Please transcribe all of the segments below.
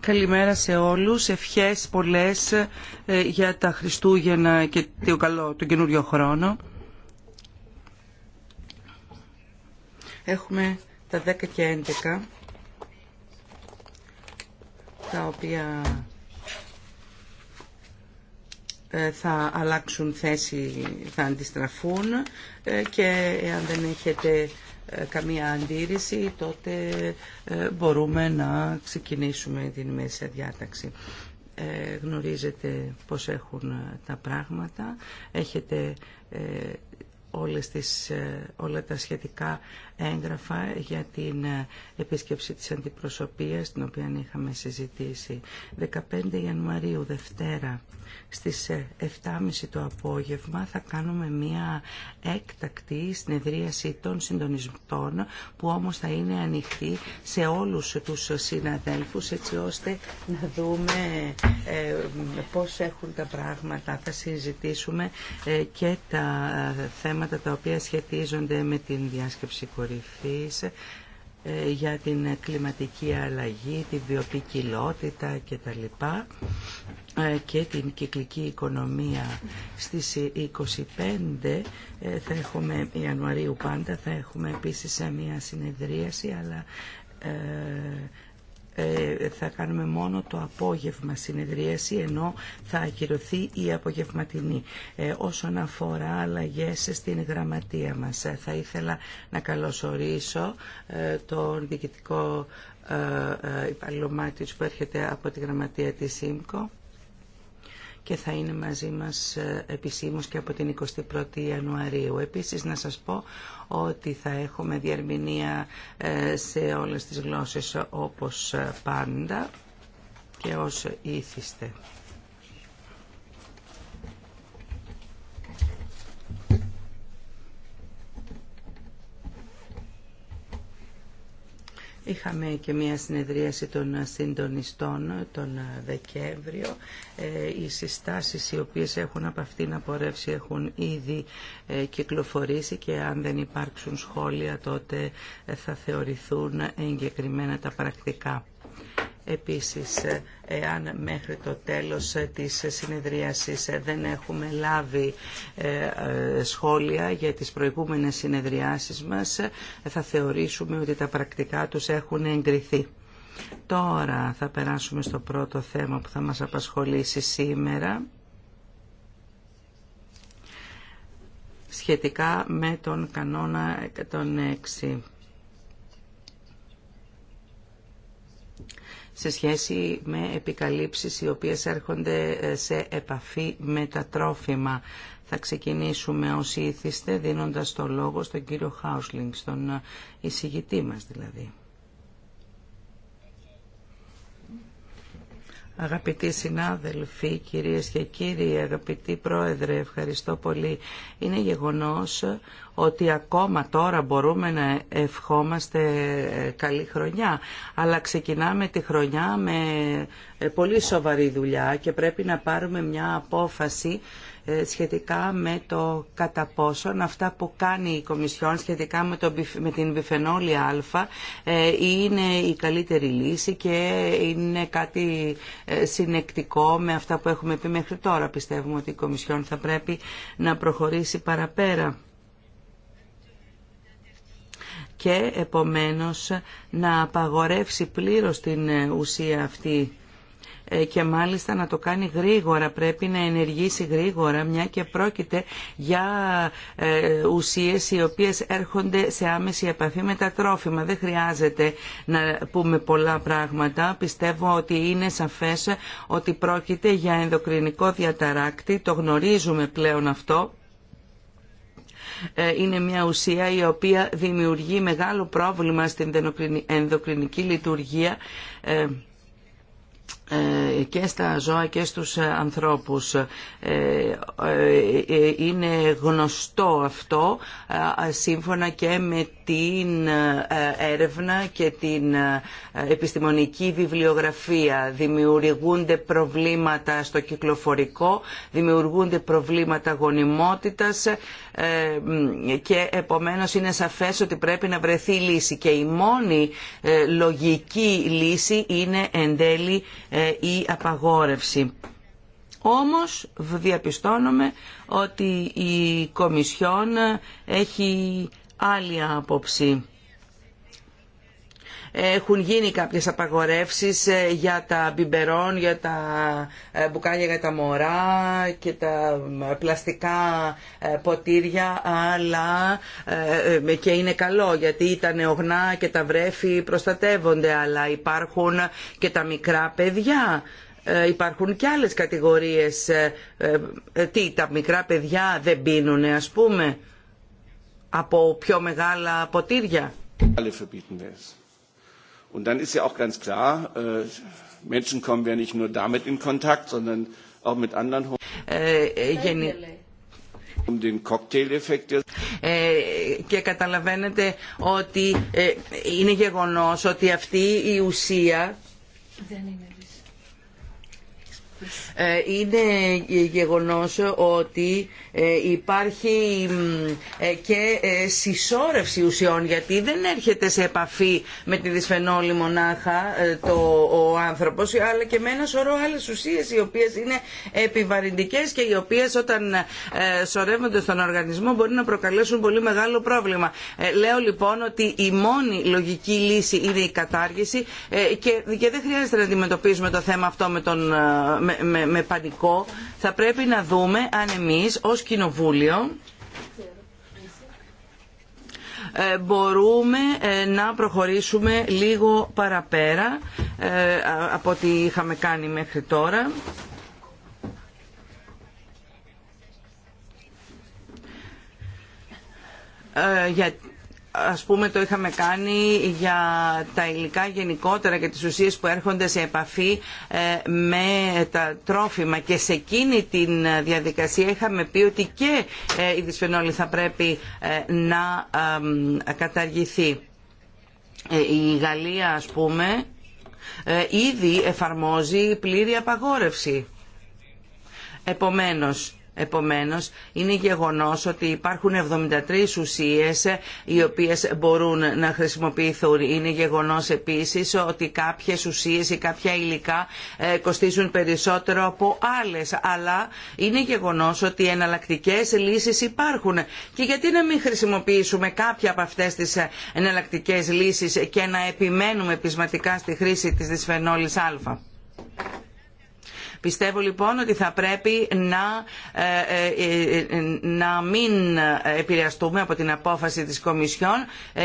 Καλημέρα σε όλους, ευχές πολλές ε, για τα Χριστούγεννα και το καλό, τον καινούριο χρόνο. Έχουμε τα 10 και 11, τα οποία ε, θα αλλάξουν θέση, θα αντιστραφούν ε, και αν δεν έχετε ε, καμία αντίρρηση, τότε ε, μπορούμε να ξεκινήσουμε την μέση διάταξη. Ε, γνωρίζετε πώς έχουν τα πράγματα. Έχετε όλες τις, ε, όλα τα σχετικά έγγραφα για την ε, επίσκεψη της αντιπροσωπείας την οποία είχαμε συζητήσει. 15 Ιανουαρίου, Δευτέρα, στις 7.30 ε, το απόγευμα θα κάνουμε μία έκτακτη συνεδρίαση των συντονιστών που όμως θα είναι ανοιχτή σε όλους τους συναδέλφους έτσι ώστε να δούμε πώς έχουν τα πράγματα. Θα συζητήσουμε και τα θέματα θέματα τα οποία σχετίζονται με την διάσκεψη κορυφής ε, για την κλιματική αλλαγή, τη βιοπικιλότητα κτλ. Ε, και την κυκλική οικονομία. Στις 25 ε, θα έχουμε, Ιανουαρίου πάντα, θα έχουμε επίσης μια συνεδρίαση, αλλά ε, θα κάνουμε μόνο το απόγευμα συνεδρίαση ενώ θα ακυρωθεί η απογευματινή. Ε, όσον αφορά αλλαγέ στην γραμματεία μας ε, θα ήθελα να καλωσορίσω τον διοικητικό ε, που έρχεται από τη γραμματεία της ΣΥΜΚΟ και θα είναι μαζί μας επισήμως και από την 21η Ιανουαρίου. Επίσης να σας πω ότι θα έχουμε διαρμηνία ε, σε όλες τις γλώσσες όπως πάντα και ως ήθιστε. Είχαμε και μια συνεδρίαση των συντονιστών τον Δεκέμβριο. Ε, οι συστάσεις οι οποίες έχουν από αυτήν απορρεύσει έχουν ήδη ε, κυκλοφορήσει και αν δεν υπάρξουν σχόλια τότε ε, θα θεωρηθούν εγκεκριμένα τα πρακτικά. Επίσης, ε, εάν μέχρι το τέλος ε, της συνεδρίασης ε, δεν έχουμε λάβει σχόλια για τις προηγούμενες συνεδριάσεις μας, θα θεωρήσουμε ότι τα πρακτικά τους έχουν εγκριθεί. Τώρα θα περάσουμε στο πρώτο θέμα που θα μας απασχολήσει σήμερα. σχετικά με τον κανόνα 106. σε σχέση με επικαλύψεις οι οποίες έρχονται ε, σε επαφή με τα τρόφιμα. Θα ξεκινήσουμε όσοι ήθιστε δίνοντας το λόγο στον κύριο Χάουσλινγκ, στον ε, εισηγητή μας δηλαδή. Αγαπητοί συνάδελφοι, κυρίες και κύριοι, αγαπητοί πρόεδρε, ευχαριστώ πολύ. Είναι γεγονός ότι ακόμα τώρα μπορούμε να ευχόμαστε καλή χρονιά, αλλά ξεκινάμε τη χρονιά με πολύ σοβαρή δουλειά και πρέπει να πάρουμε μια απόφαση ε, σχετικά με το κατά πόσον αυτά που κάνει η Κομισιόν σχετικά με, το, με την βιφενόλη Α ε, είναι η καλύτερη λύση και είναι κάτι ε, συνεκτικό με αυτά που έχουμε πει μέχρι τώρα. Πιστεύουμε ότι η Κομισιόν θα πρέπει να προχωρήσει παραπέρα και επομένως να απαγορεύσει πλήρως την ουσία αυτή ε, και μάλιστα να το κάνει γρήγορα, πρέπει να ενεργήσει γρήγορα μια και πρόκειται για ε, ουσίες οι οποίες έρχονται σε άμεση επαφή με τα τρόφιμα. Δεν χρειάζεται να πούμε πολλά πράγματα. Πιστεύω ότι είναι σαφές ότι πρόκειται για ενδοκρινικό διαταράκτη, το γνωρίζουμε πλέον αυτό ε, είναι μια ουσία η οποία δημιουργεί μεγάλο πρόβλημα στην ενδοκρινική λειτουργία ε, και στα ζώα και στους ε, ανθρώπους. Ε, είναι γνωστό αυτό σύμφωνα και με την έρευνα και την επιστημονική βιβλιογραφία. Δημιουργούνται προβλήματα στο κυκλοφορικό, δημιουργούνται προβλήματα γονιμότητας και επομένως είναι σαφές ότι πρέπει να βρεθεί λύση. Και η μόνη λογική λύση είναι εν τέλει η απαγόρευση. Όμως διαπιστώνουμε ότι η Κομισιόν έχει άλλη άποψη. Έχουν γίνει κάποιες απαγορεύσεις ε, για τα μπιμπερόν, για τα ε, μπουκάλια για τα μωρά και τα πλαστικά ε, ποτήρια, αλλά και είναι καλό γιατί τα νεογνά και τα βρέφη προστατεύονται, αλλά υπάρχουν και τα μικρά παιδιά. υπάρχουν και άλλες κατηγορίες. τι, τα μικρά παιδιά δεν πίνουν, ας πούμε, από πιο μεγάλα ποτήρια. Und dann ist ja auch ganz klar, Menschen kommen ja nicht nur damit in Kontakt, sondern auch mit anderen. Um den και καταλαβαίνετε ότι είναι γεγονός ότι αυτή η ουσία δεν είναι ε, είναι γεγονός ότι ε, υπάρχει ε, και συσσόρευση ουσιών γιατί δεν έρχεται σε επαφή με τη δυσφενόλη μονάχα το, ο άνθρωπος αλλά και με ένα σωρό άλλες ουσίες οι οποίες είναι επιβαρυντικές και οι οποίες όταν σωρεύονται στον οργανισμό μπορεί να προκαλέσουν πολύ μεγάλο πρόβλημα. Λέω λοιπόν ότι η μόνη λογική λύση είναι η κατάργηση και δεν χρειάζεται να αντιμετωπίζουμε το θέμα αυτό με τον με, με, πανικό, θα πρέπει να δούμε αν εμείς ως Κοινοβούλιο ε, μπορούμε ε, να προχωρήσουμε λίγο παραπέρα ε, από ό,τι είχαμε κάνει μέχρι τώρα. γιατί ας πούμε το είχαμε κάνει για τα υλικά γενικότερα και τις ουσίες που έρχονται σε επαφή ε, με τα τρόφιμα και σε εκείνη τη διαδικασία είχαμε πει ότι και ε, η δυσφενόλη θα πρέπει ε, να καταργηθεί. Η Γαλλία ας πούμε ήδη εφαρμόζει πλήρη απαγόρευση. Επομένως, Επομένως, είναι γεγονός ότι υπάρχουν 73 ουσίες οι οποίες μπορούν να χρησιμοποιηθούν. Είναι γεγονός επίσης ότι κάποιες ουσίες ή κάποια υλικά ε, κοστίζουν περισσότερο από άλλες. Αλλά είναι γεγονός ότι εναλλακτικέ λύσεις υπάρχουν. Και γιατί να μην χρησιμοποιήσουμε κάποια από αυτές τις ε, εναλλακτικέ λύσεις και να επιμένουμε πεισματικά στη χρήση της δυσφενόλης α. Πιστεύω λοιπόν ότι θα πρέπει να, ε, ε, ε, να μην επηρεαστούμε από την απόφαση της Κομισιόν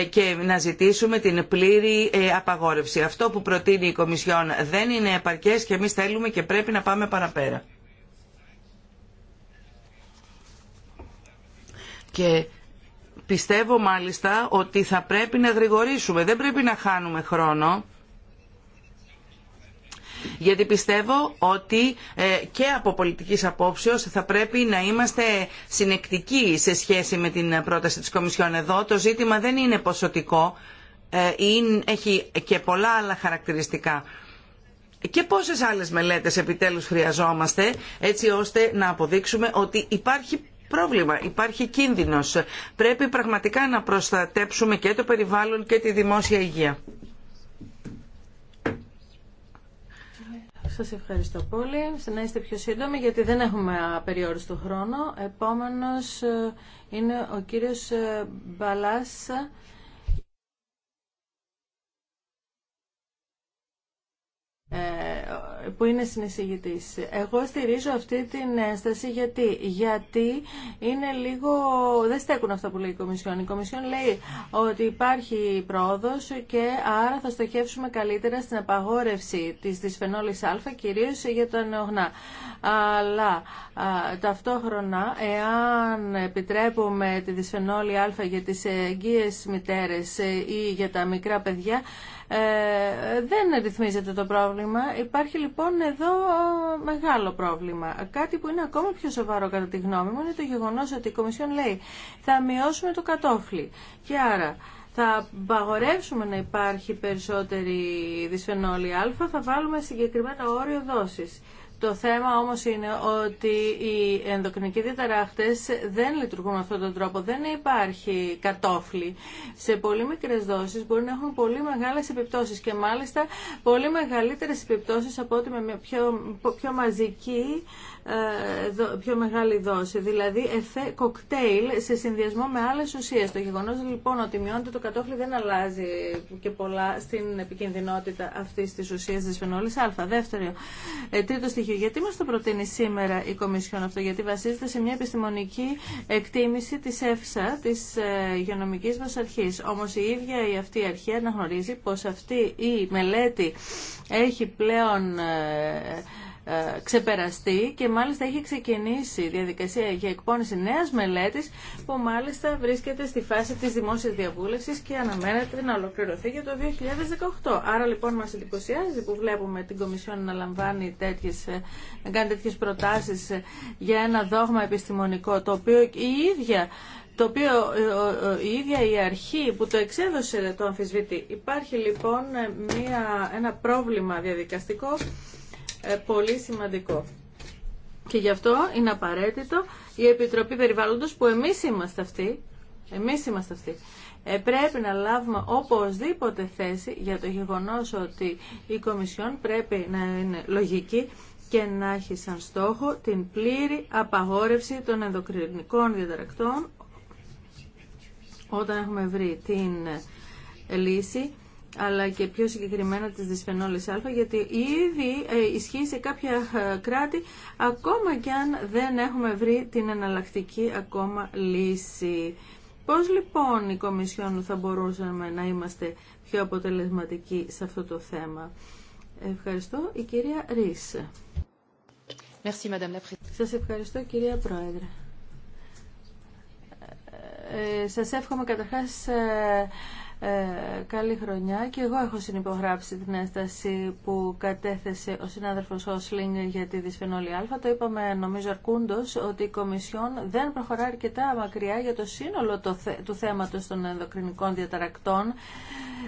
και να ζητήσουμε την πλήρη απαγόρευση. Αυτό που προτείνει η Κομισιόν δεν είναι επαρκές και εμείς θέλουμε και πρέπει να πάμε παραπέρα. Και πιστεύω μάλιστα ότι θα πρέπει να γρηγορήσουμε. Δεν πρέπει να χάνουμε χρόνο γιατί πιστεύω ότι ε, και από πολιτικής απόψεως θα πρέπει να είμαστε συνεκτικοί σε σχέση με την πρόταση της Κομισιόν εδώ. Το ζήτημα δεν είναι ποσοτικό, ε, έχει και πολλά άλλα χαρακτηριστικά. Και πόσες άλλες μελέτες επιτέλους χρειαζόμαστε έτσι ώστε να αποδείξουμε ότι υπάρχει πρόβλημα, υπάρχει κίνδυνος. Πρέπει πραγματικά να προστατέψουμε και το περιβάλλον και τη δημόσια υγεία. Σα ευχαριστώ πολύ. Να είστε πιο σύντομοι γιατί δεν έχουμε απεριόριστο χρόνο. Επόμενος ε, είναι ο κύριος ε, Μπαλάς Ε, που είναι συνεισηγητής. Εγώ στηρίζω αυτή την ένσταση γιατί, γιατί είναι λίγο, δεν στέκουν αυτά που λέει η Κομισιόν. Η Κομισιόν λέει ότι υπάρχει πρόοδος και άρα θα στοχεύσουμε καλύτερα στην απαγόρευση της δυσφενόλης α, κυρίως για τα νεογνά. Αλλά ταυτόχρονα, εάν επιτρέπουμε τη δυσφενόλη α για τις εγγύες μητέρες ή για τα μικρά παιδιά, ε, δεν ρυθμίζεται το πρόβλημα. Υπάρχει λοιπόν εδώ μεγάλο πρόβλημα. Κάτι που είναι ακόμα πιο σοβαρό κατά τη γνώμη μου είναι το γεγονός ότι η Κομισιόν λέει θα μειώσουμε το κατόφλι και άρα θα παγορεύσουμε να υπάρχει περισσότερη δυσφενόλη α, θα βάλουμε συγκεκριμένα όριο δόσης. Το θέμα όμως είναι ότι οι ενδοκρινικοί διαταράχτες δεν λειτουργούν με αυτόν τον τρόπο. Δεν υπάρχει κατόφλι. Σε πολύ μικρές δόσεις μπορεί να έχουν πολύ μεγάλες επιπτώσεις και μάλιστα πολύ μεγαλύτερες επιπτώσεις από ότι με πιο, πιο μαζική ε, πιο μεγάλη δόση, δηλαδή εφέ κοκτέιλ σε συνδυασμό με άλλες ουσίες. Το γεγονός λοιπόν ότι μειώνεται το κατόφλι δεν αλλάζει και πολλά στην επικινδυνότητα αυτής της ουσίας της φαινόλης α. Δεύτερο, ε, τρίτο στοιχείο γιατί μας το προτείνει σήμερα η Κομισιόν αυτό, γιατί βασίζεται σε μια επιστημονική εκτίμηση της ΕΦΣΑ, της ε, υγειονομικής μας αρχής. Όμως η ίδια η αυτή αρχή αναγνωρίζει πως αυτή η μελέτη έχει πλέον ε, ε, ξεπεραστεί και μάλιστα έχει ξεκινήσει η διαδικασία για εκπόνηση νέας μελέτης που μάλιστα βρίσκεται στη φάση της δημόσιας διαβούλευση και αναμένεται να ολοκληρωθεί για το 2018. Άρα λοιπόν μας εντυπωσιάζει που βλέπουμε την Κομισιόν να, λαμβάνει τέτοιες, ε, να κάνει τέτοιες προτάσεις ε, για ένα δόγμα επιστημονικό το οποίο η ίδια το οποίο η ίδια η αρχή που το εξέδωσε το αμφισβήτη Υπάρχει λοιπόν μια, ένα πρόβλημα διαδικαστικό ε, πολύ σημαντικό. Και γι' αυτό είναι απαραίτητο η Επιτροπή Περιβάλλοντος που εμείς είμαστε αυτοί, εμείς είμαστε αυτοί, ε, πρέπει να λάβουμε οπωσδήποτε θέση για το γεγονός ότι η Κομισιόν πρέπει να είναι λογική και να έχει σαν στόχο την πλήρη απαγόρευση των ενδοκρινικών διαταρακτών όταν έχουμε βρει την λύση αλλά και πιο συγκεκριμένα της δυσφενόλες α, γιατί ήδη ε, ισχύει σε κάποια ε, κράτη, ακόμα και αν δεν έχουμε βρει την εναλλακτική ακόμα λύση. Πώς λοιπόν η Κομισιόν θα μπορούσαμε να είμαστε πιο αποτελεσματικοί σε αυτό το θέμα. Ευχαριστώ. Η κυρία Ρίς. Σας ευχαριστώ κυρία Πρόεδρε. Ε, ε σας εύχομαι καταρχάς ε, καλή χρονιά και εγώ έχω συνυπογράψει την έσταση που κατέθεσε ο συνάδελφος Όσλινγκ για τη δυσφενόλη Α. Το είπαμε νομίζω αρκούντος ότι η Κομισιόν δεν προχωρά αρκετά μακριά για το σύνολο του θέματος των ενδοκρινικών διαταρακτών.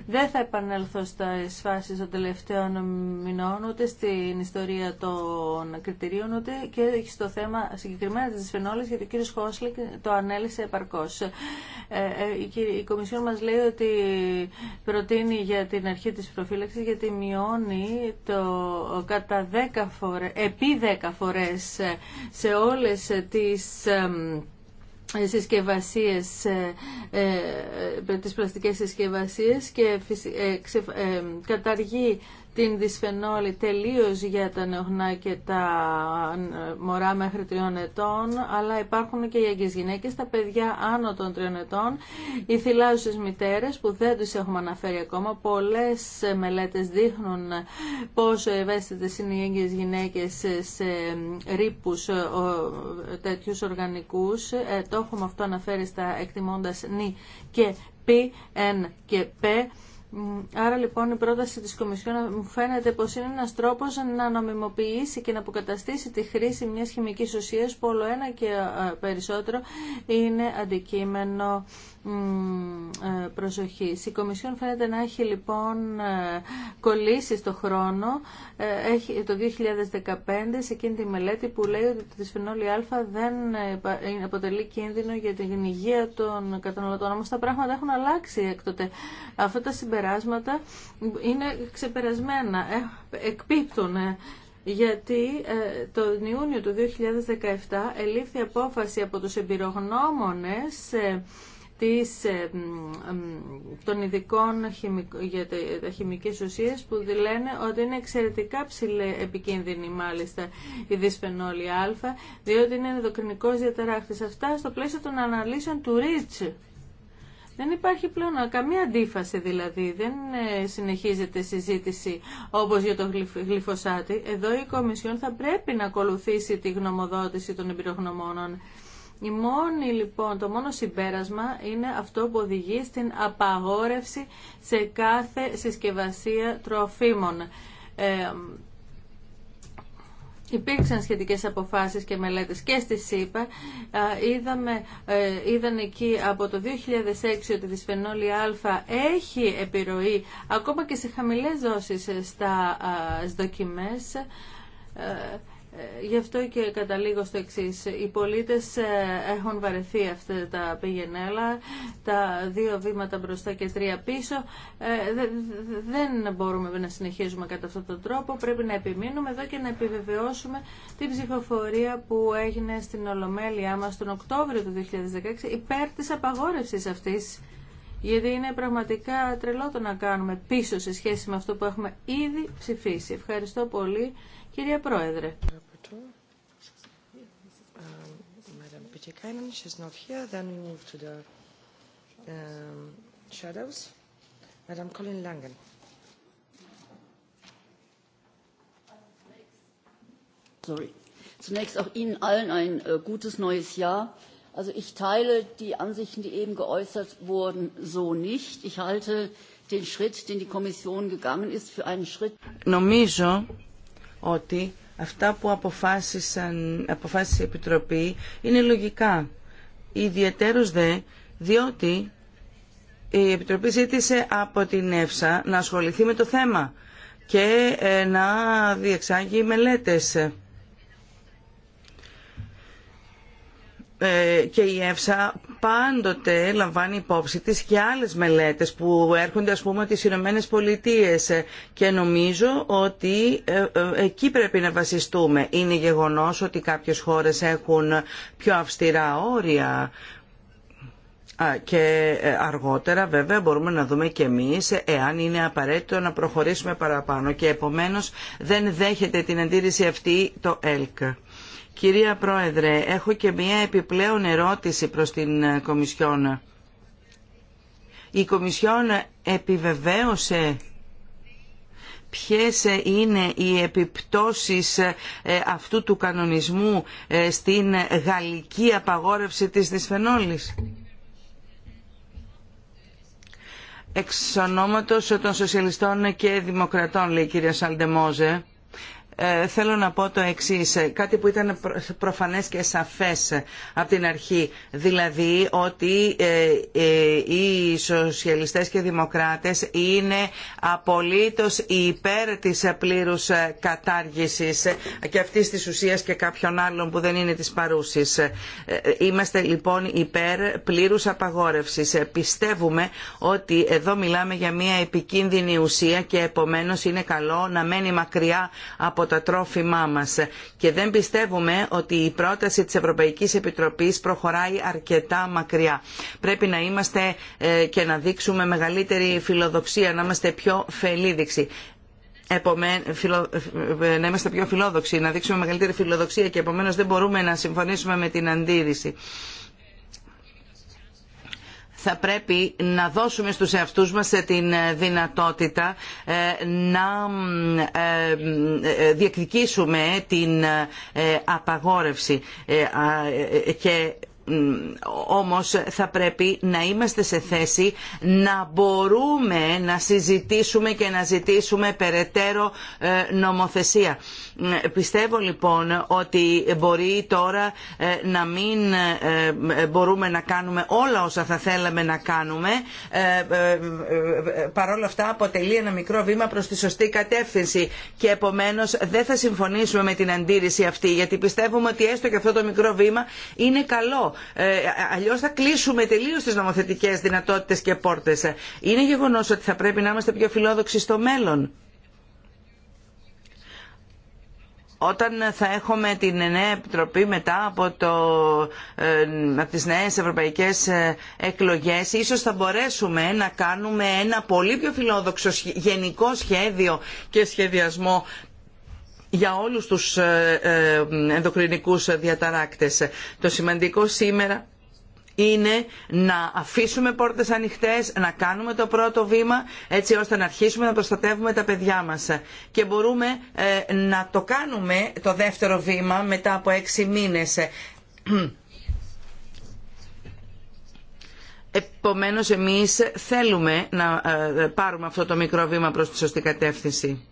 Δεν θα επανέλθω στα φάσεις των τελευταίων μηνών, ούτε στην ιστορία των κριτηρίων, ούτε και στο θέμα συγκεκριμένα της δυσφαινόλης γιατί ο κύριος Χόσλινγκ το ανέλησε επαρκώς. Ε, ε, η Κομισιόν μας λέει ότι προτείνει για την αρχή της προφύλαξης γιατί μειώνει το κατά 10 φορέ επί 10 φορές σε όλες τις συσκευασίες, ε, ε, ε, τις πλαστικές συσκευασίες και καταργεί την δυσφενόλη τελείως για τα νεογνά και τα μωρά μέχρι τριών ετών, αλλά υπάρχουν και οι αγγείς γυναίκες, τα παιδιά άνω των τριών ετών, οι θυλάζουσες μητέρες που δεν τους έχουμε αναφέρει ακόμα. Πολλές μελέτες δείχνουν πόσο ευαίσθητες είναι οι αγγείς γυναίκες σε ρήπους τέτοιους οργανικούς. Ε, το έχουμε αυτό αναφέρει στα εκτιμώντας νη και πι, εν και πε. Άρα λοιπόν η πρόταση της Κομισιόν μου φαίνεται πως είναι ένας τρόπος να νομιμοποιήσει και να αποκαταστήσει τη χρήση μιας χημικής ουσίας που όλο ένα και ε, περισσότερο είναι αντικείμενο ε, προσοχή. Η Κομισιόν φαίνεται να έχει λοιπόν ε, κολλήσει στο χρόνο ε, έχει, το 2015 σε εκείνη τη μελέτη που λέει ότι το δυσφενόλη α δεν αποτελεί κίνδυνο για την υγεία των καταναλωτών. Όμως τα πράγματα έχουν αλλάξει έκτοτε. Αυτά τα συμπεράσματα είναι ξεπερασμένα, εκπίπτουν γιατί ε, τον Ιούνιο του 2017 ελήφθη απόφαση από τους εμπειρογνώμονες ε, της, των ειδικών για τα χημικές ουσίες που λένε ότι είναι εξαιρετικά ψηλή επικίνδυνη μάλιστα η δυσφενόλη α, διότι είναι ενδοκρινικός διαταράχτης. Αυτά στο πλαίσιο των αναλύσεων του ΡΙΤΣ Δεν υπάρχει πλέον καμία αντίφαση δηλαδή, δεν ε, συνεχίζεται συζήτηση όπως για το γλυφοσάτι. Εδώ η Κομισιόν θα πρέπει να ακολουθήσει τη γνωμοδότηση των εμπειρογνωμόνων η μόνη, λοιπόν, το μόνο συμπέρασμα είναι αυτό που οδηγεί στην απαγόρευση σε κάθε συσκευασία τροφίμων. Ε, Υπήρξαν σχετικές αποφάσεις και μελέτες και στη ΣΥΠΑ. Είδαμε, ε, είδαν εκεί από το 2006 ότι η δυσφενόλη Α έχει επιρροή ακόμα και σε χαμηλές δόσεις ε, στα δοκιμές ε, Γι' αυτό και καταλήγω στο εξή. Οι πολίτε ε, έχουν βαρεθεί αυτά τα πηγενέλα, τα δύο βήματα μπροστά και τρία πίσω. Ε, δεν μπορούμε να συνεχίζουμε κατά αυτόν τον τρόπο. Πρέπει να επιμείνουμε εδώ και να επιβεβαιώσουμε την ψηφοφορία που έγινε στην Ολομέλειά μα τον Οκτώβριο του 2016 υπέρ τη απαγόρευση αυτή. Γιατί είναι πραγματικά τρελό το να κάνουμε πίσω σε σχέση με αυτό που έχουμε ήδη ψηφίσει. Ευχαριστώ πολύ. Κυρία Πρόεδρε. Sorry. Zunächst auch Ihnen allen ein gutes neues Jahr. Also ich teile die Ansichten, die eben geäußert wurden, so nicht. Ich halte den Schritt, den die Kommission gegangen ist, für einen Schritt. Νομίζω ότι αυτά που αποφάσισαν, αποφάσισε η Επιτροπή είναι λογικά. Ιδιαιτέρως δε, διότι η Επιτροπή ζήτησε από την ΕΦΣΑ να ασχοληθεί με το θέμα και ε, να διεξάγει μελέτες. Ε, και η ΕΦΣΑ πάντοτε λαμβάνει υπόψη της και άλλες μελέτες που έρχονται ας πούμε από τις Ηνωμένες Πολιτείες και νομίζω ότι ε, ε, εκεί πρέπει να βασιστούμε. Είναι γεγονός ότι κάποιες χώρες έχουν πιο αυστηρά όρια και αργότερα βέβαια μπορούμε να δούμε και εμείς εάν είναι απαραίτητο να προχωρήσουμε παραπάνω και επομένως δεν δέχεται την αντίρρηση αυτή το ΕΛΚ. Κυρία Πρόεδρε, έχω και μία επιπλέον ερώτηση προς την ε, Κομισιόν. Η Κομισιόν επιβεβαίωσε ποιες ε, είναι οι επιπτώσεις ε, αυτού του κανονισμού στην γαλλική απαγόρευση της δυσφενόλης. Εξ ονόματος των Σοσιαλιστών και Δημοκρατών, λέει η κυρία Σαλντεμόζε, ε, θέλω να πω το εξή ε, κάτι που ήταν προφανές και σαφές από την αρχή, δηλαδή ότι ε, οι σοσιαλιστές και δημοκράτες είναι απολύτως υπέρ της πλήρους κατάργησης και αυτής της ουσίας και κάποιων άλλων που δεν είναι της παρούσης. Είμαστε λοιπόν υπέρ πλήρους απαγόρευσης. Πιστεύουμε ότι εδώ μιλάμε για μια επικίνδυνη ουσία και επομένως είναι καλό να μένει μακριά από τα τρόφιμά μας και δεν πιστεύουμε ότι η πρόταση της Ευρωπαϊκής Επιτροπής προχωράει αρκετά μακριά. Πρέπει να είμαστε ε, και να δείξουμε μεγαλύτερη φιλοδοξία, να είμαστε πιο ε, ε, να είμαστε πιο φιλόδοξοι, να δείξουμε μεγαλύτερη φιλοδοξία και επομένως δεν μπορούμε να συμφωνήσουμε με την αντίρρηση θα πρέπει να δώσουμε στους εαυτούς μας την ε, δυνατότητα ε, να ε, διεκδικήσουμε την απαγόρευση και όμως θα πρέπει να είμαστε σε θέση να μπορούμε να συζητήσουμε και να ζητήσουμε περαιτέρω ε, νομοθεσία. Πιστεύω λοιπόν ότι μπορεί τώρα ε, να μην ε, μπορούμε να κάνουμε όλα όσα θα θέλαμε να κάνουμε παρόλα αυτά αποτελεί ένα μικρό βήμα προς τη σωστή κατεύθυνση και επομένως δεν θα συμφωνήσουμε με την αντίρρηση αυτή γιατί πιστεύουμε ότι έστω και αυτό το μικρό βήμα είναι καλό ε, Αλλιώς θα κλείσουμε τελείως τις νομοθετικές δυνατότητες και πόρτες. Είναι γεγονός ότι θα πρέπει να είμαστε πιο φιλόδοξοι στο μέλλον. Όταν θα έχουμε την νέα επιτροπή μετά από, το, ε, από τις νέες ευρωπαϊκές ε, εκλογές, ίσως θα μπορέσουμε να κάνουμε ένα πολύ πιο φιλόδοξο γενικό σχέδιο και σχεδιασμό για όλους τους ε, ε, ενδοκρινικούς διαταράκτες. Το σημαντικό σήμερα είναι να αφήσουμε πόρτες ανοιχτές, να κάνουμε το πρώτο βήμα έτσι ώστε να αρχίσουμε να προστατεύουμε τα παιδιά μας. Και μπορούμε ε, να το κάνουμε το δεύτερο βήμα μετά από έξι μήνες. Επομένως εμείς θέλουμε να πάρουμε αυτό το μικρό βήμα προς τη σωστή κατεύθυνση.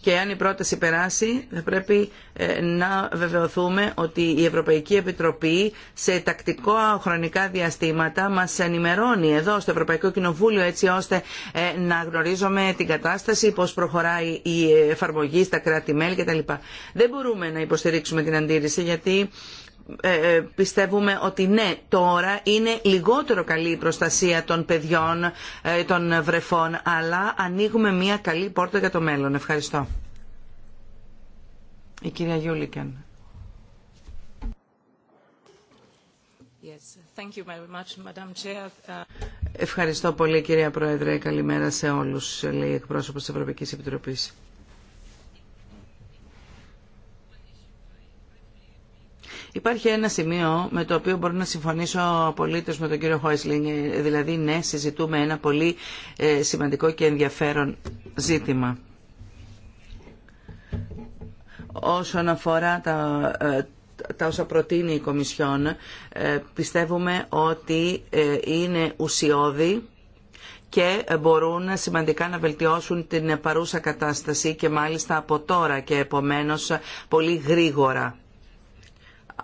και αν η πρόταση περάσει θα πρέπει ε, να βεβαιωθούμε ότι η Ευρωπαϊκή Επιτροπή σε τακτικό χρονικά διαστήματα μας ενημερώνει εδώ στο Ευρωπαϊκό Κοινοβούλιο έτσι ώστε ε, να γνωρίζουμε την κατάσταση, πώς προχωράει η εφαρμογή στα κράτη-μέλη κτλ. Δεν μπορούμε να υποστηρίξουμε την αντίρρηση γιατί ε, ε, πιστεύουμε ότι ναι, τώρα είναι λιγότερο καλή η προστασία των παιδιών, ε, των βρεφών, αλλά ανοίγουμε μια καλή πόρτα για το μέλλον. Ευχαριστώ. Η κυρία Γιούλικεν. Ευχαριστώ πολύ κυρία Πρόεδρε. Καλημέρα σε όλους, λέει εκπρόσωπος της Ευρωπαϊκής Επιτροπής. Υπάρχει ένα σημείο με το οποίο μπορώ να συμφωνήσω απολύτως με τον κύριο Χόισλινγκ, δηλαδή ναι, συζητούμε ένα πολύ ε, σημαντικό και ενδιαφέρον ζήτημα. Όσον αφορά τα, ε, τα όσα προτείνει η Κομισιόν, ε, πιστεύουμε ότι είναι ουσιώδη και μπορούν σημαντικά να βελτιώσουν την παρούσα κατάσταση και μάλιστα από τώρα και επομένως πολύ γρήγορα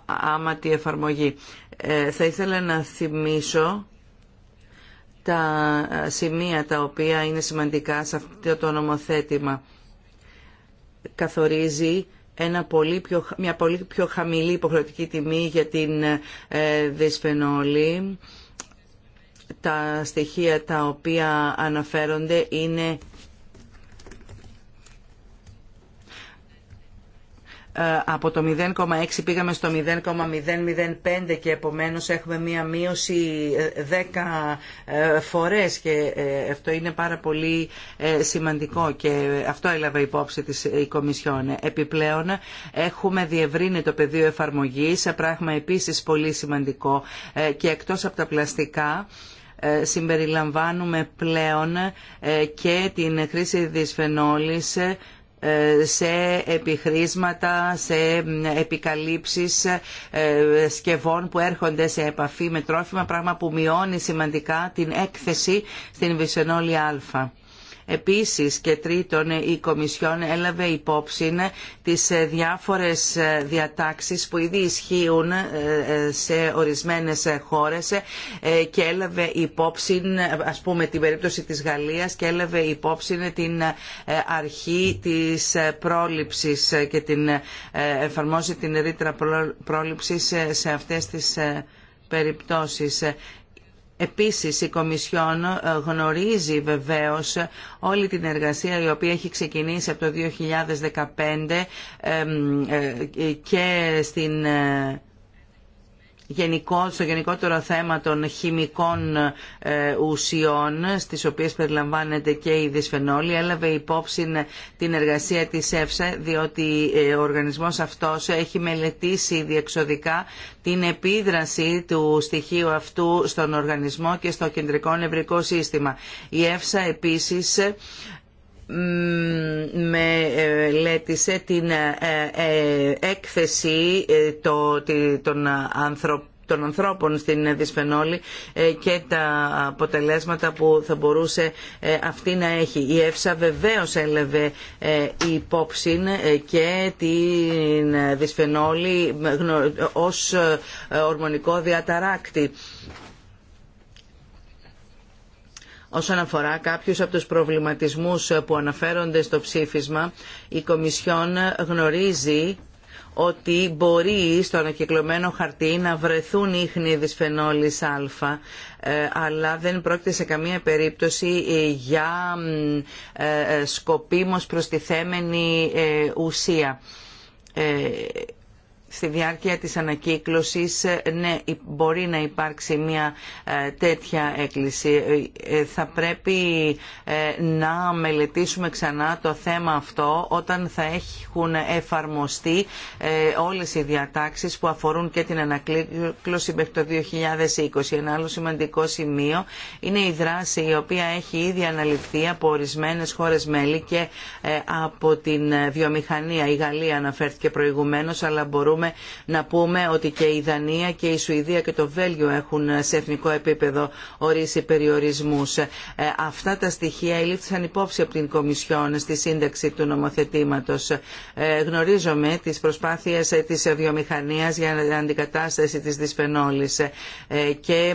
άματη εφαρμογή. Ε, θα ήθελα να θυμίσω τα σημεία τα οποία είναι σημαντικά σε αυτό το νομοθέτημα. Καθορίζει ένα πολύ πιο, μια πολύ πιο χαμηλή υποχρεωτική τιμή για την ε, δυσφενόλη. Τα στοιχεία τα οποία αναφέρονται είναι Ε, από το 0,6 πήγαμε στο 0,005 και επομένως έχουμε μία μείωση 10 ε, ε, φορές και αυτό είναι πάρα πολύ σημαντικό και αυτό έλαβε υπόψη της η Κομισιόν. Επιπλέον έχουμε διευρύνει το πεδίο εφαρμογής, πράγμα επίσης πολύ σημαντικό και εκτός από τα πλαστικά συμπεριλαμβάνουμε πλέον και την χρήση δυσφενόλης ε, σε επιχρήσματα, σε επικαλύψεις ε, σκευών που έρχονται σε επαφή με τρόφιμα, πράγμα που μειώνει σημαντικά την έκθεση στην βυσενόλη α. Επίσης και τρίτον η Κομισιόν έλαβε υπόψη τις διάφορες διατάξεις που ήδη ισχύουν ε, ε, σε ορισμένες χώρες ε, και έλαβε υπόψη ας πούμε την περίπτωση της Γαλλίας και έλαβε υπόψη την αρχή της πρόληψης και την εφαρμόζει την ρήτρα πρόληψης σε αυτές τις περιπτώσεις Επίσης η Κομισιόν ε, γνωρίζει βεβαίως όλη την εργασία η οποία έχει ξεκινήσει από το 2015 ε, και στην ε, γενικό, στο γενικότερο θέμα των χημικών ε, ουσιών, στις οποίες περιλαμβάνεται και η δυσφενόλη, έλαβε υπόψη την εργασία της ΕΦΣΑ, διότι ε, ο οργανισμός αυτός έχει μελετήσει διεξοδικά την επίδραση του στοιχείου αυτού στον οργανισμό και στο κεντρικό νευρικό σύστημα. Η ΕΦΣΑ επίσης μελέτησε ε, την ε, ε, έκθεση των ανθρώπων στην δυσφενόλη και τα αποτελέσματα που θα μπορούσε αυτή να έχει. Η ΕΦΣΑ βεβαίως έλεβε υπόψη και την δυσφενόλη ως ορμονικό διαταράκτη Όσον αφορά κάποιους από τους προβληματισμούς που αναφέρονται στο ψήφισμα, η Κομισιόν γνωρίζει ότι μπορεί στο ανακυκλωμένο χαρτί να βρεθούν ίχνη δυσφενόλης α, ε, αλλά δεν πρόκειται σε καμία περίπτωση ε, για ε, σκοπίμως προστιθέμενη ουσία στη διάρκεια της ανακύκλωσης ναι, μπορεί να υπάρξει μια ε, τέτοια έκκληση. Ε, ε, θα πρέπει να μελετήσουμε ξανά το θέμα αυτό όταν θα έχουν εφαρμοστεί όλες οι διατάξεις που αφορούν και την ανακύκλωση μέχρι το 2020. Ένα άλλο σημαντικό σημείο είναι η δράση η οποία έχει ήδη αναλυφθεί από ορισμένε χώρες μέλη και από την βιομηχανία. Η Γαλλία αναφέρθηκε προηγουμένως, αλλά μπορούμε να πούμε ότι και η Δανία και η Σουηδία και το Βέλγιο έχουν ε, σε εθνικό επίπεδο ορίσει περιορισμούς. Ε, αυτά τα στοιχεία ελήφθησαν υπόψη από την Κομισιόν στη σύνταξη του νομοθετήματος. Ε, γνωρίζομαι τις προσπάθειες της βιομηχανίας για αντικατάσταση της δυσφενόλη και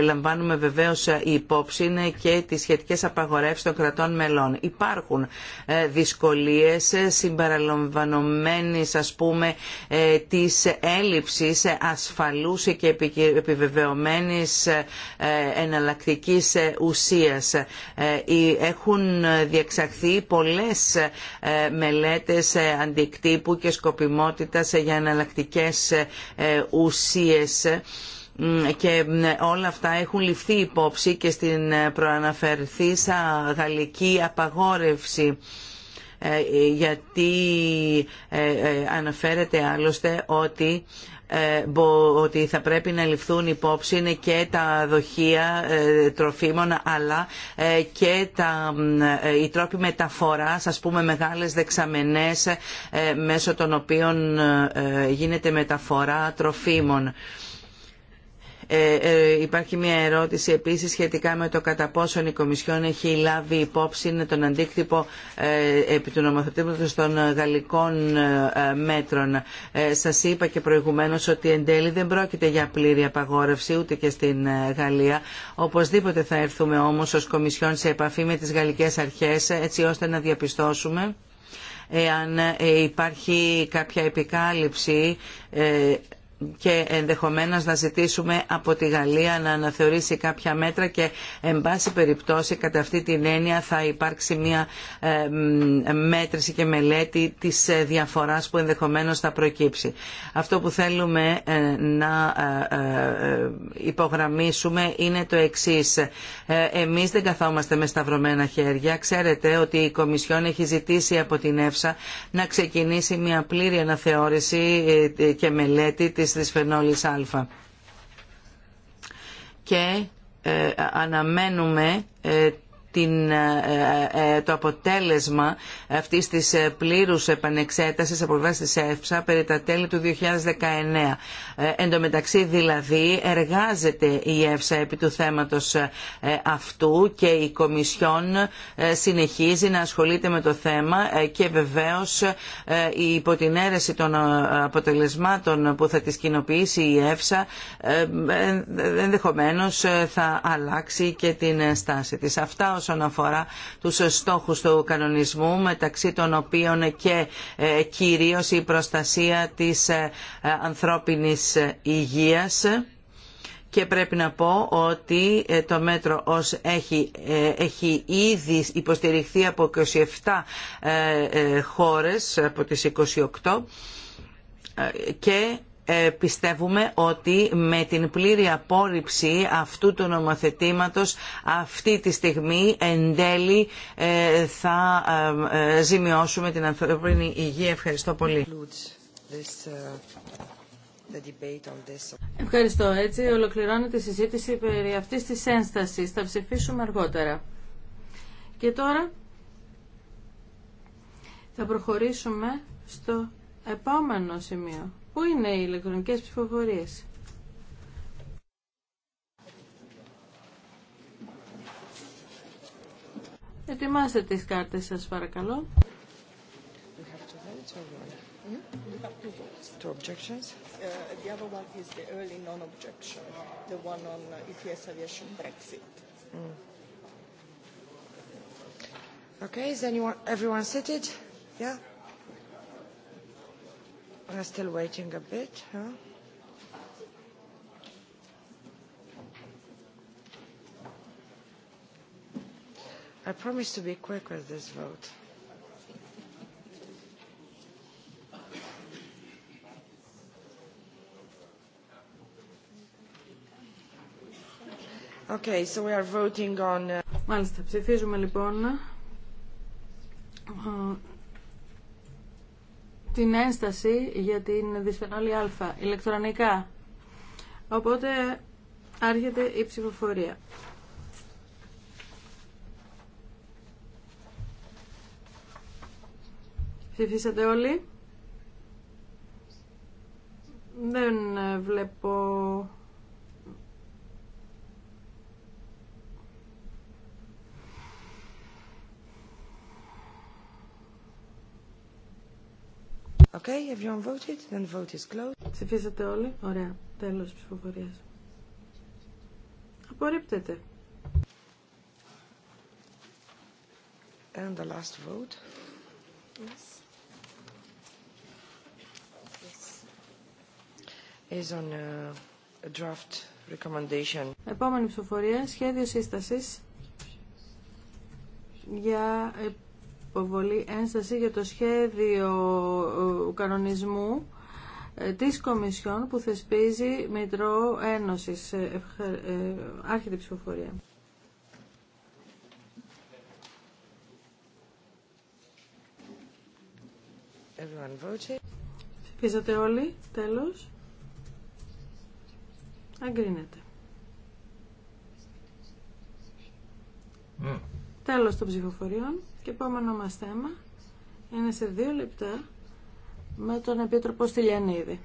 λαμβάνουμε βεβαίως υπόψη και τις σχετικές απαγορεύσει των κρατών μελών. Υπάρχουν δυσκολίες συμπαραλαμβανομένης ας πούμε της έλλειψης ασφαλούς και επιβεβαιωμένης ε, εναλλακτικής ε, ουσίας. Ε, έχουν διεξαχθεί πολλές μελέτες αντικτύπου και σκοπιμότητας για εναλλακτικές ουσίες και όλα αυτά έχουν ληφθεί υπόψη και στην προαναφερθήσα γαλλική απαγόρευση ε, γιατί ε, ε, αναφέρεται άλλωστε ότι ότι θα πρέπει να ληφθούν υπόψη και τα δοχεία τροφίμων αλλά και τα, οι τρόποι μεταφοράς ας πούμε μεγάλες δεξαμενές μέσω των οποίων γίνεται μεταφορά τροφίμων. Ε, ε, υπάρχει μια ερώτηση επίσης σχετικά με το κατά πόσον η Κομισιόν έχει λάβει υπόψη τον αντίκτυπο ε, επί του νομοθετήματος των γαλλικών μέτρων. Σας είπα και προηγουμένως ότι εν τέλει δεν πρόκειται για πλήρη απαγόρευση ούτε και στην Γαλλία. Οπωσδήποτε θα έρθουμε όμως ως Κομισιόν σε επαφή με τις γαλλικές αρχές έτσι ώστε να διαπιστώσουμε εάν υπάρχει κάποια επικάλυψη και ενδεχομένως να ζητήσουμε από τη Γαλλία να αναθεωρήσει κάποια μέτρα και εν πάση περιπτώσει κατά αυτή την έννοια θα υπάρξει μια ε, μέτρηση και μελέτη της ε, διαφοράς που ενδεχομένως θα προκύψει. Αυτό που θέλουμε ε, να υπογραμμίσουμε είναι το εξής. Εμείς δεν καθόμαστε με σταυρωμένα χέρια. Ξέρετε ότι η Κομισιόν έχει ζητήσει από την ΕΦΣΑ να ξεκινήσει μια πλήρη αναθεώρηση και μελέτη της της φερνόλη α. Και ε, αναμένουμε ε, ε, ε, ε, το αποτέλεσμα αυτής της πλήρους επανεξέτασης από βάση της ΕΦΣΑ περί τα τέλη του 2019. Εν τω μεταξύ δηλαδή εργάζεται η ΕΦΣΑ επί του θέματος αυτού και η Κομισιόν συνεχίζει να ασχολείται με το θέμα και βεβαίως η υπό την αίρεση των αποτελεσμάτων που θα τις κοινοποιήσει η ΕΦΣΑ ενδεχομένως θα αλλάξει και την στάση της. Αυτά όσον αφορά τους στόχους του κανονισμού μεταξύ των οποίων και ε, κυρίως η προστασία της ε, ανθρώπινης υγείας και πρέπει να πω ότι ε, το μέτρο ως έχει, έχει ήδη υποστηριχθεί από 27 χώρες από τις 28 και ε, πιστεύουμε ότι με την πλήρη απόρριψη αυτού του νομοθετήματος αυτή τη στιγμή εν τέλει ε, θα ε, ζημιώσουμε την ανθρώπινη υγεία. Ευχαριστώ πολύ. Ευχαριστώ. Έτσι ολοκληρώνεται η συζήτηση περί αυτής της ένστασης. Θα ψηφίσουμε αργότερα. Και τώρα θα προχωρήσουμε στο επόμενο σημείο. Πού είναι οι ηλεκτρονικές ψηφοφορίες. Ετοιμάστε τις κάρτες σας παρακαλώ. Two objections. the other one is the early non-objection, the one on ETS aviation Brexit. Okay, is anyone, everyone seated? Yeah. We're still waiting a bit, huh? I promise to be quick with this vote. Okay, so we are voting on... Μάλιστα, ψηφίζουμε λοιπόν την ένσταση για την δυσφενόλη α ηλεκτρονικά. Οπότε άρχεται η ψηφοφορία. Ψηφίσατε όλοι. Δεν βλέπω Okay, everyone voted, then vote is closed. Ψηφίσατε όλοι. Ωραία. Τέλος ψηφοφορίας. Απορρίπτεται. And the last vote. Yes. yes. Is on a, a draft recommendation. Επόμενη ψηφοφορία, σχέδιο σύστασης για υποβολή ένσταση για το σχέδιο ε, κανονισμού ε, της Κομισιόν που θεσπίζει Μητρό Ένωσης. Ε, άρχεται η ψηφοφορία. Ψηφίσατε όλοι, τέλος. Αγκρίνεται. Mm. Τέλος των ψηφοφοριών. Και επόμενο μας θέμα είναι σε δύο λεπτά με τον Επίτροπο Στυλιανίδη.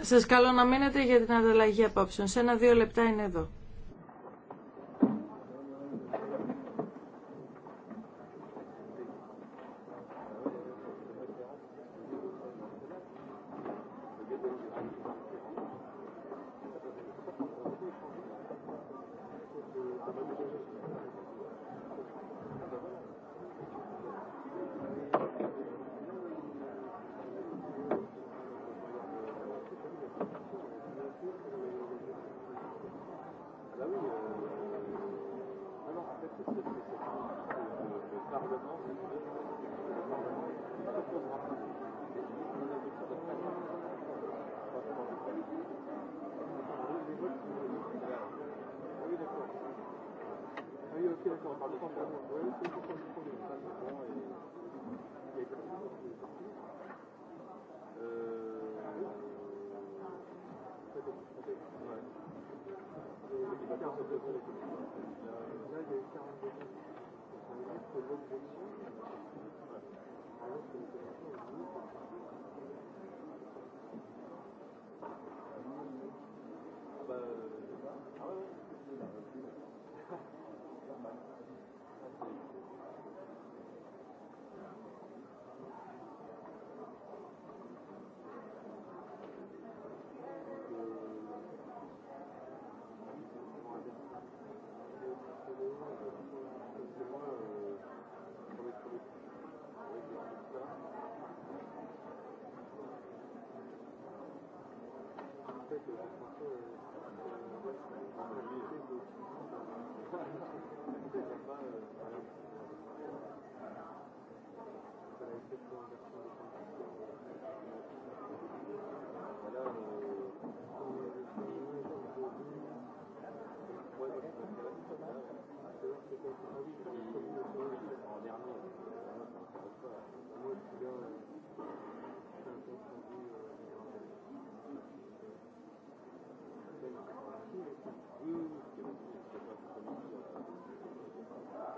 Σας καλώ να μείνετε για την ανταλλαγή απόψεων. Σε ένα-δύο λεπτά είναι εδώ.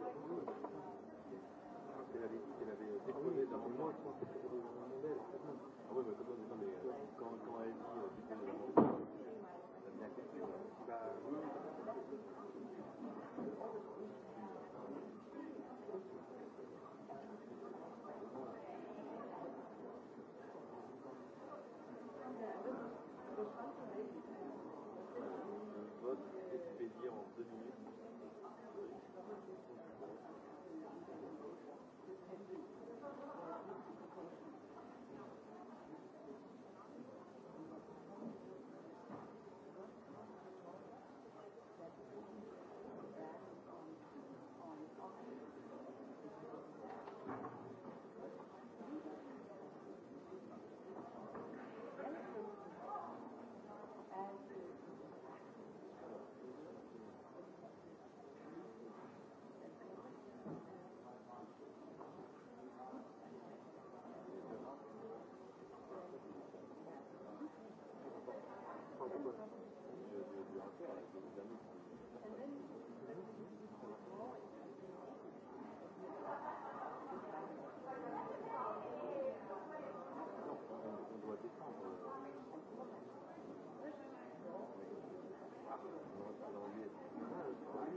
Ah oui, mais on quand elle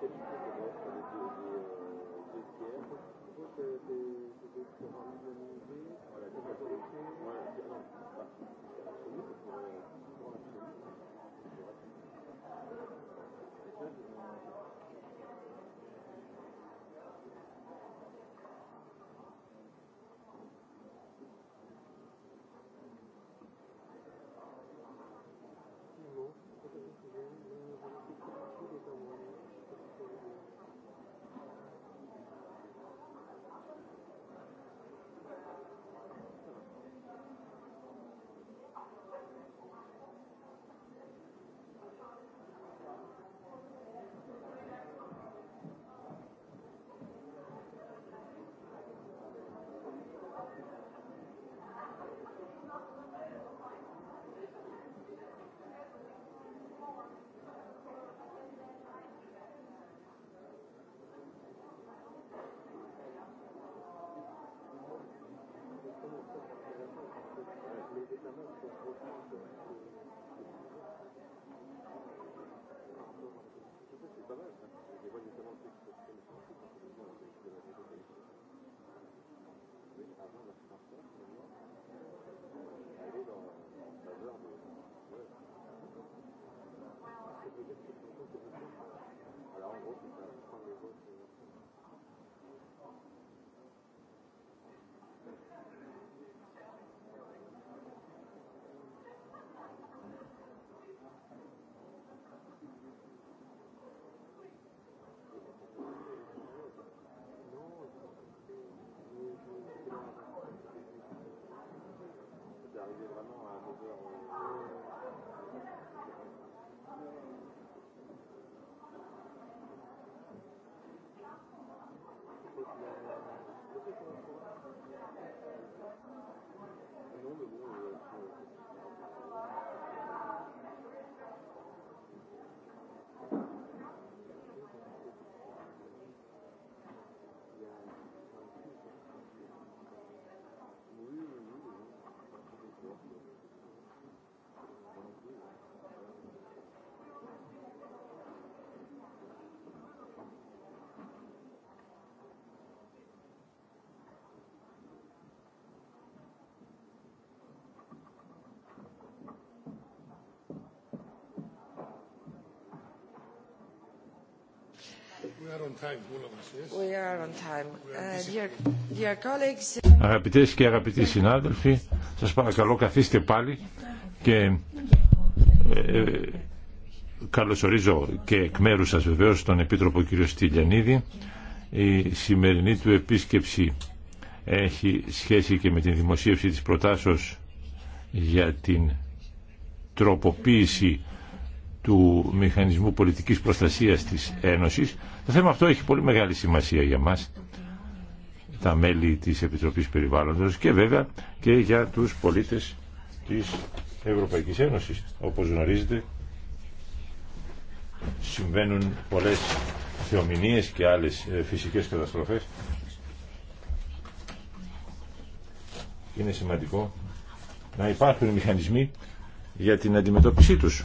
Peut-être, des, des, des des non, Gracias. Αγαπητές και αγαπητοί συνάδελφοι, σας παρακαλώ καθίστε πάλι και ε, καλωσορίζω και εκ μέρου σας βεβαίως τον Επίτροπο κ. Στυλιανίδη. Η σημερινή του επίσκεψη έχει σχέση και με την δημοσίευση της προτάσεως για την τροποποίηση του Μηχανισμού Πολιτικής Προστασίας της Ένωσης. Το θέμα αυτό έχει πολύ μεγάλη σημασία για μας, τα μέλη της Επιτροπής Περιβάλλοντος και βέβαια και για τους πολίτες της Ευρωπαϊκής Ένωσης. Όπως γνωρίζετε, συμβαίνουν πολλές θεομηνίες και άλλες ε, φυσικές καταστροφές. Είναι σημαντικό να υπάρχουν μηχανισμοί για την αντιμετώπιση τους.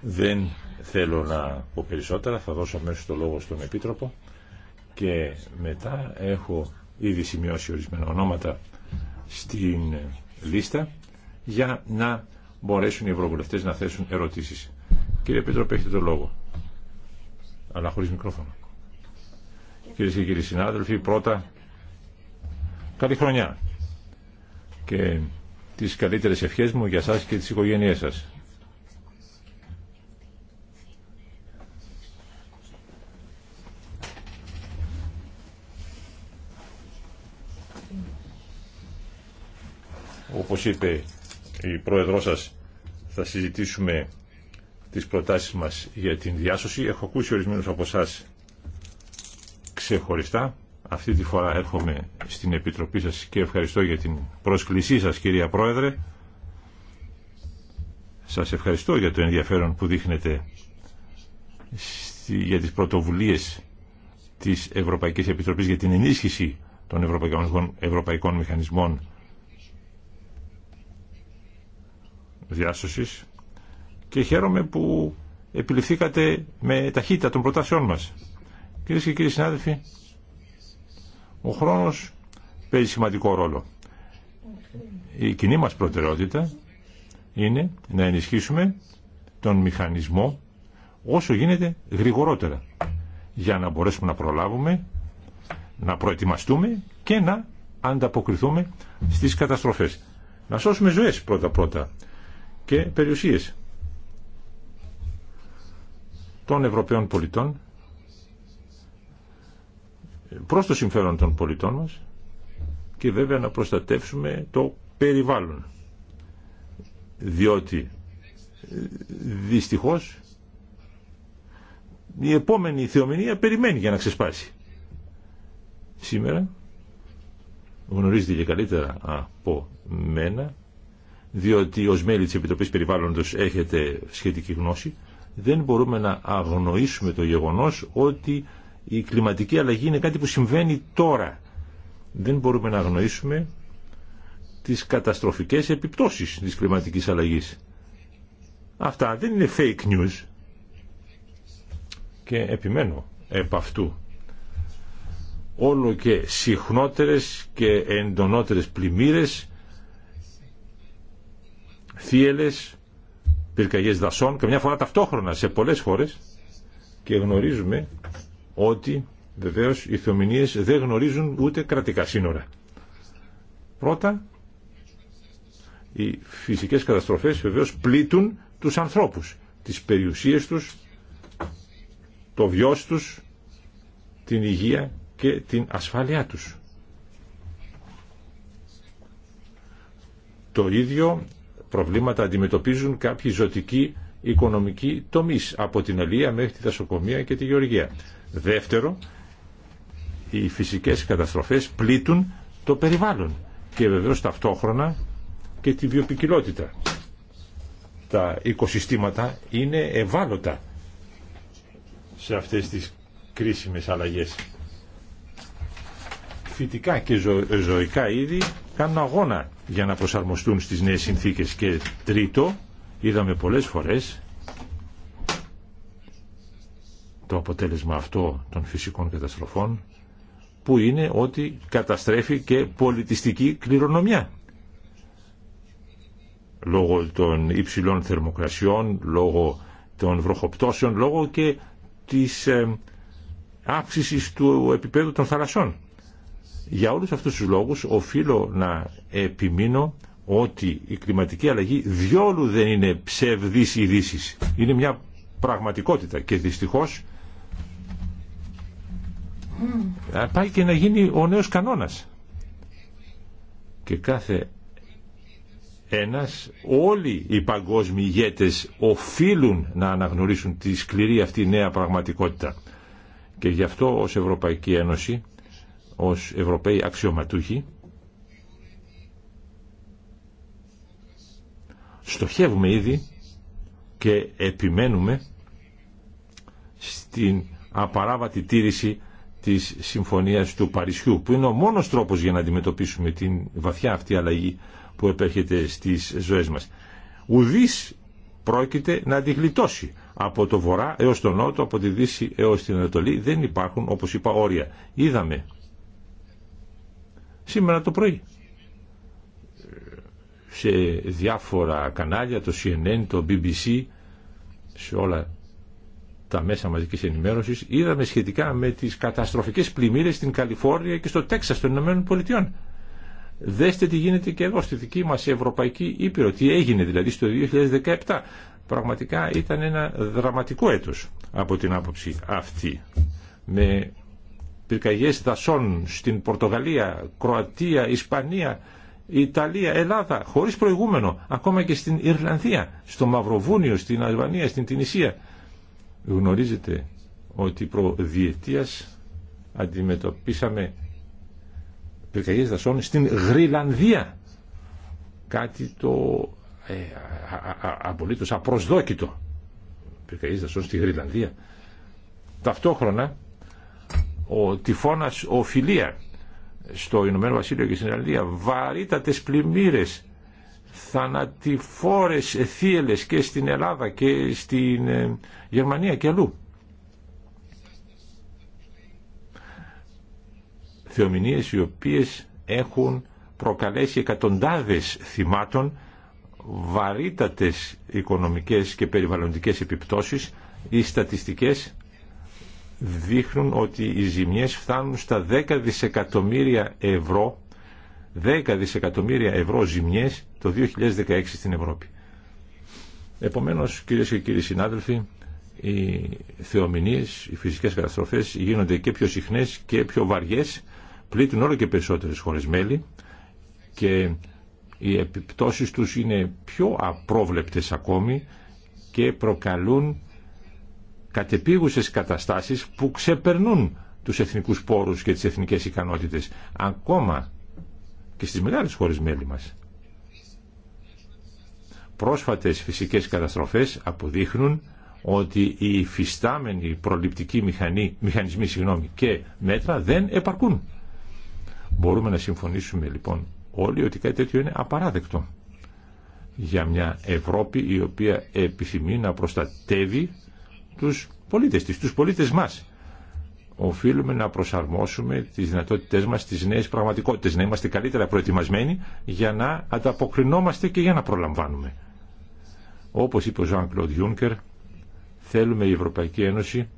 Δεν θέλω να πω περισσότερα, θα δώσω μέσα το λόγο στον Επίτροπο και μετά έχω ήδη σημειώσει ορισμένα ονόματα στην λίστα για να μπορέσουν οι ευρωβουλευτές να θέσουν ερωτήσεις. Κύριε Επίτροπε, έχετε το λόγο. Αλλά χωρίς μικρόφωνο. Κυρίε και κύριοι συνάδελφοι, πρώτα καλή χρονιά και τις καλύτερες ευχές μου για σας και τις οικογένειές σας. Όπως είπε η πρόεδρό σας, θα συζητήσουμε τις προτάσεις μας για την διάσωση. Έχω ακούσει ορισμένους από εσά ξεχωριστά. Αυτή τη φορά έρχομαι στην Επιτροπή σας και ευχαριστώ για την πρόσκλησή σας κυρία Πρόεδρε. Σας ευχαριστώ για το ενδιαφέρον που δείχνετε για τις πρωτοβουλίες της Ευρωπαϊκής Επιτροπής για την ενίσχυση των ευρωπαϊκών, ευρωπαϊκών μηχανισμών διάσωσης και χαίρομαι που επιληφθήκατε με ταχύτητα των προτάσεών μας. Κυρίε και κύριοι συνάδελφοι, ο χρόνος παίζει σημαντικό ρόλο. Η κοινή μας προτεραιότητα είναι να ενισχύσουμε τον μηχανισμό όσο γίνεται γρηγορότερα για να μπορέσουμε να προλάβουμε, να προετοιμαστούμε και να ανταποκριθούμε στις καταστροφές. Να σώσουμε ζωές πρώτα-πρώτα και περιουσίες των Ευρωπαίων πολιτών προς το συμφέρον των πολιτών μας και βέβαια να προστατεύσουμε το περιβάλλον διότι δυστυχώς η επόμενη θεομηνία περιμένει για να ξεσπάσει σήμερα γνωρίζετε και καλύτερα από μένα διότι ως μέλη της Επιτροπής Περιβάλλοντος έχετε σχετική γνώση, δεν μπορούμε να αγνοήσουμε το γεγονός ότι η κλιματική αλλαγή είναι κάτι που συμβαίνει τώρα. Δεν μπορούμε να αγνοήσουμε τις καταστροφικές επιπτώσεις της κλιματικής αλλαγής. Αυτά δεν είναι fake news. Και επιμένω επ' αυτού. Όλο και συχνότερες και εντονότερες πλημμύρες θύελες, πυρκαγιές δασών, και μια φορά ταυτόχρονα σε πολλές χώρες και γνωρίζουμε ότι βεβαίως οι θεομηνίες δεν γνωρίζουν ούτε κρατικά σύνορα. Πρώτα, οι φυσικές καταστροφές βεβαίως πλήττουν τους ανθρώπους, τις περιουσίες τους, το βιός τους, την υγεία και την ασφάλειά τους. Το ίδιο προβλήματα αντιμετωπίζουν κάποιοι ζωτικοί οικονομικοί τομείς από την Αλία μέχρι τη Δασοκομεία και τη Γεωργία. Δεύτερο, οι φυσικές καταστροφές πλήττουν το περιβάλλον και βεβαίως ταυτόχρονα και τη βιοπικιλότητα. Τα οικοσυστήματα είναι ευάλωτα σε αυτές τις κρίσιμες αλλαγές. Φυτικά και ζωικά είδη κάνουν αγώνα για να προσαρμοστούν στις νέες συνθήκες και τρίτο είδαμε πολλές φορές το αποτέλεσμα αυτό των φυσικών καταστροφών που είναι ότι καταστρέφει και πολιτιστική κληρονομιά λόγω των υψηλών θερμοκρασιών, λόγω των βροχοπτώσεων, λόγω και της ε, αύξησης του επίπεδου των θαλασσών. Για όλους αυτούς τους λόγους οφείλω να επιμείνω ότι η κλιματική αλλαγή διόλου δεν είναι ψευδής ειδήσει. Είναι μια πραγματικότητα και δυστυχώς ε, πάει και να γίνει ο νέος κανόνας. Και κάθε ένας, όλοι οι παγκόσμιοι ηγέτες οφείλουν να αναγνωρίσουν τη σκληρή αυτή νέα πραγματικότητα. Και γι' αυτό ως Ευρωπαϊκή Ένωση ως Ευρωπαίοι αξιωματούχοι στοχεύουμε ήδη και επιμένουμε στην απαράβατη τήρηση της Συμφωνίας του Παρισιού που είναι ο μόνος τρόπος για να αντιμετωπίσουμε την βαθιά αυτή αλλαγή που επέρχεται στις ζωές μας. Ουδής πρόκειται να τη γλιτώσει. Από το βορρά έως τον νότο, από τη δύση έως την ανατολή δεν υπάρχουν όπως είπα όρια. Είδαμε σήμερα το πρωί. Σε διάφορα κανάλια, το CNN, το BBC, σε όλα τα μέσα μαζικής ενημέρωσης, είδαμε σχετικά με τις καταστροφικές πλημμύρες στην Καλιφόρνια και στο Τέξας των Ηνωμένων Πολιτειών. Δέστε τι γίνεται και εδώ στη δική μας Ευρωπαϊκή Ήπειρο. Τι έγινε δηλαδή στο 2017. Πραγματικά ήταν ένα δραματικό έτος από την άποψη αυτή. Με πυρκαγιές δασών στην Πορτογαλία, Κροατία, Ισπανία, Ιταλία, Ελλάδα, χωρίς προηγούμενο, ακόμα και στην Ιρλανδία, στο Μαυροβούνιο, στην Αλβανία, στην Τινησία. Γνωρίζετε ότι προδιετίας αντιμετωπίσαμε πυρκαγιές δασών στην Γρυλανδία. Κάτι το ε, απολύτως απροσδόκητο. Πυρκαγιές δασών στη Γρυλανδία. Ταυτόχρονα ο τυφώνας οφιλία στο Ηνωμένο Βασίλειο και στην Ελλάδα, βαρύτατες πλημμύρες, θανατηφόρες θύελες και στην Ελλάδα και στην ε, Γερμανία και αλλού. Θεομηνίες οι οποίες έχουν προκαλέσει εκατοντάδες θυμάτων, βαρύτατες οικονομικές και περιβαλλοντικές επιπτώσεις, ή στατιστικές δείχνουν ότι οι ζημιές φτάνουν στα 10 δισεκατομμύρια ευρώ 10 δισεκατομμύρια ευρώ ζημιές το 2016 στην Ευρώπη. Επομένως, κυρίε και κύριοι συνάδελφοι, οι θεομηνίες, οι φυσικές καταστροφές γίνονται και πιο συχνές και πιο βαριές, πλήττουν όλο και περισσότερες χώρες μέλη και οι επιπτώσεις τους είναι πιο απρόβλεπτες ακόμη και προκαλούν κατεπίγουσες καταστάσεις που ξεπερνούν τους εθνικούς πόρους και τις εθνικές ικανότητες ακόμα και στις μεγάλες χώρες μέλη μας. Πρόσφατες φυσικές καταστροφές αποδείχνουν ότι οι φυστάμενοι προληπτικοί μηχανοί, μηχανισμοί συγγνώμη, και μέτρα δεν επαρκούν. Μπορούμε να συμφωνήσουμε λοιπόν όλοι ότι κάτι τέτοιο είναι απαράδεκτο για μια Ευρώπη η οποία επιθυμεί να προστατεύει τους πολίτες της, τους πολίτες μας. Οφείλουμε να προσαρμόσουμε τις δυνατότητές μας στις νέες πραγματικότητες, να είμαστε καλύτερα προετοιμασμένοι για να ανταποκρινόμαστε και για να προλαμβάνουμε. Όπως είπε ο Ζωάν Κλοντ Ιούνκερ θέλουμε η Ευρωπαϊκή Ένωση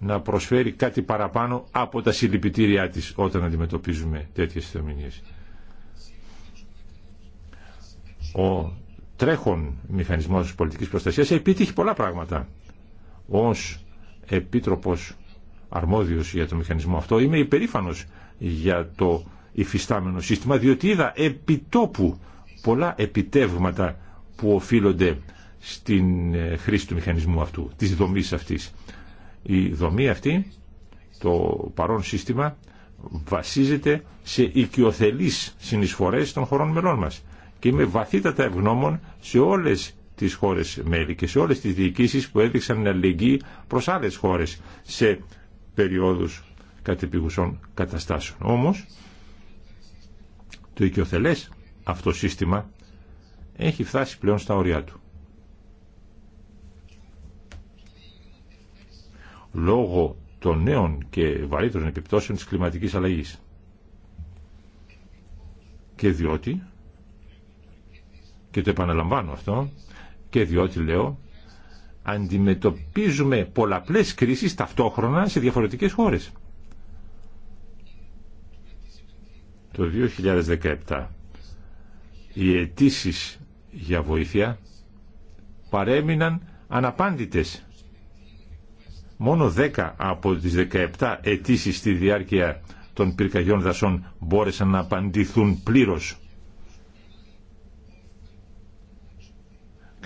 να προσφέρει κάτι παραπάνω από τα συλληπιτήριά της όταν αντιμετωπίζουμε τέτοιες θεομηνίες. Ο τρέχον μηχανισμός πολιτικής προστασίας επιτύχει πολλά πράγματα. Ως Επίτροπος Αρμόδιος για το μηχανισμό αυτό είμαι υπερήφανο για το υφιστάμενο σύστημα διότι είδα επιτόπου πολλά επιτεύγματα που οφείλονται στην ε, χρήση του μηχανισμού αυτού, της δομής αυτής. Η δομή αυτή, το παρόν σύστημα, βασίζεται σε οικειοθελείς συνεισφορές των χωρών μελών μας και είμαι βαθύτατα ευγνώμων σε όλες τις χώρες μέλη και σε όλες τις διοικήσεις που έδειξαν αλληλεγγύη προς άλλες χώρες σε περιόδους κατεπηγουσών καταστάσεων. Όμως, το οικειοθελές αυτό σύστημα έχει φτάσει πλέον στα όρια του. Λόγω των νέων και βαρύτερων επιπτώσεων της κλιματική αλλαγής. Και διότι και το επαναλαμβάνω αυτό και διότι λέω αντιμετωπίζουμε πολλαπλές κρίσεις ταυτόχρονα σε διαφορετικές χώρες. Το 2017 οι αιτήσει για βοήθεια παρέμειναν αναπάντητες. Μόνο 10 από τις 17 αιτήσει στη διάρκεια των πυρκαγιών δασών μπόρεσαν να απαντηθούν πλήρως.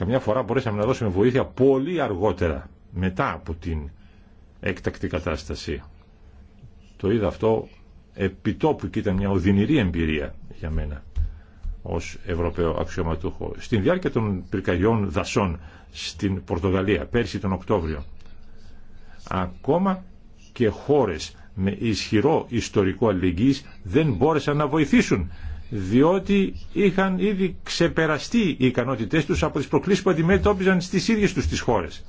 Καμιά φορά μπορέσαμε να δώσουμε βοήθεια πολύ αργότερα, μετά από την έκτακτη κατάσταση. Το είδα αυτό επιτόπου και ήταν μια οδυνηρή εμπειρία για μένα ως Ευρωπαίο αξιωματούχο. Στην διάρκεια των πυρκαγιών δασών στην Πορτογαλία, πέρσι τον Οκτώβριο, ακόμα και χώρες με ισχυρό ιστορικό αλληλεγγύης δεν μπόρεσαν να βοηθήσουν διότι είχαν ήδη ξεπεραστεί οι ικανότητές τους από τις προκλήσεις που αντιμετώπιζαν στις ίδιες τους τις χώρες.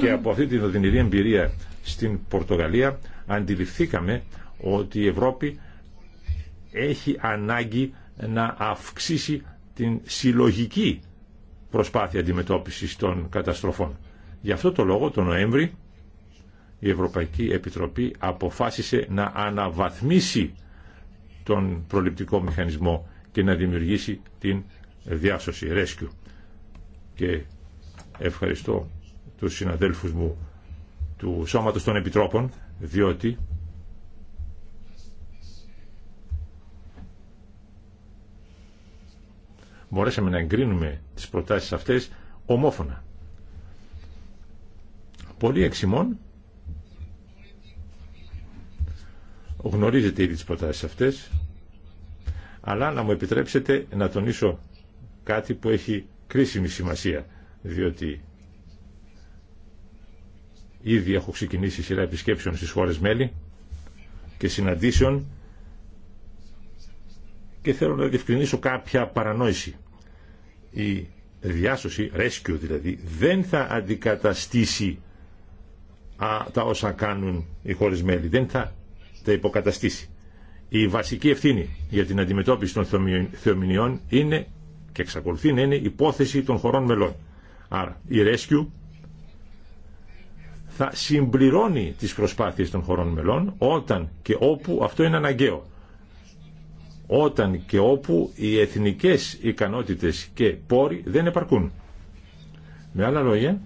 Και από αυτή την οδυνηρή εμπειρία στην Πορτογαλία αντιληφθήκαμε ότι η Ευρώπη έχει ανάγκη να αυξήσει την συλλογική προσπάθεια αντιμετώπισης των καταστροφών. Γι' αυτό το λόγο τον Νοέμβρη η Ευρωπαϊκή Επιτροπή αποφάσισε να αναβαθμίσει τον προληπτικό μηχανισμό και να δημιουργήσει την διάσωση, ρέσκιου. Και ευχαριστώ τους συναδέλφους μου του Σώματος των Επιτρόπων, διότι μπορέσαμε να εγκρίνουμε τις προτάσεις αυτές ομόφωνα. Πολύ εξημών Γνωρίζετε ήδη τις προτάσεις αυτές, αλλά να μου επιτρέψετε να τονίσω κάτι που έχει κρίσιμη σημασία, διότι ήδη έχω ξεκινήσει σειρά επισκέψεων στις χώρες μέλη και συναντήσεων και θέλω να διευκρινίσω κάποια παρανόηση. Η διάσωση, rescue δηλαδή, δεν θα αντικαταστήσει τα όσα κάνουν οι χώρες μέλη. Δεν θα υποκαταστήσει. Η βασική ευθύνη για την αντιμετώπιση των θεομηνιών είναι και εξακολουθεί να είναι υπόθεση των χωρών μελών. Άρα η Rescue θα συμπληρώνει τις προσπάθειες των χωρών μελών όταν και όπου αυτό είναι αναγκαίο. Όταν και όπου οι εθνικές ικανότητες και πόροι δεν επαρκούν. Με άλλα λόγια,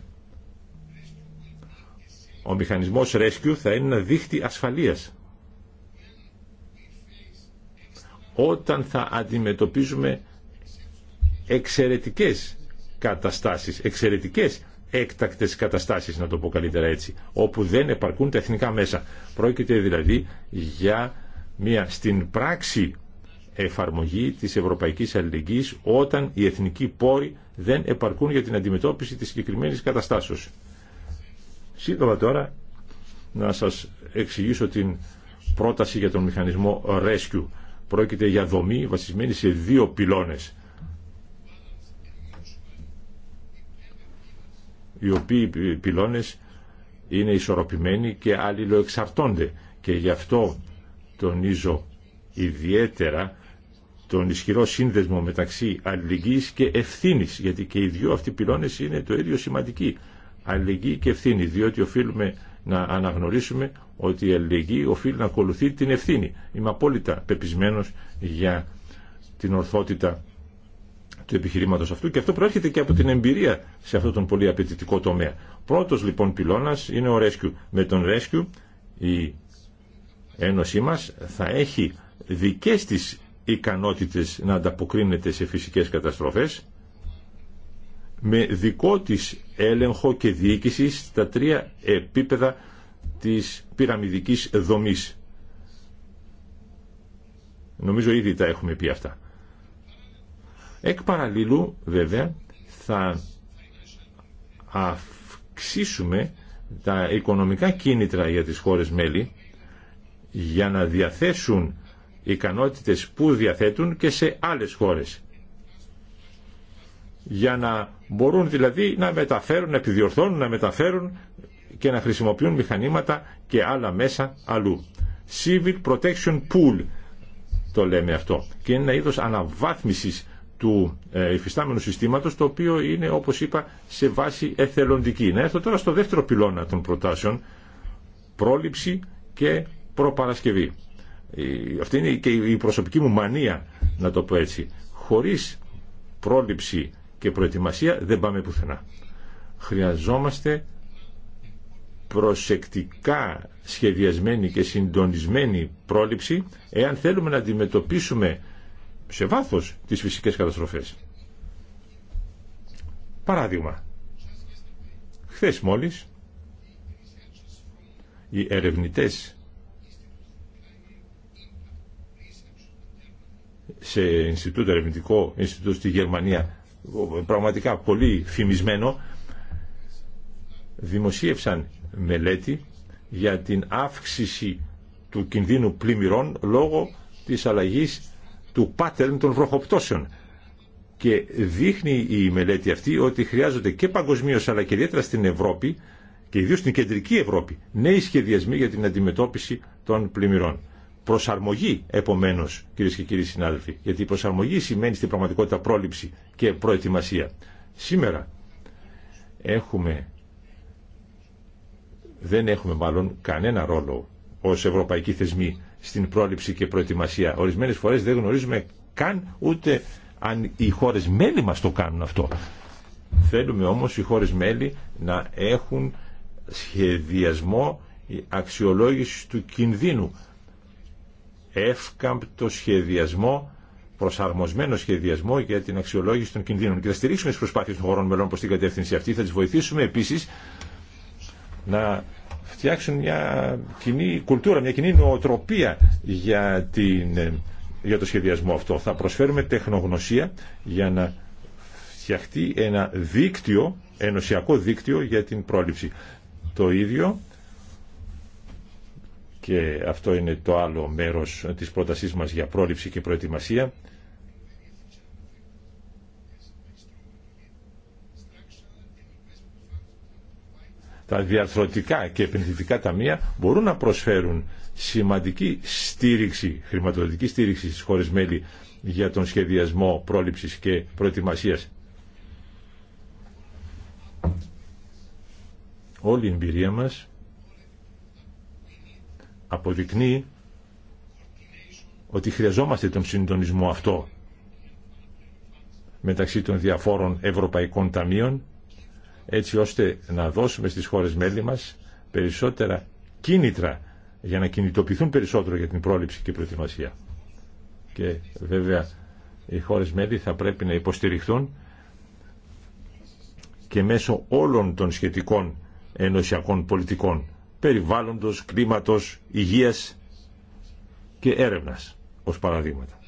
ο μηχανισμός Rescue θα είναι ένα δίχτυ ασφαλείας όταν θα αντιμετωπίζουμε εξαιρετικές καταστάσεις, εξαιρετικές έκτακτες καταστάσεις, να το πω καλύτερα έτσι, όπου δεν επαρκούν τα εθνικά μέσα. Πρόκειται δηλαδή για μια στην πράξη εφαρμογή της ευρωπαϊκής αλληλεγγύης όταν οι εθνικοί πόροι δεν επαρκούν για την αντιμετώπιση της συγκεκριμένη καταστάσεως. Σύντομα τώρα να σας εξηγήσω την πρόταση για τον μηχανισμό Rescue. Πρόκειται για δομή βασισμένη σε δύο πυλώνες οι οποίοι οι πυλώνες είναι ισορροπημένοι και αλληλοεξαρτώνται και γι' αυτό τονίζω ιδιαίτερα τον ισχυρό σύνδεσμο μεταξύ αλληλεγγύης και ευθύνης γιατί και οι δύο αυτοί πυλώνες είναι το ίδιο σημαντικοί αλληλεγγύη και ευθύνη διότι οφείλουμε να αναγνωρίσουμε ότι η αλληλεγγύη οφείλει να ακολουθεί την ευθύνη. Είμαι απόλυτα πεπισμένος για την ορθότητα του επιχειρήματο αυτού και αυτό προέρχεται και από την εμπειρία σε αυτόν τον πολύ απαιτητικό τομέα. Πρώτος λοιπόν πυλώνας είναι ο Rescue. Με τον Rescue η Ένωσή μα, θα έχει δικές της ικανότητες να ανταποκρίνεται σε φυσικές καταστροφέ με δικό της έλεγχο και διοίκηση στα τρία επίπεδα της πυραμιδικής δομής. Νομίζω ήδη τα έχουμε πει αυτά. Εκ παραλλήλου βέβαια θα αυξήσουμε τα οικονομικά κίνητρα για τις χώρες μέλη για να διαθέσουν ικανότητες που διαθέτουν και σε άλλες χώρες. Για να μπορούν δηλαδή να μεταφέρουν, να επιδιορθώνουν, να μεταφέρουν και να χρησιμοποιούν μηχανήματα και άλλα μέσα αλλού. Civil Protection Pool το λέμε αυτό και είναι ένα είδος αναβάθμισης του ε, υφιστάμενου συστήματος το οποίο είναι όπως είπα σε βάση εθελοντική. Να έρθω τώρα στο δεύτερο πυλώνα των προτάσεων πρόληψη και προπαρασκευή. Αυτή είναι και η προσωπική μου μανία να το πω έτσι. Χωρίς πρόληψη και προετοιμασία δεν πάμε πουθενά. Χρειαζόμαστε προσεκτικά σχεδιασμένη και συντονισμένη πρόληψη εάν θέλουμε να αντιμετωπίσουμε σε βάθος τις φυσικές καταστροφές. Παράδειγμα, χθες μόλις οι ερευνητές σε Ινστιτούτο Ερευνητικό Ινστιτούτο στη Γερμανία πραγματικά πολύ φημισμένο δημοσίευσαν μελέτη για την αύξηση του κινδύνου πλημμυρών λόγω της αλλαγής του pattern των βροχοπτώσεων. Και δείχνει η μελέτη αυτή ότι χρειάζονται και παγκοσμίω αλλά και ιδιαίτερα στην Ευρώπη και ιδίω στην κεντρική Ευρώπη νέοι σχεδιασμοί για την αντιμετώπιση των πλημμυρών. Προσαρμογή, επομένω, κυρίε και κύριοι συνάδελφοι, γιατί η προσαρμογή σημαίνει στην πραγματικότητα πρόληψη και προετοιμασία. Σήμερα έχουμε δεν έχουμε μάλλον κανένα ρόλο ως ευρωπαϊκοί θεσμοί στην πρόληψη και προετοιμασία. Ορισμένες φορές δεν γνωρίζουμε καν ούτε αν οι χώρες μέλη μας το κάνουν αυτό. Θέλουμε όμως οι χώρες μέλη να έχουν σχεδιασμό αξιολόγηση του κινδύνου. Εύκαμπτο σχεδιασμό, προσαρμοσμένο σχεδιασμό για την αξιολόγηση των κινδύνων. Και θα στηρίξουμε τι προσπάθειε των χωρών μελών προ την κατεύθυνση αυτή. Θα τι βοηθήσουμε επίση να φτιάξουν μια κοινή κουλτούρα, μια κοινή νοοτροπία για, την, για το σχεδιασμό αυτό. Θα προσφέρουμε τεχνογνωσία για να φτιαχτεί ένα δίκτυο, ενωσιακό δίκτυο για την πρόληψη. Το ίδιο και αυτό είναι το άλλο μέρος της πρότασής μας για πρόληψη και προετοιμασία τα διαρθρωτικά και επενδυτικά ταμεία μπορούν να προσφέρουν σημαντική στήριξη, χρηματοδοτική στήριξη στις χώρες μέλη για τον σχεδιασμό πρόληψης και προετοιμασίας. Όλη η εμπειρία μας αποδεικνύει ότι χρειαζόμαστε τον συντονισμό αυτό μεταξύ των διαφόρων ευρωπαϊκών ταμείων έτσι ώστε να δώσουμε στις χώρες μέλη μας περισσότερα κίνητρα για να κινητοποιηθούν περισσότερο για την πρόληψη και προετοιμασία. Και βέβαια οι χώρες μέλη θα πρέπει να υποστηριχθούν και μέσω όλων των σχετικών ενωσιακών πολιτικών περιβάλλοντος, κλίματος, υγείας και έρευνας ως παραδείγματα.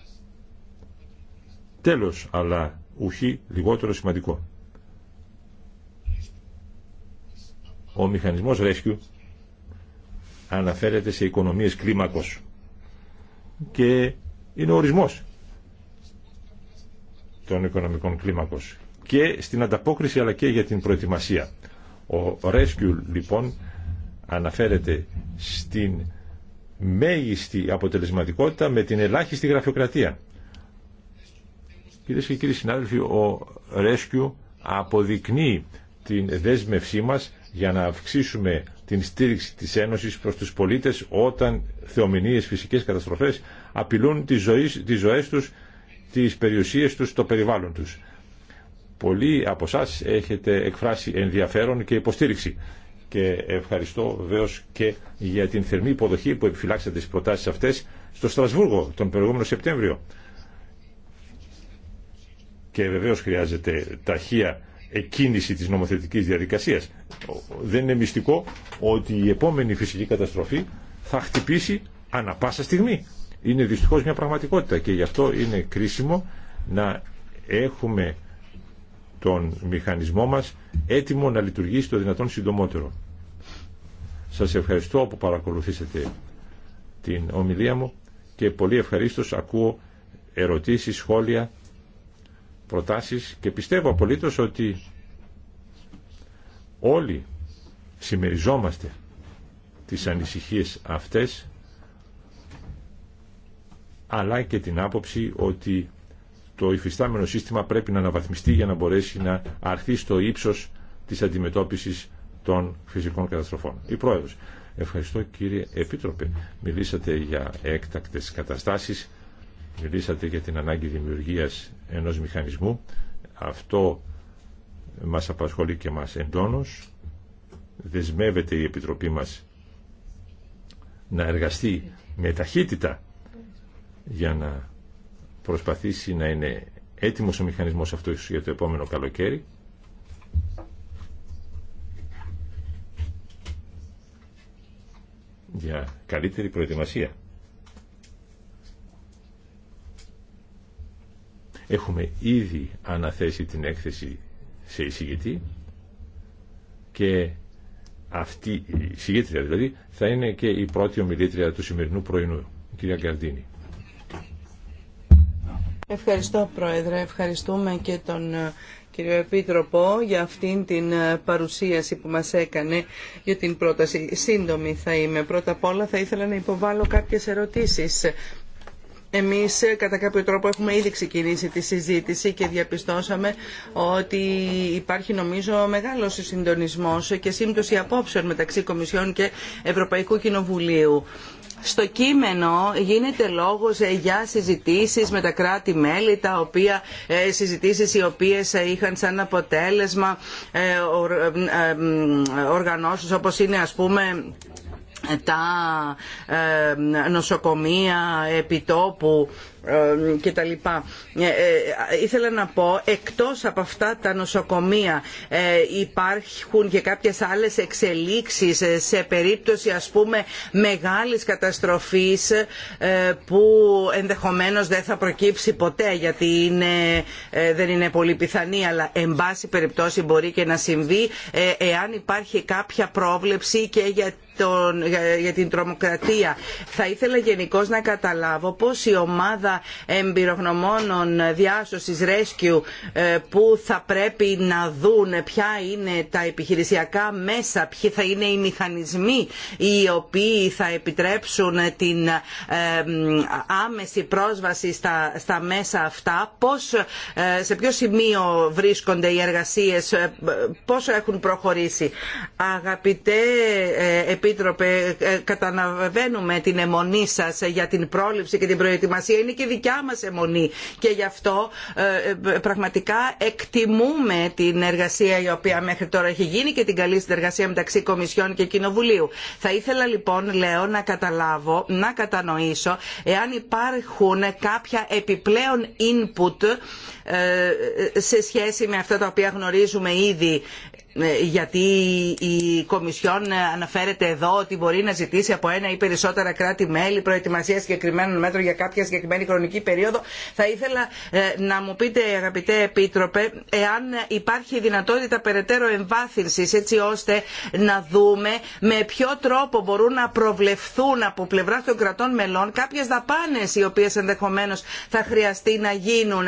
Τέλος, αλλά ουχή λιγότερο σημαντικό. Ο μηχανισμός Rescue αναφέρεται σε οικονομίες κλίμακος και είναι ο ορισμός των οικονομικών κλίμακος και στην ανταπόκριση αλλά και για την προετοιμασία. Ο Rescue λοιπόν αναφέρεται στην μέγιστη αποτελεσματικότητα με την ελάχιστη γραφειοκρατία. Κυρίες και κύριοι συνάδελφοι, ο Rescue αποδεικνύει την δέσμευσή μας για να αυξήσουμε την στήριξη της Ένωσης προς τους πολίτες όταν θεομηνίες, φυσικές καταστροφές απειλούν τις, ζωής, τις ζωές τους, τις περιουσίες τους, το περιβάλλον τους. Πολλοί από εσά έχετε εκφράσει ενδιαφέρον και υποστήριξη και ευχαριστώ βεβαίω και για την θερμή υποδοχή που επιφυλάξατε τις προτάσεις αυτές στο Στρασβούργο τον προηγούμενο Σεπτέμβριο. Και βεβαίως χρειάζεται ταχεία εκκίνηση της νομοθετικής διαδικασίας. Δεν είναι μυστικό ότι η επόμενη φυσική καταστροφή θα χτυπήσει ανα πάσα στιγμή. Είναι δυστυχώς μια πραγματικότητα και γι' αυτό είναι κρίσιμο να έχουμε τον μηχανισμό μας έτοιμο να λειτουργήσει το δυνατόν συντομότερο. Σας ευχαριστώ που παρακολουθήσατε την ομιλία μου και πολύ ευχαρίστως ακούω ερωτήσεις, σχόλια προτάσεις και πιστεύω απολύτως ότι όλοι συμμεριζόμαστε τις ανησυχίες αυτές αλλά και την άποψη ότι το υφιστάμενο σύστημα πρέπει να αναβαθμιστεί για να μπορέσει να αρθεί στο ύψος της αντιμετώπισης των φυσικών καταστροφών. Η Πρόεδρος. Ευχαριστώ κύριε Επίτροπε. Μιλήσατε για έκτακτες καταστάσεις, μιλήσατε για την ανάγκη δημιουργίας ενός μηχανισμού. Αυτό μας απασχολεί και μας εντόνως. Δεσμεύεται η Επιτροπή μας να εργαστεί με ταχύτητα για να προσπαθήσει να είναι έτοιμος ο μηχανισμός αυτός για το επόμενο καλοκαίρι. για καλύτερη προετοιμασία. Έχουμε ήδη αναθέσει την έκθεση σε εισηγητή και αυτή η εισηγήτρια δηλαδή θα είναι και η πρώτη ομιλήτρια του σημερινού πρωινού, κυρία Γκαρδίνη. Ευχαριστώ Πρόεδρε, ευχαριστούμε και τον ε, κύριο Επίτροπο για αυτήν την ε, παρουσίαση που μας έκανε για την πρόταση. Σύντομη θα είμαι. Πρώτα απ' όλα θα ήθελα να υποβάλω κάποιες ερωτήσεις. Εμείς ε, κατά κάποιο τρόπο έχουμε ήδη ξεκινήσει τη συζήτηση και διαπιστώσαμε ότι υπάρχει νομίζω μεγάλος συντονισμός και σύμπτωση απόψεων μεταξύ Κομισιών και Ευρωπαϊκού Κοινοβουλίου. Στο κείμενο γίνεται λόγος ε, για συζητήσεις με τα κράτη-μέλη, τα οποία ε, συζητήσεις οι οποίες είχαν σαν αποτέλεσμα οργανώσεις όπως είναι ας πούμε τα ε, νοσοκομεία επιτόπου ε, και τα λοιπά ε, ε, Ήθελα να πω, εκτός από αυτά τα νοσοκομεία υπάρχουν και κάποιες άλλες εξελίξεις σε περίπτωση ας πούμε μεγάλης καταστροφής που ενδεχομένως δεν θα προκύψει ποτέ γιατί είναι, δεν είναι πολύ πιθανή αλλά εν πάση περιπτώσει μπορεί και να συμβεί εάν υπάρχει κάποια πρόβλεψη και για τον, για, την τρομοκρατία. Θα ήθελα γενικώ να καταλάβω πώς η ομάδα εμπειρογνωμόνων διάσωσης ρέσκιου ε, που θα πρέπει να δουν ποια είναι τα επιχειρησιακά μέσα, ποιοι θα είναι οι μηχανισμοί οι οποίοι θα επιτρέψουν την ε, άμεση πρόσβαση στα, μέσα αυτά, πώς, ε, σε ποιο σημείο βρίσκονται οι εργασίες, πόσο έχουν προχωρήσει. Αγαπητέ Επίτροπε, καταλαβαίνουμε την αιμονή σας για την πρόληψη και την προετοιμασία και δικιά μας αιμονή και γι' αυτό ε, ε, πραγματικά εκτιμούμε την εργασία η οποία μέχρι τώρα έχει γίνει και την καλή συνεργασία μεταξύ Κομισιών και Κοινοβουλίου. Θα ήθελα λοιπόν, λέω, να καταλάβω, να κατανοήσω εάν υπάρχουν κάποια επιπλέον input ε, σε σχέση με αυτά τα οποία γνωρίζουμε ήδη ε, γιατί η Κομισιόν ε, αναφέρεται εδώ ότι μπορεί να ζητήσει από ένα ή περισσότερα κράτη-μέλη προετοιμασία συγκεκριμένων μέτρων για κάποια συγκεκριμένη χρονική περίοδο. Θα ήθελα ε, να μου πείτε, αγαπητέ Επίτροπε, εάν υπάρχει δυνατότητα περαιτέρω εμβάθυνσης έτσι ώστε να δούμε με ποιο τρόπο μπορούν να προβλεφθούν από πλευρά των κρατών μελών κάποιε δαπάνε οι οποίε ενδεχομένω θα χρειαστεί να γίνουν.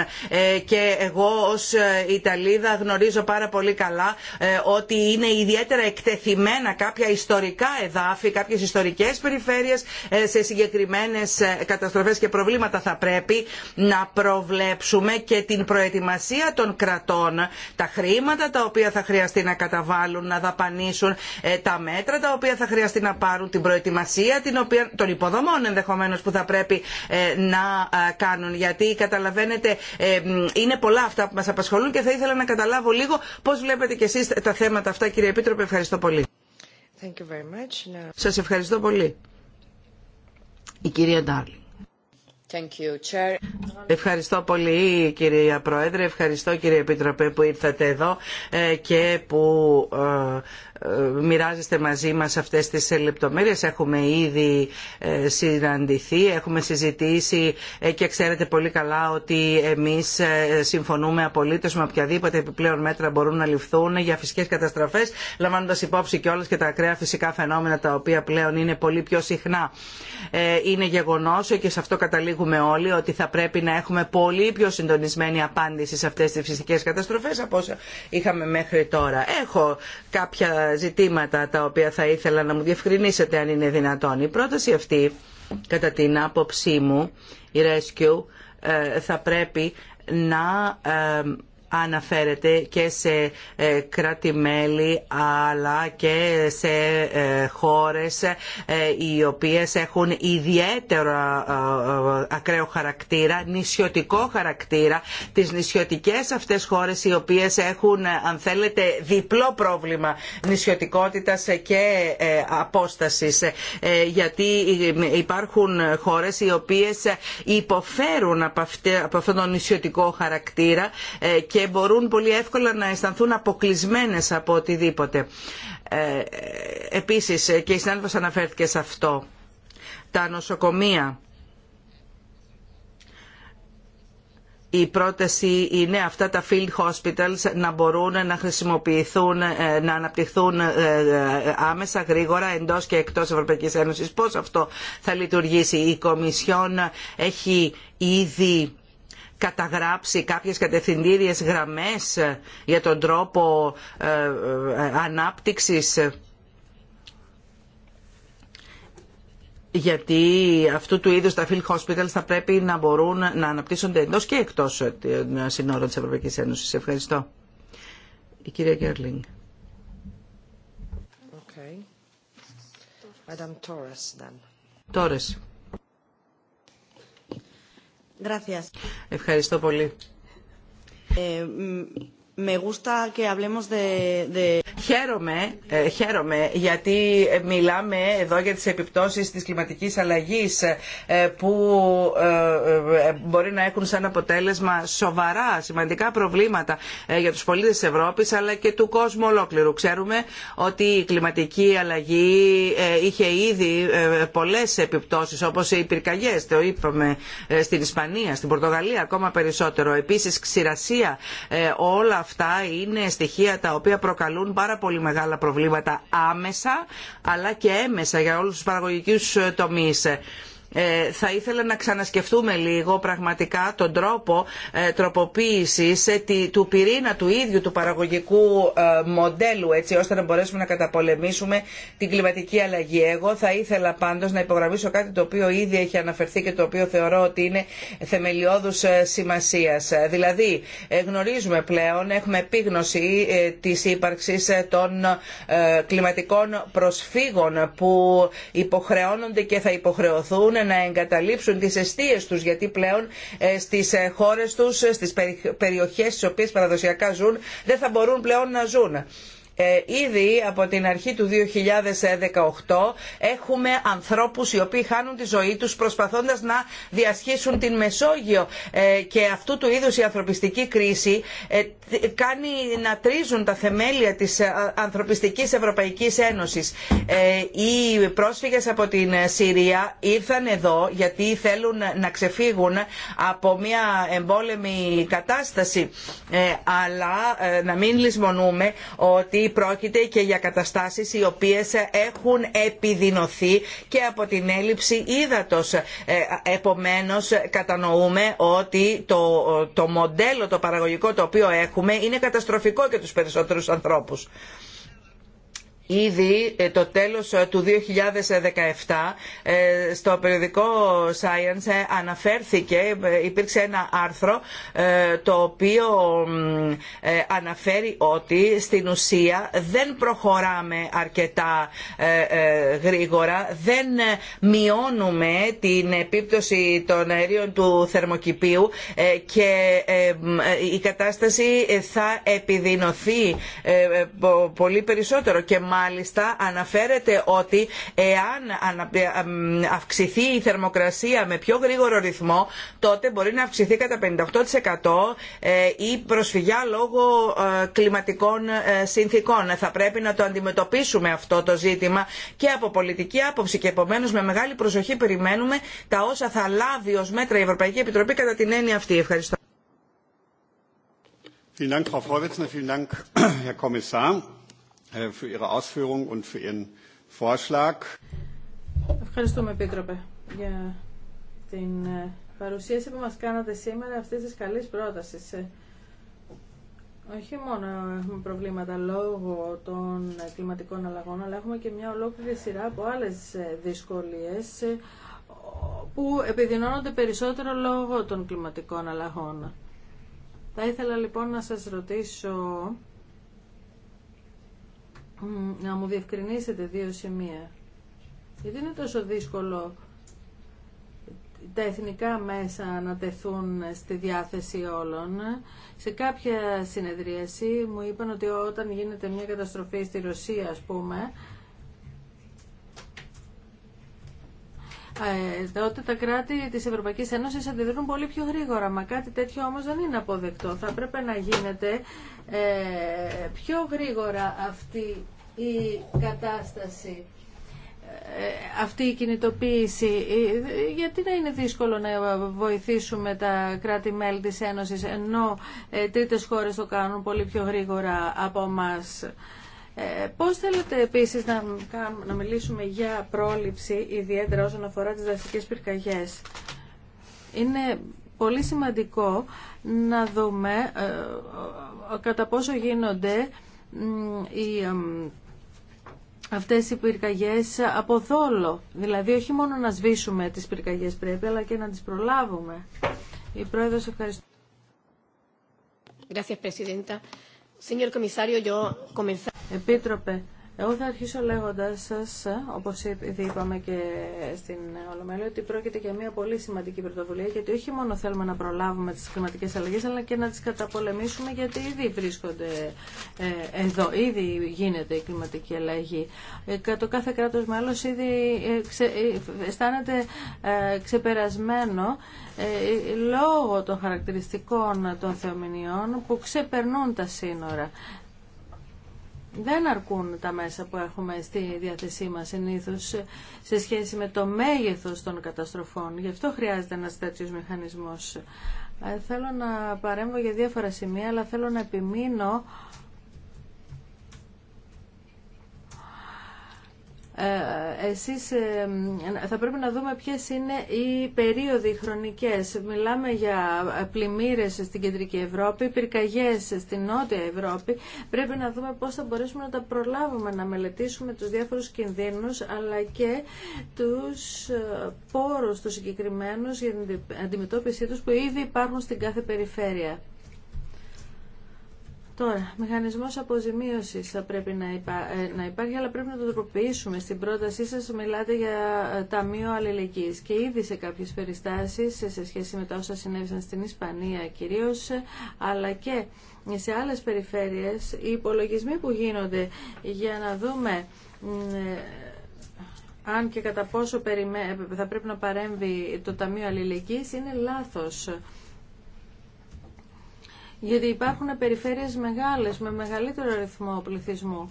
Και εγώ ως Ιταλίδα γνωρίζω πάρα πολύ καλά ότι είναι ιδιαίτερα εκτεθειμένα κάποια ιστορικά εδάφη, κάποιες ιστορικές περιφέρειες ε, σε συγκεκριμένες ε, καταστροφές και προβλήματα θα πρέπει να προβλέψουμε και την προετοιμασία των κρατών, τα χρήματα τα οποία θα χρειαστεί να καταβάλουν, να δαπανίσουν, ε, τα μέτρα τα οποία θα χρειαστεί να πάρουν, την προετοιμασία την οποία, των υποδομών ενδεχομένως που θα πρέπει να κάνουν. Γιατί καταλαβαίνετε είναι πολλά αυτά που μας απασχολούν και θα ήθελα να καταλάβω λίγο πώς βλέπετε κι εσείς τα θέματα αυτά κύριε Επίτροπε. Ευχαριστώ πολύ. Thank you very much. Σας ευχαριστώ πολύ. Η κυρία Ντάρλι. Thank you, Chair. Ευχαριστώ πολύ κυρία Πρόεδρε, ευχαριστώ κύριε Επίτροπε που ήρθατε εδώ ε, και που ε, μοιράζεστε μαζί μας αυτές τις λεπτομέρειες. Έχουμε ήδη ε, συναντηθεί, έχουμε συζητήσει ε, και ξέρετε πολύ καλά ότι εμείς ε, συμφωνούμε απολύτως με οποιαδήποτε επιπλέον μέτρα μπορούν να ληφθούν για φυσικές καταστροφές, λαμβάνοντας υπόψη και όλες και τα ακραία φυσικά φαινόμενα τα οποία πλέον είναι πολύ πιο συχνά. Είναι γεγονός και σε αυτό καταλήγουμε όλοι ότι θα πρέπει να έχουμε πολύ πιο συντονισμένη απάντηση σε αυτές τις φυσικές καταστροφές από όσα είχαμε μέχρι τώρα. Έχω κάποια ζητήματα τα οποία θα ήθελα να μου διευκρινίσετε αν είναι δυνατόν. Η πρόταση αυτή, κατά την άποψή μου, η Rescue, ε, θα πρέπει να ε, αναφέρεται και σε ε, κρατη αλλά και σε ε, χώρες ε, οι οποίες έχουν ιδιαίτερο ακραίο χαρακτήρα, νησιωτικό χαρακτήρα, τις νησιωτικές αυτές χώρες οι οποίες έχουν αν θέλετε διπλό πρόβλημα νησιωτικότητας και απόστασης γιατί υπάρχουν χώρες οι οποίες υποφέρουν από αυτόν τον νησιωτικό χαρακτήρα και και μπορούν πολύ εύκολα να αισθανθούν αποκλεισμένες από οτιδήποτε. Ε, επίσης, και η συνάδελφος αναφέρθηκε σε αυτό, τα νοσοκομεία. η πρόταση είναι αυτά τα field hospitals να μπορούν να χρησιμοποιηθούν, ε, να αναπτυχθούν ε, άμεσα, γρήγορα, εντός και εκτός Ευρωπαϊκής Ένωσης. Πώς αυτό θα λειτουργήσει. Η Κομισιόν έχει ήδη καταγράψει κάποιες κατευθυντήριες γραμμές για τον τρόπο ε, ε, ανάπτυξης γιατί αυτού του είδους τα field hospitals θα πρέπει να μπορούν να αναπτύσσονται εντός και εκτός των συνόρων της Ευρωπαϊκής Ένωσης. Ευχαριστώ. Η κυρία Γκέρλινγκ. Okay. Madame Ευχαριστώ πολύ. Ε, με γούστα και Χαίρομαι, ε, χαίρομαι γιατί μιλάμε εδώ για τις επιπτώσεις της κλιματικής αλλαγής ε, που ε, μπορεί να έχουν σαν αποτέλεσμα σοβαρά σημαντικά προβλήματα για τους πολίτες της Ευρώπης αλλά και του κόσμου ολόκληρου. Ξέρουμε ότι η κλιματική αλλαγή είχε ήδη πολλές επιπτώσεις όπως οι πυρκαγιές, το είπαμε στην Ισπανία, στην Πορτογαλία ακόμα περισσότερο. Επίσης ξηρασία όλα αυτά είναι στοιχεία τα οποία προκαλούν πάρα πολύ μεγάλα προβλήματα άμεσα αλλά και έμεσα για όλους τους παραγωγικούς τομείς. Ε, θα ήθελα να ξανασκεφτούμε λίγο πραγματικά τον τρόπο ε, τροποποίησης ε, του πυρήνα του ίδιου του παραγωγικού μοντέλου έτσι ώστε να μπορέσουμε να καταπολεμήσουμε την κλιματική αλλαγή. Εγώ θα ήθελα πάντως να υπογραμμίσω κάτι το οποίο ήδη έχει αναφερθεί και το οποίο θεωρώ ότι είναι θεμελιώδους σημασίας. Δηλαδή γνωρίζουμε πλέον, έχουμε επίγνωση της ύπαρξης των κλιματικών προσφύγων που υποχρεώνονται και θα υποχρεωθούν να εγκαταλείψουν τις αιστείες τους γιατί πλέον ε, στις ε, χώρες τους, ε, στις περιοχές στις οποίες παραδοσιακά ζουν δεν θα μπορούν πλέον να ζουν. Ε, ήδη από την αρχή του 2018 έχουμε ανθρώπους οι οποίοι χάνουν τη ζωή τους προσπαθώντας να διασχίσουν την Μεσόγειο ε, και αυτού του είδους η ανθρωπιστική κρίση ε, κάνει να τρίζουν τα θεμέλια της ανθρωπιστικής Ευρωπαϊκής Ένωσης. Οι πρόσφυγες από την Συρία ήρθαν εδώ γιατί θέλουν να ξεφύγουν από μια εμπόλεμη κατάσταση αλλά να μην λησμονούμε ότι ή πρόκειται και για καταστάσεις οι οποίες έχουν επιδεινωθεί και από την έλλειψη ύδατος. Ε, επομένως κατανοούμε ότι το, το μοντέλο το παραγωγικό το οποίο έχουμε είναι καταστροφικό για τους περισσότερους ανθρώπους. Ήδη ε, το τέλος ε, του 2017 ε, στο περιοδικό Science αναφέρθηκε, υπήρξε ένα άρθρο το οποίο αναφέρει ότι στην ουσία δεν προχωράμε αρκετά γρήγορα, δεν μειώνουμε την επίπτωση των αερίων του θερμοκηπίου και η κατάσταση θα επιδεινωθεί πολύ περισσότερο και μάλιστα αναφέρεται ότι εάν ε, αυξηθεί η θερμοκρασία με πιο γρήγορο ρυθμό τότε μπορεί να αυξηθεί κατά 58% ε, η προσφυγιά λόγω ε, κλιματικών συνθήκων. Θα πρέπει να το αντιμετωπίσουμε αυτό το ζήτημα και από πολιτική άποψη και επομένω με μεγάλη προσοχή περιμένουμε τα όσα θα λάβει ω μέτρα η Ευρωπαϊκή Επιτροπή κατά την έννοια αυτή. Ευχαριστώ. Vielen Dank, Frau Vielen Dank, Herr Kommissar. Äh, für Ihre Ausführungen und für Ihren Vorschlag. Ευχαριστούμε, Επίτροπε, για την ε, παρουσίαση που μας κάνατε σήμερα αυτής της καλής πρότασης. Ε, όχι μόνο έχουμε προβλήματα λόγω των κλιματικών αλλαγών, αλλά έχουμε και μια ολόκληρη σειρά από άλλες ε, δυσκολίες που επιδεινώνονται περισσότερο λόγω των κλιματικών αλλαγών. Θα ήθελα λοιπόν να σας ρωτήσω να μου διευκρινίσετε δύο σημεία. Γιατί είναι τόσο δύσκολο τα εθνικά μέσα να τεθούν στη διάθεση όλων. Σε κάποια συνεδρίαση μου είπαν ότι όταν γίνεται μια καταστροφή στη Ρωσία, ας πούμε, ότι τα κράτη της Ευρωπαϊκής Ένωσης αντιδρούν πολύ πιο γρήγορα. Μα κάτι τέτοιο όμω δεν είναι αποδεκτό. Θα πρέπει να γίνεται ε, πιο γρήγορα αυτή η κατάσταση ε, αυτή η κινητοποίηση ε, γιατί να είναι δύσκολο να βοηθήσουμε τα κράτη-μέλη της Ένωσης ενώ τρίτες χώρες το κάνουν πολύ πιο γρήγορα από μας. Ε, πώς θέλετε επίσης να, να μιλήσουμε για πρόληψη ιδιαίτερα όσον αφορά τις δασικές πυρκαγιές. Είναι πολύ σημαντικό να δούμε ε, κατά πόσο γίνονται οι, αυτές οι πυρκαγιές από δόλο. Δηλαδή όχι μόνο να σβήσουμε τις πυρκαγιές πρέπει αλλά και να τις προλάβουμε. Η Πρόεδρος ευχαριστώ. Gracias, Presidenta. Señor Comisario, Επίτροπε, εγώ θα αρχίσω λέγοντας σας, όπως ήδη είπαμε και στην Ολομέλεια, ότι πρόκειται για μια πολύ σημαντική πρωτοβουλία, γιατί όχι μόνο θέλουμε να προλάβουμε τις κλιματικές αλλαγές, αλλά και να τις καταπολεμήσουμε, γιατί ήδη βρίσκονται ε, εδώ, ήδη γίνεται η κλιματική αλλαγή. Ε, το κάθε κράτος μέλος ήδη ε, ξε, αισθάνεται ξεπερασμένο λόγω των χαρακτηριστικών των θεομηνιών που ξεπερνούν τα σύνορα δεν αρκούν τα μέσα που έχουμε στη διάθεσή μας συνήθως σε σχέση με το μέγεθος των καταστροφών. Γι' αυτό χρειάζεται ένας τέτοιος μηχανισμός. Ε, θέλω να παρέμβω για διάφορα σημεία, αλλά θέλω να επιμείνω Ε, εσείς ε, θα πρέπει να δούμε ποιες είναι οι περίοδοι χρονικές. Μιλάμε για ε, πλημμύρες στην Κεντρική Ευρώπη, πυρκαγιές στην Νότια Ευρώπη. Πρέπει να δούμε πώς θα μπορέσουμε να τα προλάβουμε, να μελετήσουμε τους διάφορους κινδύνους, αλλά και τους πόρους τους συγκεκριμένους για την αντιμετώπιση τους που ήδη υπάρχουν στην κάθε περιφέρεια. Τώρα, μηχανισμός αποζημίωσης θα πρέπει να, ε, να υπάρχει, αλλά πρέπει να το τροποποιήσουμε. Στην πρότασή σας μιλάτε για ε, ταμείο αλληλεγγύη και ήδη σε κάποιε περιστάσει σε σχέση με τα όσα συνέβησαν στην Ισπανία κυρίως, αλλά και σε άλλες περιφέρειες, οι υπολογισμοί που γίνονται για να δούμε ε, αν και κατά πόσο θα πρέπει να παρέμβει το Ταμείο Αλληλεγγύης είναι λάθος γιατί υπάρχουν περιφέρειες μεγάλες με μεγαλύτερο αριθμό πληθυσμού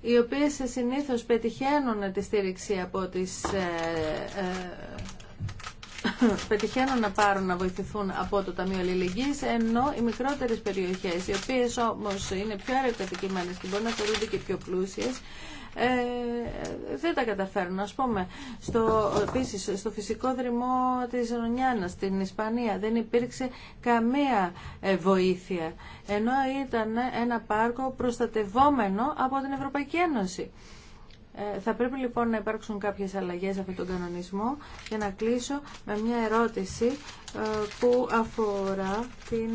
οι οποίες συνήθως πετυχαίνουν τη στήριξη από τις ε, ε, πετυχαίνουν να πάρουν να βοηθηθούν από το Ταμείο Αλληλεγγύης ενώ οι μικρότερες περιοχές οι οποίες όμως είναι πιο αεροκατοικημένες και μπορεί να θεωρούνται και πιο πλούσιες ε, δεν τα καταφέρνουν. Α πούμε, στο, επίσης, στο φυσικό δρυμό της Ρονιάνα στην Ισπανία δεν υπήρξε καμία ε, βοήθεια, ενώ ήταν ένα πάρκο προστατευόμενο από την Ευρωπαϊκή Ένωση. Ε, θα πρέπει λοιπόν να υπάρξουν κάποιες αλλαγές αυτόν τον κανονισμό για να κλείσω με μια ερώτηση που αφορά την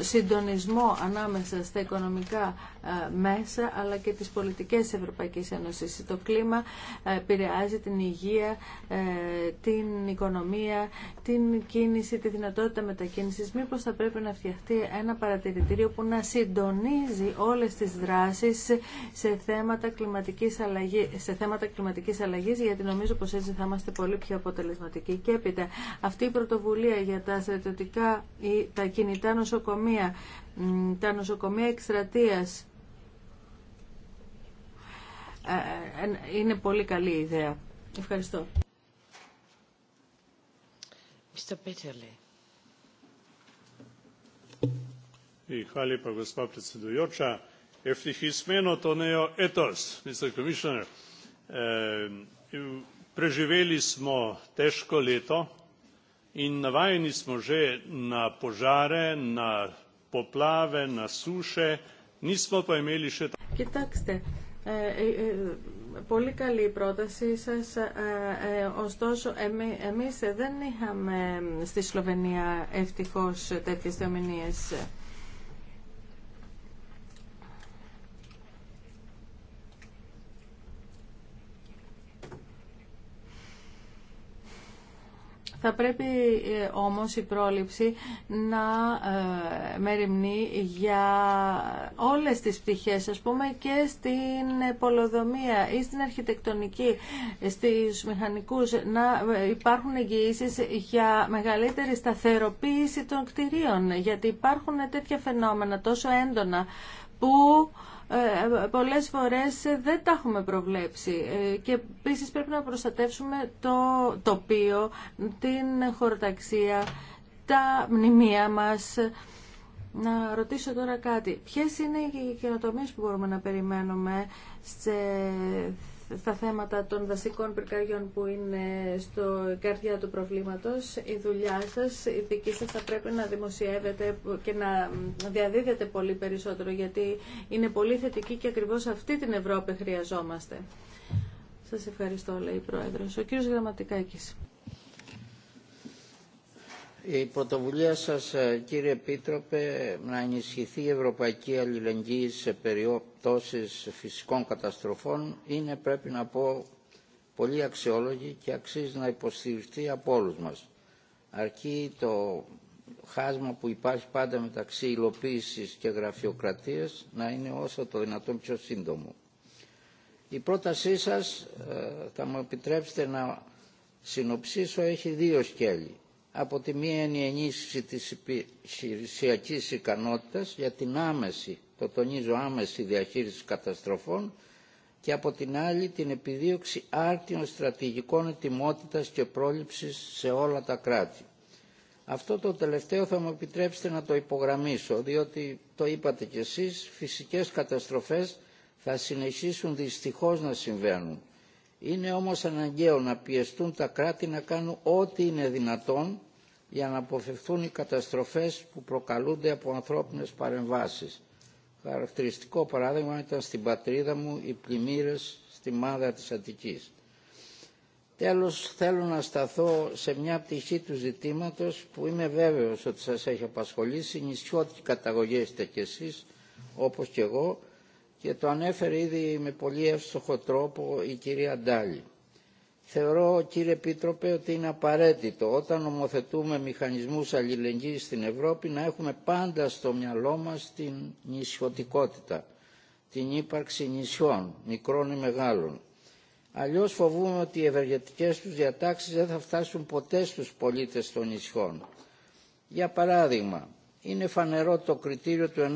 συντονισμό ανάμεσα στα οικονομικά ε, μέσα αλλά και τις πολιτικές της Ευρωπαϊκής Ένωσης. Το κλίμα ε, επηρεάζει την υγεία, ε, την οικονομία, την κίνηση, τη δυνατότητα μετακίνησης. Μήπως θα πρέπει να φτιαχτεί ένα παρατηρητήριο που να συντονίζει όλες τις δράσεις σε θέματα κλιματικής αλλαγής, σε θέματα κλιματικής αλλαγής γιατί νομίζω πως έτσι θα είμαστε πολύ πιο αποτελεσματικοί. Και έπειτα αυτή η πρωτοβουλία για τα στρατιωτικά ή τα κινητά νοσοκομεία, τα νοσοκομεία εκστρατείας είναι πολύ καλή ιδέα. Ευχαριστώ. Mr. Peterle. Hvala lepa, gospa predsedujoča. Ευτυχισμένο το νέο έτος, Mr. Commissioner. Preživeli smo težko leto in navajeni smo že na požare, na poplave, na suše, nismo pa imeli še... Κοιτάξτε, ε, ε, ε, πολύ καλή η πρότασή σας, ωστόσο εμείς δεν είχαμε στη Σλοβενία ευτυχώς τέτοιες θεομηνίες. Θα πρέπει ε, όμως η πρόληψη να ε, μεριμνεί για όλες τις πτυχές, ας πούμε, και στην πολοδομία ή στην αρχιτεκτονική, στις μηχανικούς, να ε, υπάρχουν εγγυήσεις για μεγαλύτερη σταθεροποίηση των κτηρίων, γιατί υπάρχουν τέτοια φαινόμενα τόσο έντονα που ε, ε, πολλές φορές ε, δεν τα έχουμε προβλέψει και επίσης πρέπει να προστατεύσουμε το τοπίο, την χωροταξία, τα μνημεία μας. Να ρωτήσω τώρα κάτι. Ποιες είναι οι καινοτομίες που μπορούμε να περιμένουμε σε στα θέματα των δασικών πυρκαγιών που είναι στο καρδιά του προβλήματος. Η δουλειά σας, η δική σας θα πρέπει να δημοσιεύεται και να διαδίδεται πολύ περισσότερο γιατί είναι πολύ θετική και ακριβώς αυτή την Ευρώπη χρειαζόμαστε. Σας ευχαριστώ, λέει η Πρόεδρος. Ο κύριος Γραμματικάκης. Η πρωτοβουλία σας, ε, κύριε Επίτροπε, να ενισχυθεί η ευρωπαϊκή αλληλεγγύη σε περιοπτώσεις φυσικών καταστροφών είναι, πρέπει να πω, πολύ αξιόλογη και αξίζει να υποστηριχθεί από όλους μας. Αρκεί το χάσμα που υπάρχει πάντα μεταξύ υλοποίηση και γραφειοκρατίας να είναι όσο το δυνατόν πιο σύντομο. Η πρότασή σας, ε, θα μου επιτρέψετε να συνοψίσω, έχει δύο σκέλη από τη μία είναι η ενίσχυση της επιχειρησιακής ικανότητας για την άμεση, το τονίζω άμεση διαχείριση καταστροφών και από την άλλη την επιδίωξη άρτιων στρατηγικών ετοιμότητας και πρόληψης σε όλα τα κράτη. Αυτό το τελευταίο θα μου επιτρέψετε να το υπογραμμίσω, διότι το είπατε κι εσείς, φυσικές καταστροφές θα συνεχίσουν δυστυχώς να συμβαίνουν είναι όμως αναγκαίο να πιεστούν τα κράτη να κάνουν ό,τι είναι δυνατόν για να αποφευθούν οι καταστροφές που προκαλούνται από ανθρώπινες παρεμβάσεις. Χαρακτηριστικό παράδειγμα ήταν στην πατρίδα μου οι πλημμύρες στη Μάδα της Αττικής. Τέλος θέλω να σταθώ σε μια πτυχή του ζητήματος που είμαι βέβαιος ότι σας έχει απασχολήσει, νησιώτικη καταγωγή είστε κι εσείς όπως κι εγώ και το ανέφερε ήδη με πολύ εύστοχο τρόπο η κυρία Ντάλη. Θεωρώ, κύριε Επίτροπε, ότι είναι απαραίτητο όταν νομοθετούμε μηχανισμούς αλληλεγγύης στην Ευρώπη να έχουμε πάντα στο μυαλό μας την νησιωτικότητα, την ύπαρξη νησιών, μικρών ή μεγάλων. Αλλιώς φοβούμε ότι οι ευεργετικές τους διατάξεις δεν θα φτάσουν ποτέ στους πολίτες των νησιών. Για παράδειγμα, είναι φανερό το κριτήριο του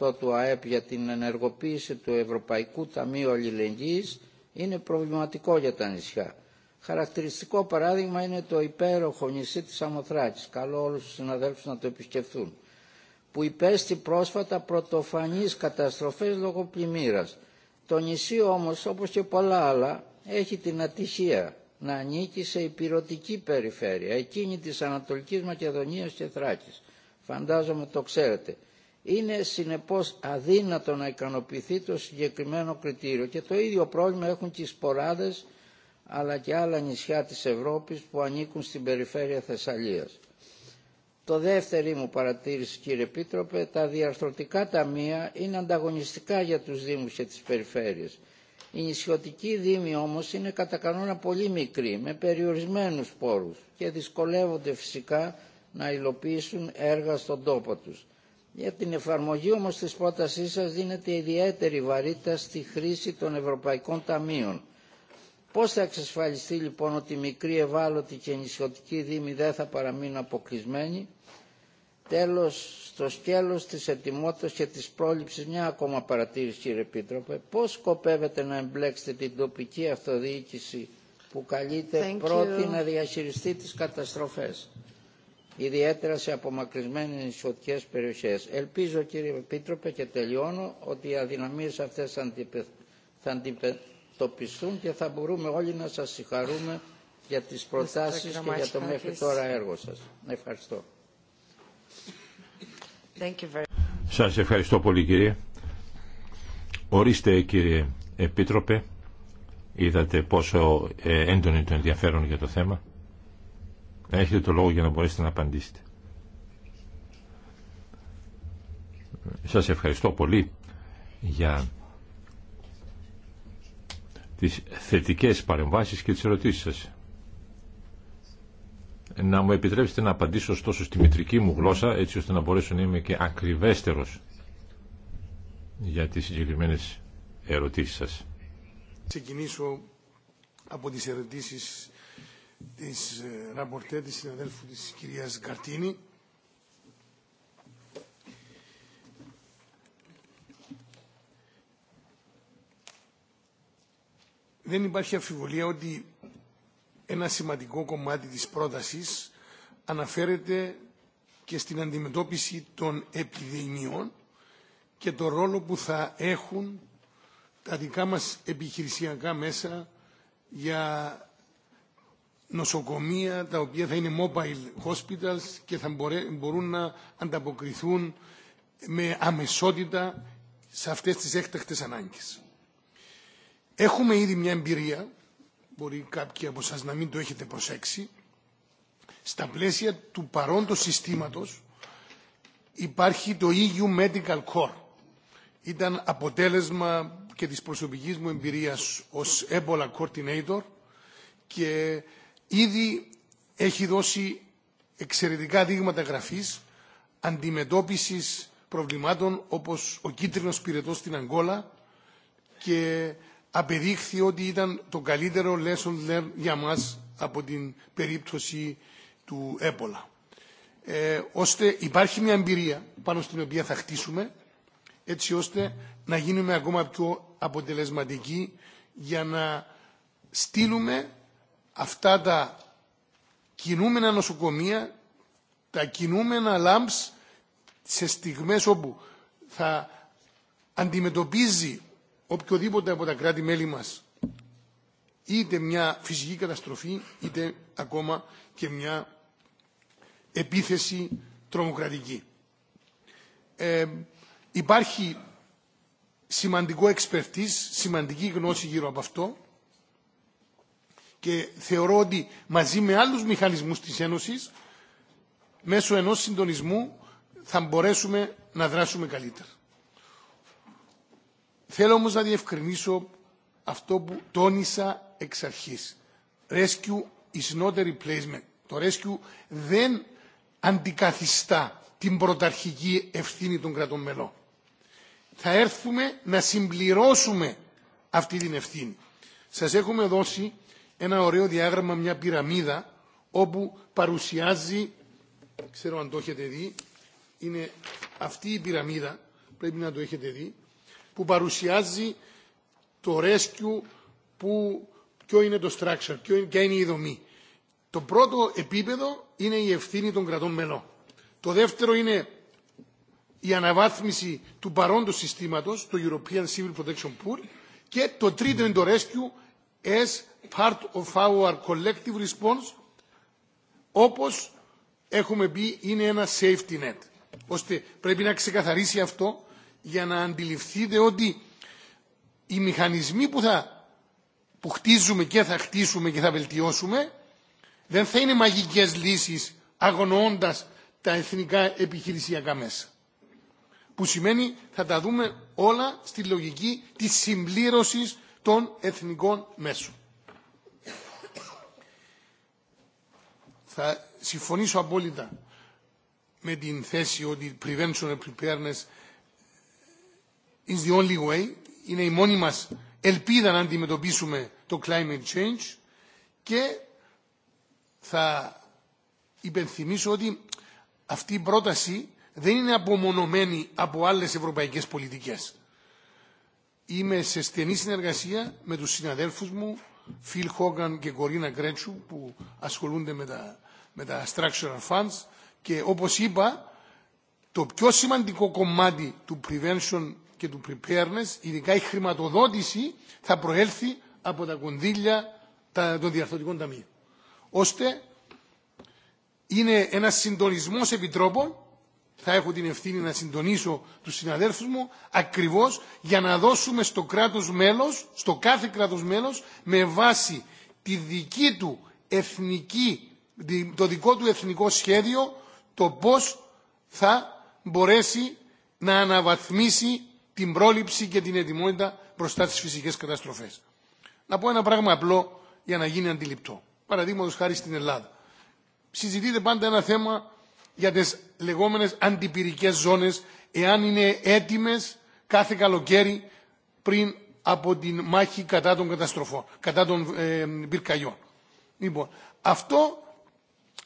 1,5% του ΑΕΠ για την ενεργοποίηση του Ευρωπαϊκού Ταμείου Αλληλεγγύης είναι προβληματικό για τα νησιά. Χαρακτηριστικό παράδειγμα είναι το υπέροχο νησί της Αμοθράκης. Καλό όλους τους συναδέλφους να το επισκεφθούν. Που υπέστη πρόσφατα πρωτοφανείς καταστροφές λόγω πλημμύρας. Το νησί όμως, όπως και πολλά άλλα, έχει την ατυχία να ανήκει σε υπηρετική περιφέρεια, εκείνη της Ανατολικής Μακεδονίας και Θράκης φαντάζομαι το ξέρετε. Είναι συνεπώς αδύνατο να ικανοποιηθεί το συγκεκριμένο κριτήριο και το ίδιο πρόβλημα έχουν και οι σποράδες αλλά και άλλα νησιά της Ευρώπης που ανήκουν στην περιφέρεια Θεσσαλίας. Το δεύτερο μου παρατήρηση κύριε πίτροπε τα διαρθρωτικά ταμεία είναι ανταγωνιστικά για τους Δήμους και τις περιφέρειες. Οι νησιωτικοί δήμοι όμως είναι κατά κανόνα πολύ μικροί, με περιορισμένους πόρους και δυσκολεύονται φυσικά να υλοποιήσουν έργα στον τόπο τους. Για την εφαρμογή όμως της πρότασής σας δίνεται ιδιαίτερη βαρύτητα στη χρήση των ευρωπαϊκών ταμείων. Πώς θα εξασφαλιστεί λοιπόν ότι οι μικροί ευάλωτοι και νησιωτικοί δήμοι δεν θα παραμείνουν αποκλεισμένοι. Τέλος, στο σκέλος της ετοιμότητας και της πρόληψης μια ακόμα παρατήρηση κύριε Επίτροπε. Πώς σκοπεύετε να εμπλέξετε την τοπική αυτοδιοίκηση που καλείται πρώτη να διαχειριστεί τις καταστροφές ιδιαίτερα σε απομακρυσμένες νησιωτικές περιοχές. Ελπίζω κύριε Επίτροπε και τελειώνω ότι οι αδυναμίες αυτές θα αντιμετωπιστούν και θα μπορούμε όλοι να σας συγχαρούμε για τις προτάσεις και για το μέχρι τώρα έργο σας. Ευχαριστώ. Thank very σας ευχαριστώ πολύ κύριε. Ορίστε κύριε Επίτροπε, είδατε πόσο ε, έντονο είναι το ενδιαφέρον για το θέμα. Έχετε το λόγο για να μπορέσετε να απαντήσετε. Σας ευχαριστώ πολύ για τις θετικές παρεμβάσεις και τις ερωτήσεις σας. Να μου επιτρέψετε να απαντήσω ωστόσο στη μητρική μου γλώσσα, έτσι ώστε να μπορέσω να είμαι και ακριβέστερος για τις συγκεκριμένε ερωτήσεις σας. Ξεκινήσω από τις ερωτήσεις της ε, ραμπορτέ της συναδέλφου της κυρίας Γκαρτίνη. Δεν υπάρχει αφιβολία ότι ένα σημαντικό κομμάτι της πρότασης αναφέρεται και στην αντιμετώπιση των επιδημιών και το ρόλο που θα έχουν τα δικά μας επιχειρησιακά μέσα για νοσοκομεία τα οποία θα είναι mobile hospitals και θα μπορούν να ανταποκριθούν με αμεσότητα σε αυτές τις έκτακτες ανάγκες. Έχουμε ήδη μια εμπειρία, μπορεί κάποιοι από σας να μην το έχετε προσέξει, στα πλαίσια του παρόντος συστήματος υπάρχει το EU Medical Corps. Ήταν αποτέλεσμα και της προσωπικής μου εμπειρίας ως Ebola Coordinator και ήδη έχει δώσει εξαιρετικά δείγματα γραφής αντιμετώπισης προβλημάτων όπως ο κίτρινος πυρετός στην Αγγόλα και απεδείχθη ότι ήταν το καλύτερο lesson learned για μας από την περίπτωση του έπολα. Ε, ώστε υπάρχει μια εμπειρία πάνω στην οποία θα χτίσουμε έτσι ώστε να γίνουμε ακόμα πιο αποτελεσματικοί για να στείλουμε αυτά τα κινούμενα νοσοκομεία, τα κινούμενα λάμψ σε στιγμές όπου θα αντιμετωπίζει οποιοδήποτε από τα κράτη-μέλη μας είτε μια φυσική καταστροφή είτε ακόμα και μια επίθεση τρομοκρατική. Ε, υπάρχει σημαντικό εξπερτής, σημαντική γνώση γύρω από αυτό και θεωρώ ότι μαζί με άλλους μηχανισμούς της Ένωσης μέσω ενός συντονισμού θα μπορέσουμε να δράσουμε καλύτερα. Θέλω όμως να διευκρινίσω αυτό που τόνισα εξ αρχής. Rescue is not a replacement. Το rescue δεν αντικαθιστά την πρωταρχική ευθύνη των κρατών μελών. Θα έρθουμε να συμπληρώσουμε αυτή την ευθύνη. Σας έχουμε δώσει ένα ωραίο διάγραμμα, μια πυραμίδα, όπου παρουσιάζει, ξέρω αν το έχετε δει, είναι αυτή η πυραμίδα, πρέπει να το έχετε δει, που παρουσιάζει το rescue, που, ποιο είναι το structure, ποιο είναι, ποια είναι η δομή. Το πρώτο επίπεδο είναι η ευθύνη των κρατών μελών. Το δεύτερο είναι η αναβάθμιση του παρόντος συστήματος, το European Civil Protection Pool, και το τρίτο είναι το rescue, as part of our collective response, όπως έχουμε πει είναι ένα safety net. Ώστε πρέπει να ξεκαθαρίσει αυτό για να αντιληφθείτε ότι οι μηχανισμοί που, θα, που χτίζουμε και θα χτίσουμε και θα βελτιώσουμε δεν θα είναι μαγικές λύσεις αγωνώντας τα εθνικά επιχειρησιακά μέσα. Που σημαίνει θα τα δούμε όλα στη λογική της συμπλήρωσης των εθνικών μέσων. Θα συμφωνήσω απόλυτα με την θέση ότι prevention and preparedness is the only way. Είναι η μόνη μας ελπίδα να αντιμετωπίσουμε το climate change και θα υπενθυμίσω ότι αυτή η πρόταση δεν είναι απομονωμένη από άλλες ευρωπαϊκές πολιτικές. Είμαι σε στενή συνεργασία με τους συναδέλφους μου, Φιλ Χόγκαν και Κορίνα Κρέτσου, που ασχολούνται με τα, structural funds και όπως είπα, το πιο σημαντικό κομμάτι του prevention και του preparedness, ειδικά η χρηματοδότηση, θα προέλθει από τα κονδύλια των διαρθωτικών ταμείων. Ώστε είναι ένας συντονισμός επιτρόπων θα έχω την ευθύνη να συντονίσω τους συναδέλφους μου ακριβώς για να δώσουμε στο κράτος μέλος, στο κάθε κράτος μέλος με βάση τη δική του εθνική, το δικό του εθνικό σχέδιο το πώς θα μπορέσει να αναβαθμίσει την πρόληψη και την ετοιμότητα μπροστά στις φυσικές καταστροφές. Να πω ένα πράγμα απλό για να γίνει αντιληπτό. Παραδείγματο χάρη στην Ελλάδα. Συζητείται πάντα ένα θέμα για τις λεγόμενες αντιπυρικές ζώνες εάν είναι έτοιμες κάθε καλοκαίρι πριν από την μάχη κατά των καταστροφών, κατά των ε, πυρκαγιών. Λοιπόν, αυτό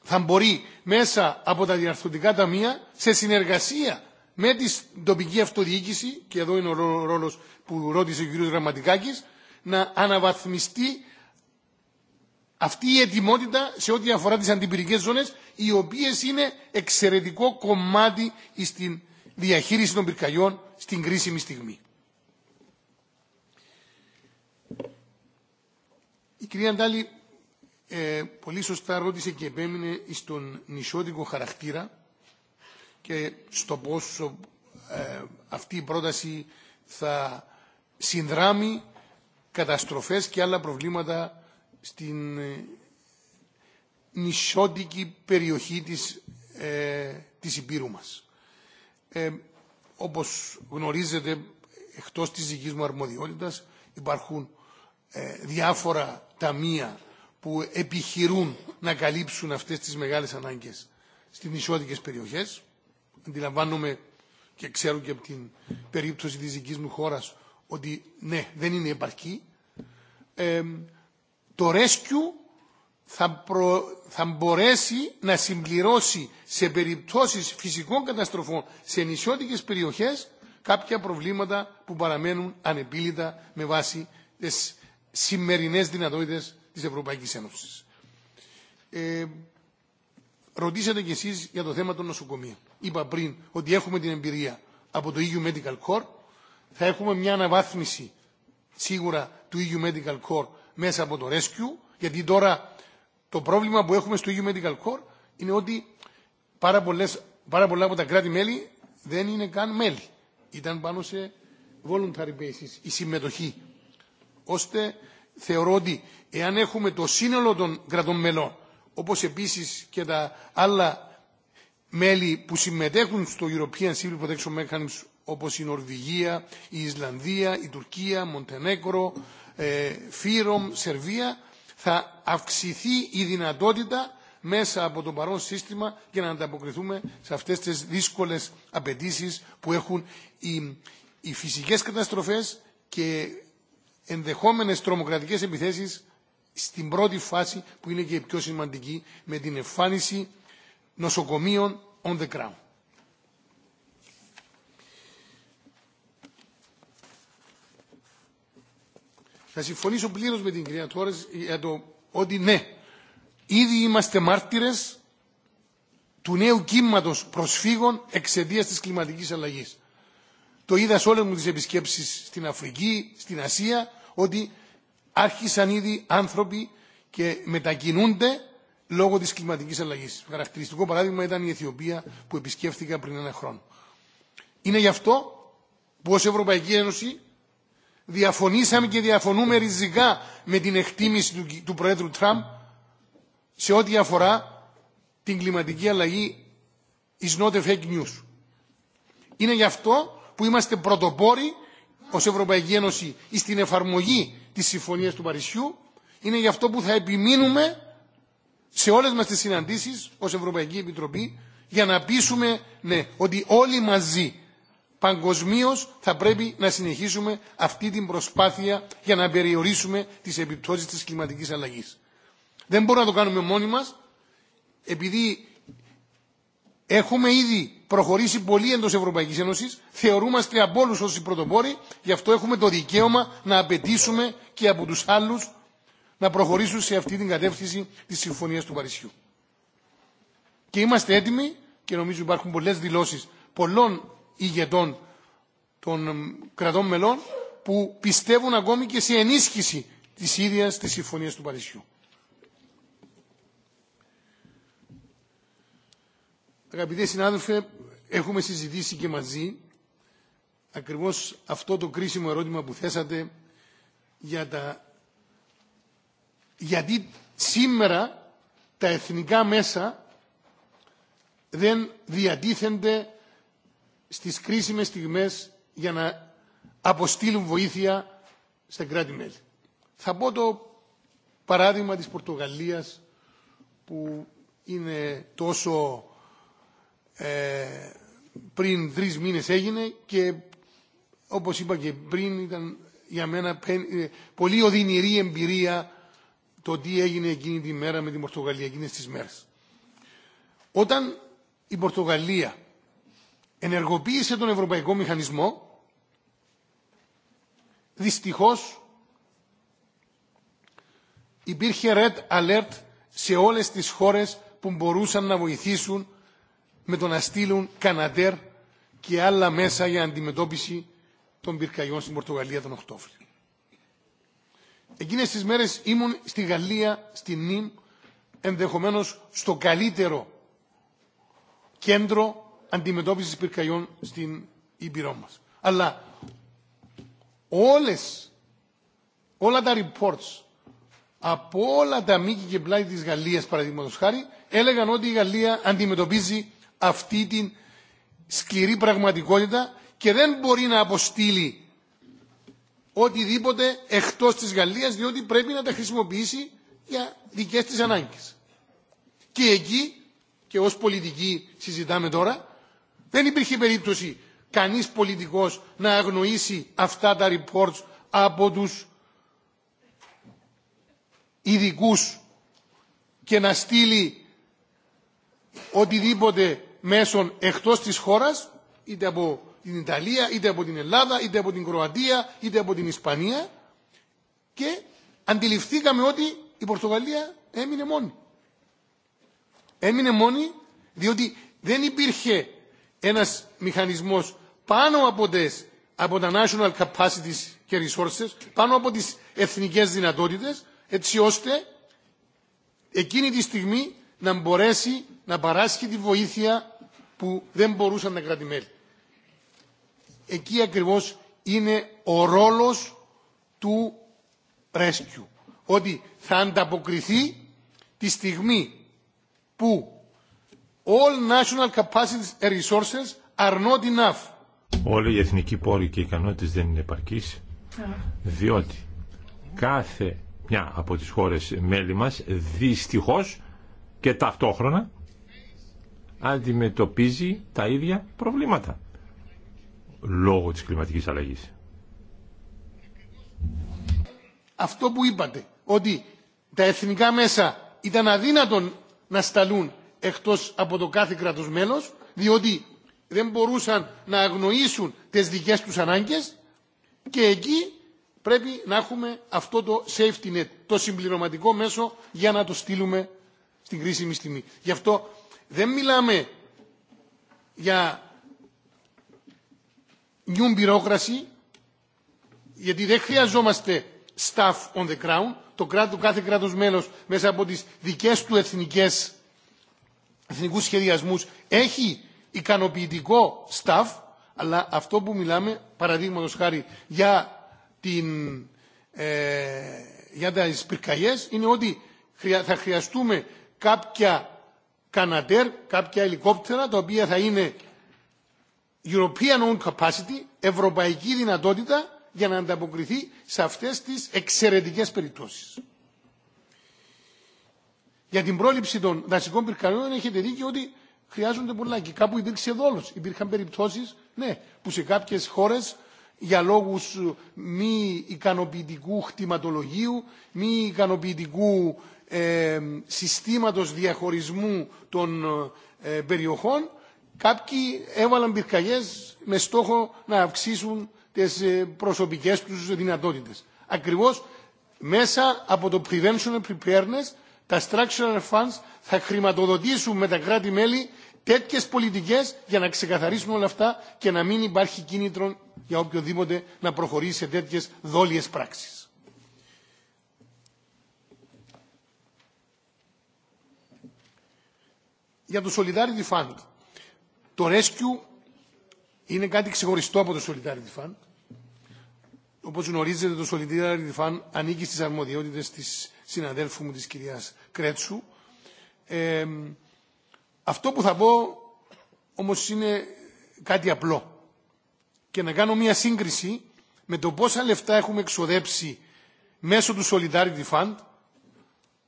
θα μπορεί μέσα από τα διαρθρωτικά ταμεία σε συνεργασία με την τοπική αυτοδιοίκηση και εδώ είναι ο ρόλος που ρώτησε ο κ. Γραμματικάκης να αναβαθμιστεί αυτή η ετοιμότητα σε ό,τι αφορά τις αντιπυρικές ζώνες, οι οποίες είναι εξαιρετικό κομμάτι στην διαχείριση των πυρκαγιών στην κρίσιμη στιγμή. Η κυρία Ντάλη ε, πολύ σωστά ρώτησε και επέμεινε στον νησιώτικο χαρακτήρα και στο πόσο ε, αυτή η πρόταση θα συνδράμει καταστροφές και άλλα προβλήματα στην ε, νησιώτικη περιοχή της, ε, της Υπήρου μας. Ε, όπως γνωρίζετε, εκτός της δικής μου αρμοδιότητας υπάρχουν ε, διάφορα ταμεία που επιχειρούν να καλύψουν αυτές τις μεγάλες ανάγκες στις νησιώτικες περιοχές. Αντιλαμβάνομαι και ξέρω και από την περίπτωση της δικής μου χώρας ότι ναι, δεν είναι επαρκή το ΡΕΣΚΙΟΥ θα, μπορέσει να συμπληρώσει σε περιπτώσεις φυσικών καταστροφών σε νησιώτικες περιοχές κάποια προβλήματα που παραμένουν ανεπίλητα με βάση τις σημερινές δυνατότητες της Ευρωπαϊκής Ένωσης. Ε, ρωτήσατε κι εσείς για το θέμα των νοσοκομείων. Είπα πριν ότι έχουμε την εμπειρία από το EU Medical Corps. Θα έχουμε μια αναβάθμιση σίγουρα του EU Medical Corps μέσα από το Rescue, γιατί τώρα το πρόβλημα που έχουμε στο EU Medical Corps είναι ότι πάρα, πολλές, πάρα πολλά από τα κράτη-μέλη δεν είναι καν μέλη. Ήταν πάνω σε voluntary basis η συμμετοχή. Ώστε θεωρώ ότι εάν έχουμε το σύνολο των κρατών μελών, όπως επίσης και τα άλλα μέλη που συμμετέχουν στο European Civil Protection Mechanism, όπως η Νορβηγία, η Ισλανδία, η Τουρκία, Μοντενέκρο, ε, Φύρομ Σερβία θα αυξηθεί η δυνατότητα μέσα από το παρόν σύστημα για να ανταποκριθούμε σε αυτές τις δύσκολες απαιτήσει που έχουν οι, οι φυσικές καταστροφές και ενδεχόμενες τρομοκρατικές επιθέσεις στην πρώτη φάση που είναι και η πιο σημαντική με την εμφάνιση νοσοκομείων on the ground. Θα συμφωνήσω πλήρως με την κυρία Τόρες για το ότι ναι, ήδη είμαστε μάρτυρες του νέου κύματος προσφύγων εξαιτία της κλιματικής αλλαγής. Το είδα σε όλε μου τι επισκέψει στην Αφρική, στην Ασία, ότι άρχισαν ήδη άνθρωποι και μετακινούνται λόγω της κλιματικής αλλαγής. Χαρακτηριστικό παράδειγμα ήταν η Αιθιοπία που επισκέφθηκα πριν ένα χρόνο. Είναι γι' αυτό που ως Ευρωπαϊκή Ένωση Διαφωνήσαμε και διαφωνούμε ριζικά με την εκτίμηση του, Προέδρου Τραμπ σε ό,τι αφορά την κλιματική αλλαγή is not a fake news. Είναι γι' αυτό που είμαστε πρωτοπόροι ως Ευρωπαϊκή Ένωση στην εφαρμογή της Συμφωνίας του Παρισιού. Είναι γι' αυτό που θα επιμείνουμε σε όλες μας τις συναντήσεις ως Ευρωπαϊκή Επιτροπή για να πείσουμε ναι, ότι όλοι μαζί Παγκοσμίω θα πρέπει να συνεχίσουμε αυτή την προσπάθεια για να περιορίσουμε τις επιπτώσεις της κλιματικής αλλαγής. Δεν μπορούμε να το κάνουμε μόνοι μας, επειδή έχουμε ήδη προχωρήσει πολύ εντός Ευρωπαϊκής Ένωσης, θεωρούμαστε από όλους όσοι πρωτοπόροι, γι' αυτό έχουμε το δικαίωμα να απαιτήσουμε και από τους άλλους να προχωρήσουν σε αυτή την κατεύθυνση της Συμφωνίας του Παρισιού. Και είμαστε έτοιμοι, και νομίζω υπάρχουν πολλές δηλώσεις πολλών ηγετών των κρατών μελών που πιστεύουν ακόμη και σε ενίσχυση της ίδιας της Συμφωνίας του Παρισιού. Αγαπητέ συνάδελφε, έχουμε συζητήσει και μαζί ακριβώς αυτό το κρίσιμο ερώτημα που θέσατε για τα... γιατί σήμερα τα εθνικά μέσα δεν διατίθενται στις κρίσιμες στιγμές για να αποστείλουν βοήθεια στα κράτη-μέλη. Θα πω το παράδειγμα της Πορτογαλίας που είναι τόσο ε, πριν τρεις μήνες έγινε και όπως είπα και πριν ήταν για μένα ε, πολύ οδυνηρή εμπειρία το τι έγινε εκείνη τη μέρα με την Πορτογαλία, εκείνες τις μέρες. Όταν η Πορτογαλία ενεργοποίησε τον Ευρωπαϊκό Μηχανισμό, δυστυχώς υπήρχε red alert σε όλες τις χώρες που μπορούσαν να βοηθήσουν με το να στείλουν Κανατέρ και άλλα μέσα για αντιμετώπιση των πυρκαγιών στην Πορτογαλία τον Οκτώβριο. Εκείνες τις μέρες ήμουν στη Γαλλία, στην Νιμ, ενδεχομένως στο καλύτερο κέντρο αντιμετώπισης πυρκαγιών στην Ήπειρό μας. Αλλά όλες, όλα τα reports από όλα τα μήκη και πλάτη της Γαλλίας παραδείγματος χάρη έλεγαν ότι η Γαλλία αντιμετωπίζει αυτή την σκληρή πραγματικότητα και δεν μπορεί να αποστείλει οτιδήποτε εκτός της Γαλλίας διότι πρέπει να τα χρησιμοποιήσει για δικές της ανάγκες. Και εκεί, και ως πολιτικοί συζητάμε τώρα, δεν υπήρχε περίπτωση κανείς πολιτικός να αγνοήσει αυτά τα reports από τους ειδικού και να στείλει οτιδήποτε μέσον εκτός της χώρας, είτε από την Ιταλία, είτε από την Ελλάδα, είτε από την Κροατία, είτε από την Ισπανία και αντιληφθήκαμε ότι η Πορτογαλία έμεινε μόνη. Έμεινε μόνη διότι δεν υπήρχε ένας μηχανισμός πάνω από, τις, από τα national capacities και resources, πάνω από τις εθνικές δυνατότητες, έτσι ώστε εκείνη τη στιγμή να μπορέσει να παράσχει τη βοήθεια που δεν μπορούσαν να κρατημέλει. Εκεί ακριβώς είναι ο ρόλος του rescue. Ότι θα ανταποκριθεί τη στιγμή που Όλοι οι εθνικοί πόροι και ικανότητες δεν είναι επαρκείς, ναι. διότι κάθε μια από τις χώρες μέλη μας δυστυχώς και ταυτόχρονα αντιμετωπίζει τα ίδια προβλήματα λόγω της κλιματικής αλλαγής. Αυτό που είπατε, ότι τα εθνικά μέσα ήταν αδύνατον να σταλούν εκτός από το κάθε κράτος μέλος, διότι δεν μπορούσαν να αγνοήσουν τις δικές τους ανάγκες και εκεί πρέπει να έχουμε αυτό το safety net, το συμπληρωματικό μέσο για να το στείλουμε στην κρίσιμη στιγμή. Γι' αυτό δεν μιλάμε για new γιατί δεν χρειαζόμαστε staff on the ground, το κάθε κράτος μέλος μέσα από τις δικές του εθνικές εθνικούς σχεδιασμούς έχει ικανοποιητικό staff, αλλά αυτό που μιλάμε, παραδείγματος χάρη για, την, ε, για τις πυρκαγιές, είναι ότι θα χρειαστούμε κάποια κανατέρ, κάποια ελικόπτερα, τα οποία θα είναι European Own Capacity, ευρωπαϊκή δυνατότητα για να ανταποκριθεί σε αυτές τις εξαιρετικές περιπτώσεις. Για την πρόληψη των δασικών πυρκαγιών έχετε δίκιο ότι χρειάζονται πολλά. Και κάπου υπήρξε δόλο. Υπήρχαν περιπτώσει, ναι, που σε κάποιε χώρε για λόγου μη ικανοποιητικού χτιματολογίου, μη ικανοποιητικού ε, συστήματος διαχωρισμού των ε, περιοχών, κάποιοι έβαλαν πυρκαγιέ με στόχο να αυξήσουν τις ε, προσωπικέ του δυνατότητε. Ακριβώ μέσα από το prevention and preparedness τα structural funds θα χρηματοδοτήσουν με τα κράτη-μέλη τέτοιες πολιτικές για να ξεκαθαρίσουν όλα αυτά και να μην υπάρχει κίνητρο για οποιοδήποτε να προχωρήσει σε τέτοιες δόλιες πράξεις. Για το Solidarity Fund. Το Rescue είναι κάτι ξεχωριστό από το Solidarity Fund. Όπως γνωρίζετε το Solidarity Fund ανήκει στις αρμοδιότητες της συναδέλφου μου της κυρίας Κρέτσου. αυτό που θα πω όμως είναι κάτι απλό και να κάνω μια σύγκριση με το πόσα λεφτά έχουμε εξοδέψει μέσω του Solidarity Fund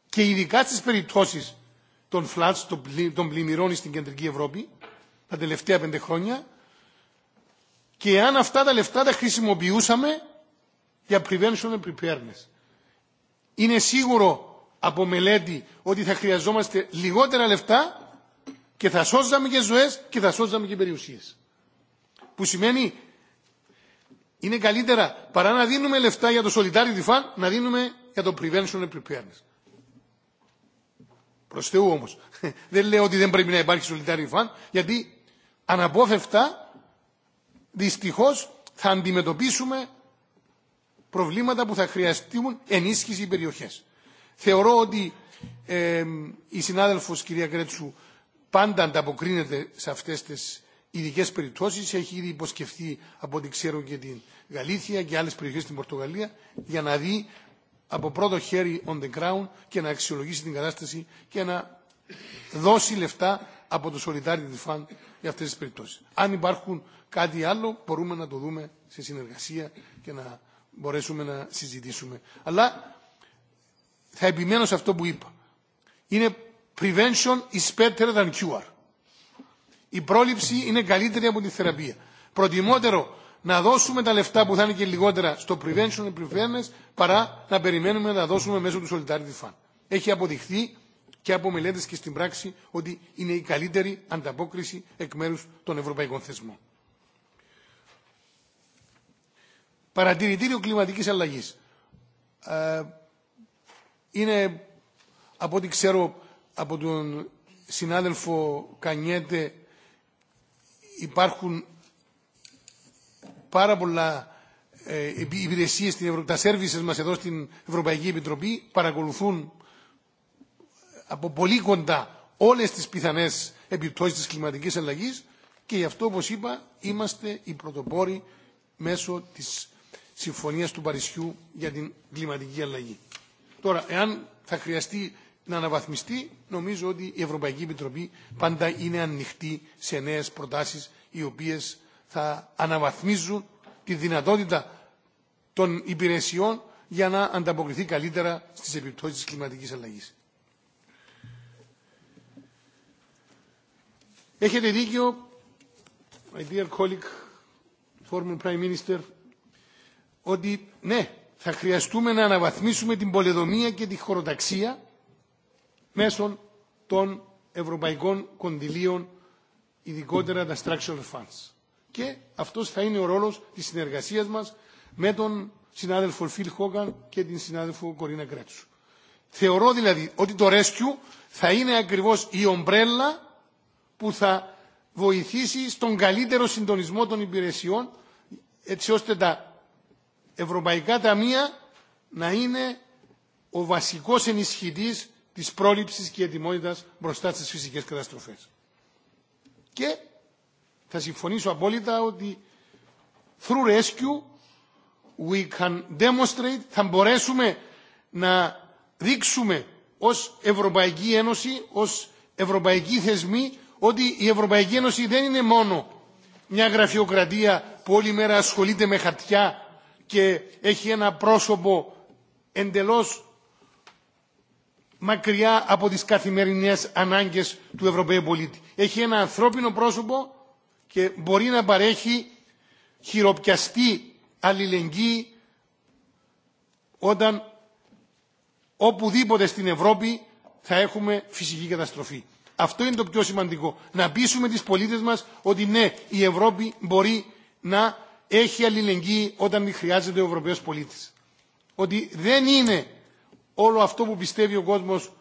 και ειδικά στις περιπτώσεις των φλάτς, των πλημμυρών στην Κεντρική Ευρώπη τα τελευταία πέντε χρόνια και αν αυτά τα λεφτά τα χρησιμοποιούσαμε για prevention and preparedness. Είναι σίγουρο από μελέτη ότι θα χρειαζόμαστε λιγότερα λεφτά και θα σώζαμε και ζωές και θα σώζαμε και περιουσίες. Που σημαίνει είναι καλύτερα παρά να δίνουμε λεφτά για το solidarity fund να δίνουμε για το prevention and preparedness. Προς Θεού όμως. Δεν λέω ότι δεν πρέπει να υπάρχει solidarity fund γιατί αναπόφευκτα δυστυχώς θα αντιμετωπίσουμε προβλήματα που θα χρειαστούν ενίσχυση οι περιοχές. Θεωρώ ότι ε, η συνάδελφος κυρία Κρέτσου πάντα ανταποκρίνεται σε αυτέ τι ειδικέ περιπτώσεις. Έχει ήδη υποσκεφθεί από ό,τι ξέρω και την Γαλήθια και άλλε περιοχέ στην Πορτογαλία για να δει από πρώτο χέρι on the ground και να αξιολογήσει την κατάσταση και να δώσει λεφτά από το Solidarity Fund για αυτές τις περιπτώσεις. Αν υπάρχουν κάτι άλλο μπορούμε να το δούμε σε συνεργασία και να μπορέσουμε να συζητήσουμε. Αλλά θα επιμένω σε αυτό που είπα. Είναι prevention is better than cure. Η πρόληψη είναι καλύτερη από τη θεραπεία. Προτιμότερο να δώσουμε τα λεφτά που θα είναι και λιγότερα στο prevention and preparedness παρά να περιμένουμε να τα δώσουμε μέσω του Solidarity Fund. Έχει αποδειχθεί και από μελέτες και στην πράξη ότι είναι η καλύτερη ανταπόκριση εκ μέρους των ευρωπαϊκών θεσμών. παρατηρητήριο κλιματικής αλλαγής. Ε, είναι, από ό,τι ξέρω από τον συνάδελφο Κανιέτε, υπάρχουν πάρα πολλά ε, υπηρεσίες, στην Ευρω... τα σέρβισες μας εδώ στην Ευρωπαϊκή Επιτροπή παρακολουθούν από πολύ κοντά όλες τις πιθανές επιπτώσεις της κλιματικής αλλαγής και γι' αυτό, όπως είπα, είμαστε οι πρωτοπόροι μέσω της Συμφωνίας του Παρισιού για την κλιματική αλλαγή. Τώρα, εάν θα χρειαστεί να αναβαθμιστεί, νομίζω ότι η Ευρωπαϊκή Επιτροπή πάντα είναι ανοιχτή σε νέες προτάσεις οι οποίες θα αναβαθμίζουν τη δυνατότητα των υπηρεσιών για να ανταποκριθεί καλύτερα στις επιπτώσεις της κλιματικής αλλαγής. Έχετε δίκιο, my dear colleague, former Prime Minister, ότι ναι, θα χρειαστούμε να αναβαθμίσουμε την πολεδομία και τη χωροταξία μέσω των ευρωπαϊκών κονδυλίων, ειδικότερα τα structural funds. Και αυτός θα είναι ο ρόλος της συνεργασίας μας με τον συνάδελφο Φιλ Χόγκαν και την συνάδελφο Κορίνα Κρέτσου. Θεωρώ δηλαδή ότι το Rescue θα είναι ακριβώς η ομπρέλα που θα βοηθήσει στον καλύτερο συντονισμό των υπηρεσιών έτσι ώστε τα ευρωπαϊκά ταμεία να είναι ο βασικός ενισχυτής της πρόληψης και ετοιμότητας μπροστά στις φυσικές καταστροφές. Και θα συμφωνήσω απόλυτα ότι through rescue we can demonstrate, θα μπορέσουμε να δείξουμε ως Ευρωπαϊκή Ένωση, ως Ευρωπαϊκή Θεσμή, ότι η Ευρωπαϊκή Ένωση δεν είναι μόνο μια γραφειοκρατία που όλη μέρα ασχολείται με χαρτιά και έχει ένα πρόσωπο εντελώς μακριά από τις καθημερινές ανάγκες του Ευρωπαίου πολίτη. Έχει ένα ανθρώπινο πρόσωπο και μπορεί να παρέχει χειροπιαστή αλληλεγγύη όταν οπουδήποτε στην Ευρώπη θα έχουμε φυσική καταστροφή. Αυτό είναι το πιο σημαντικό. Να πείσουμε τις πολίτες μας ότι ναι, η Ευρώπη μπορεί να έχει αλληλεγγύη όταν χρειάζεται ο Ευρωπαίος πολίτης. Ότι δεν είναι όλο αυτό που πιστεύει ο κόσμος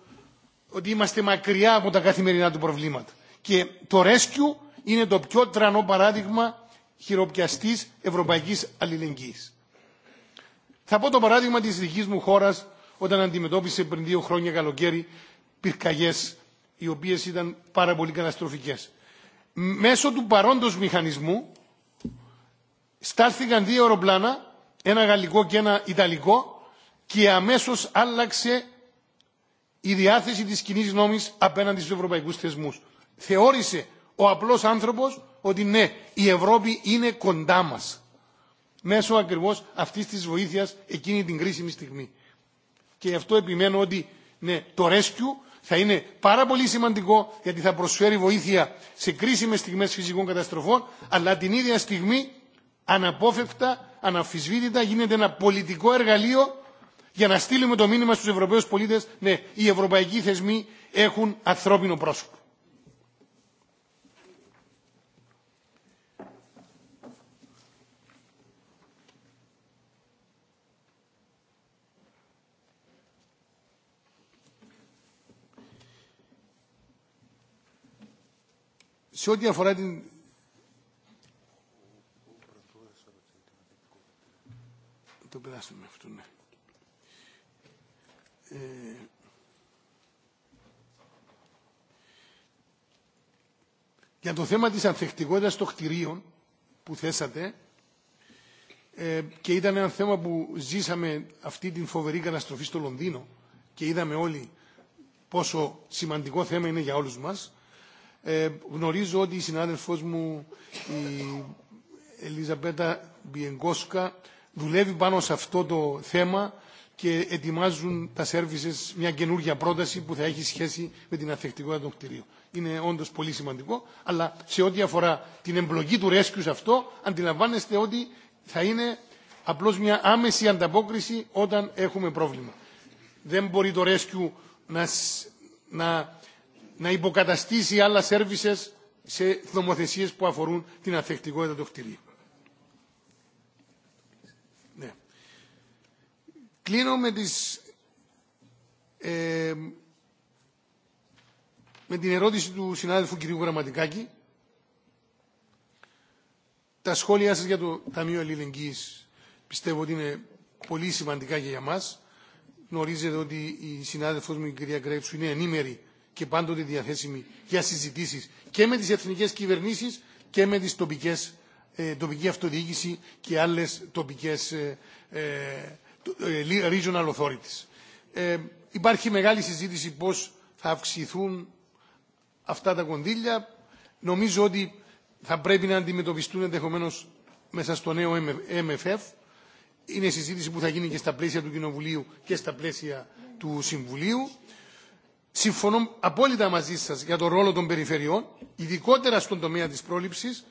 ότι είμαστε μακριά από τα καθημερινά του προβλήματα. Και το Rescue είναι το πιο τρανό παράδειγμα χειροπιαστής ευρωπαϊκής αλληλεγγύης. Θα πω το παράδειγμα της δικής μου χώρας όταν αντιμετώπισε πριν δύο χρόνια καλοκαίρι πυρκαγιές οι οποίες ήταν πάρα πολύ καταστροφικές. Μέσω του παρόντος μηχανισμού στάλθηκαν δύο αεροπλάνα, ένα γαλλικό και ένα ιταλικό και αμέσως άλλαξε η διάθεση της κοινή νόμης απέναντι στους ευρωπαϊκούς θεσμούς. Θεώρησε ο απλός άνθρωπος ότι ναι, η Ευρώπη είναι κοντά μας. Μέσω ακριβώς αυτής της βοήθειας εκείνη την κρίσιμη στιγμή. Και αυτό επιμένω ότι ναι, το rescue θα είναι πάρα πολύ σημαντικό γιατί θα προσφέρει βοήθεια σε κρίσιμες στιγμές φυσικών καταστροφών αλλά την ίδια στιγμή αναπόφευκτα, αναφυσβήτητα γίνεται ένα πολιτικό εργαλείο για να στείλουμε το μήνυμα στους Ευρωπαίους πολίτες ναι, οι ευρωπαϊκοί θεσμοί έχουν ανθρώπινο πρόσωπο. Σε ό,τι αφορά την Ναι. Ε, για το θέμα της ανθεκτικότητας των κτηρίων που θέσατε ε, και ήταν ένα θέμα που ζήσαμε αυτή την φοβερή καταστροφή στο Λονδίνο και είδαμε όλοι πόσο σημαντικό θέμα είναι για όλους μας. Ε, γνωρίζω ότι η συνάδελφός μου η Ελίζα Μπέτα δουλεύει πάνω σε αυτό το θέμα και ετοιμάζουν τα σερβίσε μια καινούργια πρόταση που θα έχει σχέση με την ανθεκτικότητα των κτηρίων. Είναι όντω πολύ σημαντικό, αλλά σε ό,τι αφορά την εμπλοκή του Ρέσκιου σε αυτό, αντιλαμβάνεστε ότι θα είναι απλώ μια άμεση ανταπόκριση όταν έχουμε πρόβλημα. Δεν μπορεί το Ρέσκιου να, υποκαταστήσει άλλα σερβίσε σε νομοθεσίε που αφορούν την ανθεκτικότητα των κτηρίων. Κλείνω ε, με, την ερώτηση του συνάδελφου κ. Γραμματικάκη. Τα σχόλιά σας για το Ταμείο Ελληνικής πιστεύω ότι είναι πολύ σημαντικά και για μας. Γνωρίζετε ότι η συνάδελφός μου η κυρία Κρέτσου είναι ενήμερη και πάντοτε διαθέσιμη για συζητήσεις και με τις εθνικές κυβερνήσεις και με τις τοπικές, ε, τοπική αυτοδιοίκηση και άλλες τοπικές ε, ε ε, regional authorities. Ε, υπάρχει μεγάλη συζήτηση πώς θα αυξηθούν αυτά τα κονδύλια. Νομίζω ότι θα πρέπει να αντιμετωπιστούν ενδεχομένω μέσα στο νέο MFF. Είναι συζήτηση που θα γίνει και στα πλαίσια του Κοινοβουλίου και στα πλαίσια του Συμβουλίου. Συμφωνώ απόλυτα μαζί σας για τον ρόλο των περιφερειών, ειδικότερα στον τομέα της πρόληψης,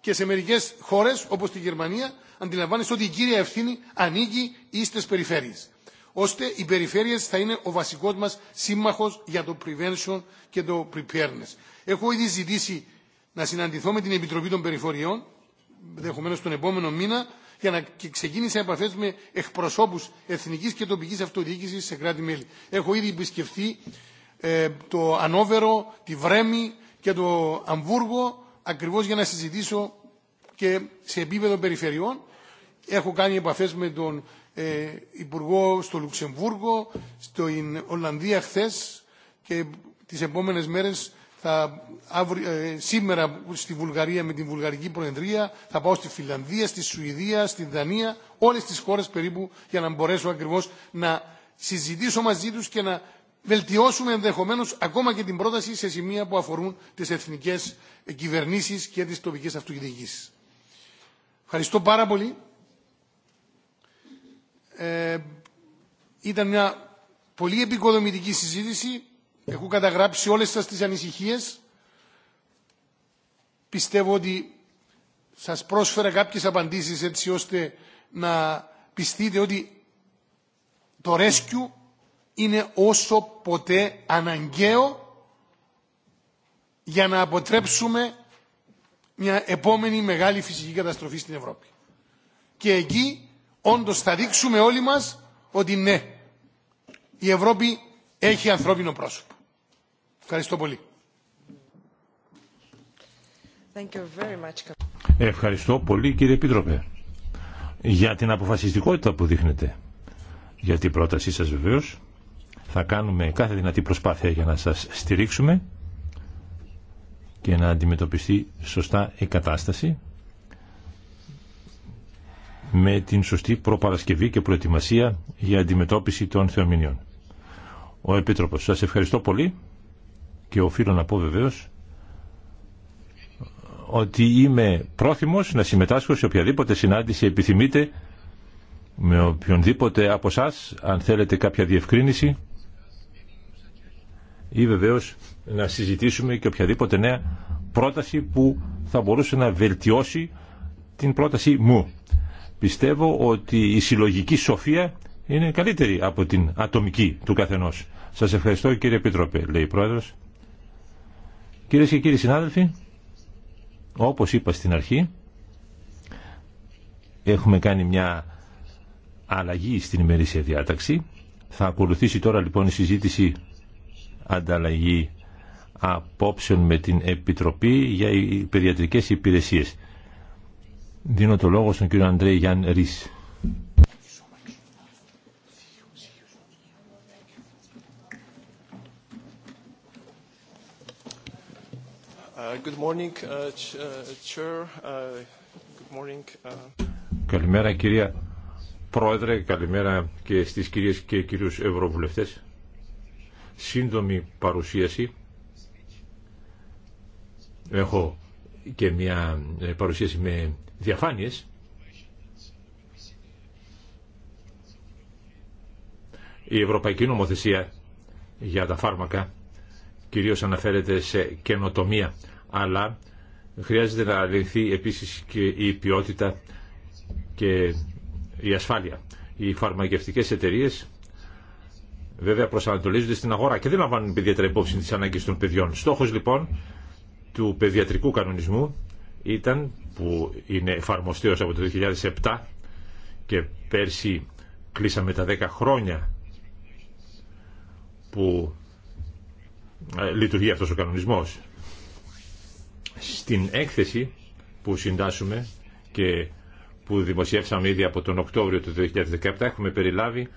και σε μερικέ χώρε, όπω τη Γερμανία, αντιλαμβάνεστε ότι η κύρια ευθύνη ανήκει ή στι περιφέρειε. ώστε οι περιφέρειε θα είναι ο βασικό μα σύμμαχο για το prevention και το preparedness. Έχω ήδη ζητήσει να συναντηθώ με την Επιτροπή των Περιφοριών, ενδεχομένω τον επόμενο μήνα, για να ξεκίνησα επαφέ με εκπροσώπου εθνική και τοπική αυτοδιοίκηση σε κράτη-μέλη. Έχω ήδη επισκεφθεί ε, το Ανόβερο, τη Βρέμη και το Αμβούργο ακριβώς για να συζητήσω και σε επίπεδο περιφερειών. Έχω κάνει επαφές με τον ε, Υπουργό στο Λουξεμβούργο, στην Ολλανδία χθε και τις επόμενες μέρες θα, ε, σήμερα στη Βουλγαρία με την Βουλγαρική Προεδρία, θα πάω στη Φιλανδία, στη Σουηδία, στη Δανία, όλες τις χώρες περίπου για να μπορέσω ακριβώς να συζητήσω μαζί τους και να βελτιώσουμε ενδεχομένω ακόμα και την πρόταση σε σημεία που αφορούν τι εθνικέ κυβερνήσει και τι τοπικέ αυτοδιοικήσει. Ευχαριστώ πάρα πολύ. Ε, ήταν μια πολύ επικοδομητική συζήτηση. Έχω καταγράψει όλες σας τις ανησυχίες. Πιστεύω ότι σας πρόσφερα κάποιες απαντήσεις έτσι ώστε να πιστείτε ότι το rescue είναι όσο ποτέ αναγκαίο για να αποτρέψουμε μια επόμενη μεγάλη φυσική καταστροφή στην Ευρώπη. Και εκεί όντως θα δείξουμε όλοι μας ότι ναι, η Ευρώπη έχει ανθρώπινο πρόσωπο. Ευχαριστώ πολύ. Ευχαριστώ πολύ κύριε Επίτροπε για την αποφασιστικότητα που δείχνετε για την πρότασή σας βεβαίως θα κάνουμε κάθε δυνατή προσπάθεια για να σας στηρίξουμε και να αντιμετωπιστεί σωστά η κατάσταση με την σωστή προπαρασκευή και προετοιμασία για αντιμετώπιση των θεομηνιών. Ο Επίτροπος, σας ευχαριστώ πολύ και οφείλω να πω βεβαίως ότι είμαι πρόθυμος να συμμετάσχω σε οποιαδήποτε συνάντηση επιθυμείτε με οποιονδήποτε από εσά αν θέλετε κάποια διευκρίνηση ή βεβαίως να συζητήσουμε και οποιαδήποτε νέα πρόταση που θα μπορούσε να βελτιώσει την πρόταση μου. Πιστεύω ότι η συλλογική σοφία είναι καλύτερη από την ατομική του καθενός. Σας ευχαριστώ κύριε Επίτροπε, λέει η Πρόεδρος. Κυρίες και κύριοι συνάδελφοι, όπως είπα στην αρχή, έχουμε κάνει μια αλλαγή στην ημερήσια διάταξη. Θα ακολουθήσει τώρα λοιπόν η συζήτηση ανταλλαγή απόψεων με την Επιτροπή για οι Υπηρεσίες. Δίνω το λόγο στον κύριο Αντρέη Γιάν uh, Good morning, uh, uh, chair. Good morning. Καλημέρα κυρία Πρόεδρε, καλημέρα και στις κυρίες και κυρίους Ευρωβουλευτές σύντομη παρουσίαση. Έχω και μια ε, παρουσίαση με διαφάνειες. Η Ευρωπαϊκή Νομοθεσία για τα φάρμακα κυρίως αναφέρεται σε καινοτομία, αλλά χρειάζεται να λυθεί επίσης και η ποιότητα και η ασφάλεια. Οι φαρμακευτικές εταιρείες βέβαια προσανατολίζονται στην αγορά και δεν λαμβάνουν ιδιαίτερα υπόψη τι ανάγκε των παιδιών. Στόχος λοιπόν του παιδιατρικού κανονισμού ήταν που είναι εφαρμοστείο από το 2007 και πέρσι κλείσαμε τα 10 χρόνια που ε, λειτουργεί αυτός ο κανονισμός. Στην έκθεση που συντάσσουμε και που δημοσιεύσαμε ήδη από τον Οκτώβριο του 2017 έχουμε περιλάβει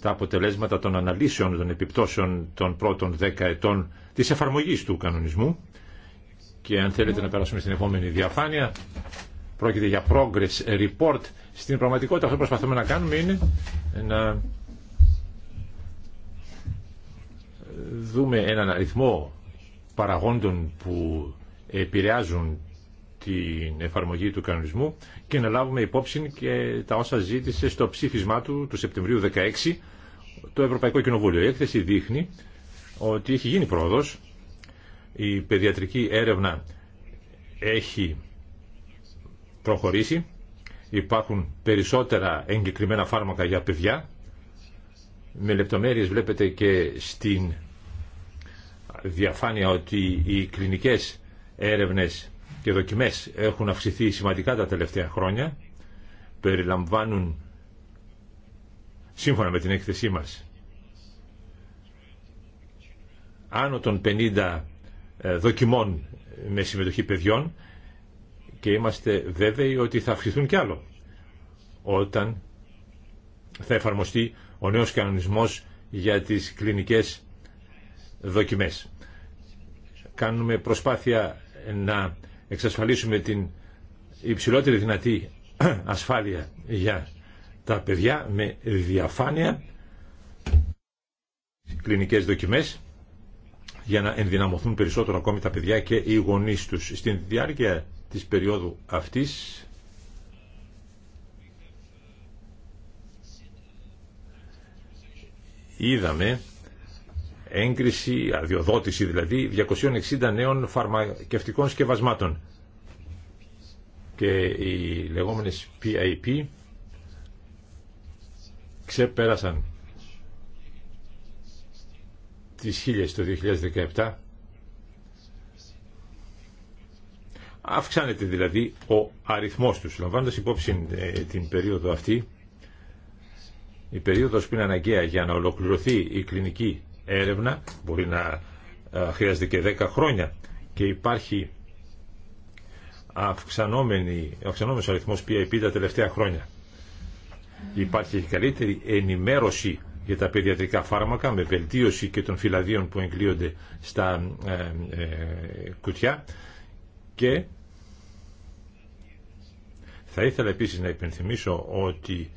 τα αποτελέσματα των αναλύσεων των επιπτώσεων των πρώτων δέκα ετών της εφαρμογής του κανονισμού και αν θέλετε να περάσουμε στην επόμενη διαφάνεια πρόκειται για progress report στην πραγματικότητα αυτό που προσπαθούμε να κάνουμε είναι να δούμε έναν αριθμό παραγόντων που επηρεάζουν την εφαρμογή του κανονισμού και να λάβουμε υπόψη και τα όσα ζήτησε στο ψήφισμά του του Σεπτεμβρίου 16 το Ευρωπαϊκό Κοινοβούλιο. Η έκθεση δείχνει ότι έχει γίνει πρόοδος, η παιδιατρική έρευνα έχει προχωρήσει, υπάρχουν περισσότερα εγκεκριμένα φάρμακα για παιδιά, με λεπτομέρειες βλέπετε και στην διαφάνεια ότι οι κλινικές έρευνες και δοκιμές έχουν αυξηθεί σημαντικά τα τελευταία χρόνια, περιλαμβάνουν, σύμφωνα με την έκθεσή μας, άνω των 50 ε, δοκιμών με συμμετοχή παιδιών και είμαστε βέβαιοι ότι θα αυξηθούν κι άλλο όταν θα εφαρμοστεί ο νέος κανονισμός για τις κλινικές δοκιμές. Κάνουμε προσπάθεια να εξασφαλίσουμε την υψηλότερη δυνατή ασφάλεια για τα παιδιά με διαφάνεια κλινικές δοκιμές για να ενδυναμωθούν περισσότερο ακόμη τα παιδιά και οι γονείς τους. Στην διάρκεια της περίοδου αυτής είδαμε έγκριση, αδειοδότηση δηλαδή, 260 νέων φαρμακευτικών σκευασμάτων. Και οι λεγόμενες PIP ξεπέρασαν τις χίλιες το 2017. Αυξάνεται δηλαδή ο αριθμός τους. Λαμβάνοντας υπόψη ε, την περίοδο αυτή, η περίοδος που είναι αναγκαία για να ολοκληρωθεί η κλινική έρευνα, μπορεί να ε, χρειάζεται και 10 χρόνια και υπάρχει αυξανόμενος αριθμός PIP τα τελευταία χρόνια. Υπάρχει καλύτερη ενημέρωση για τα παιδιατρικά φάρμακα με βελτίωση και των φυλαδίων που εγκλείονται στα ε, ε, κουτιά και θα ήθελα επίσης να υπενθυμίσω ότι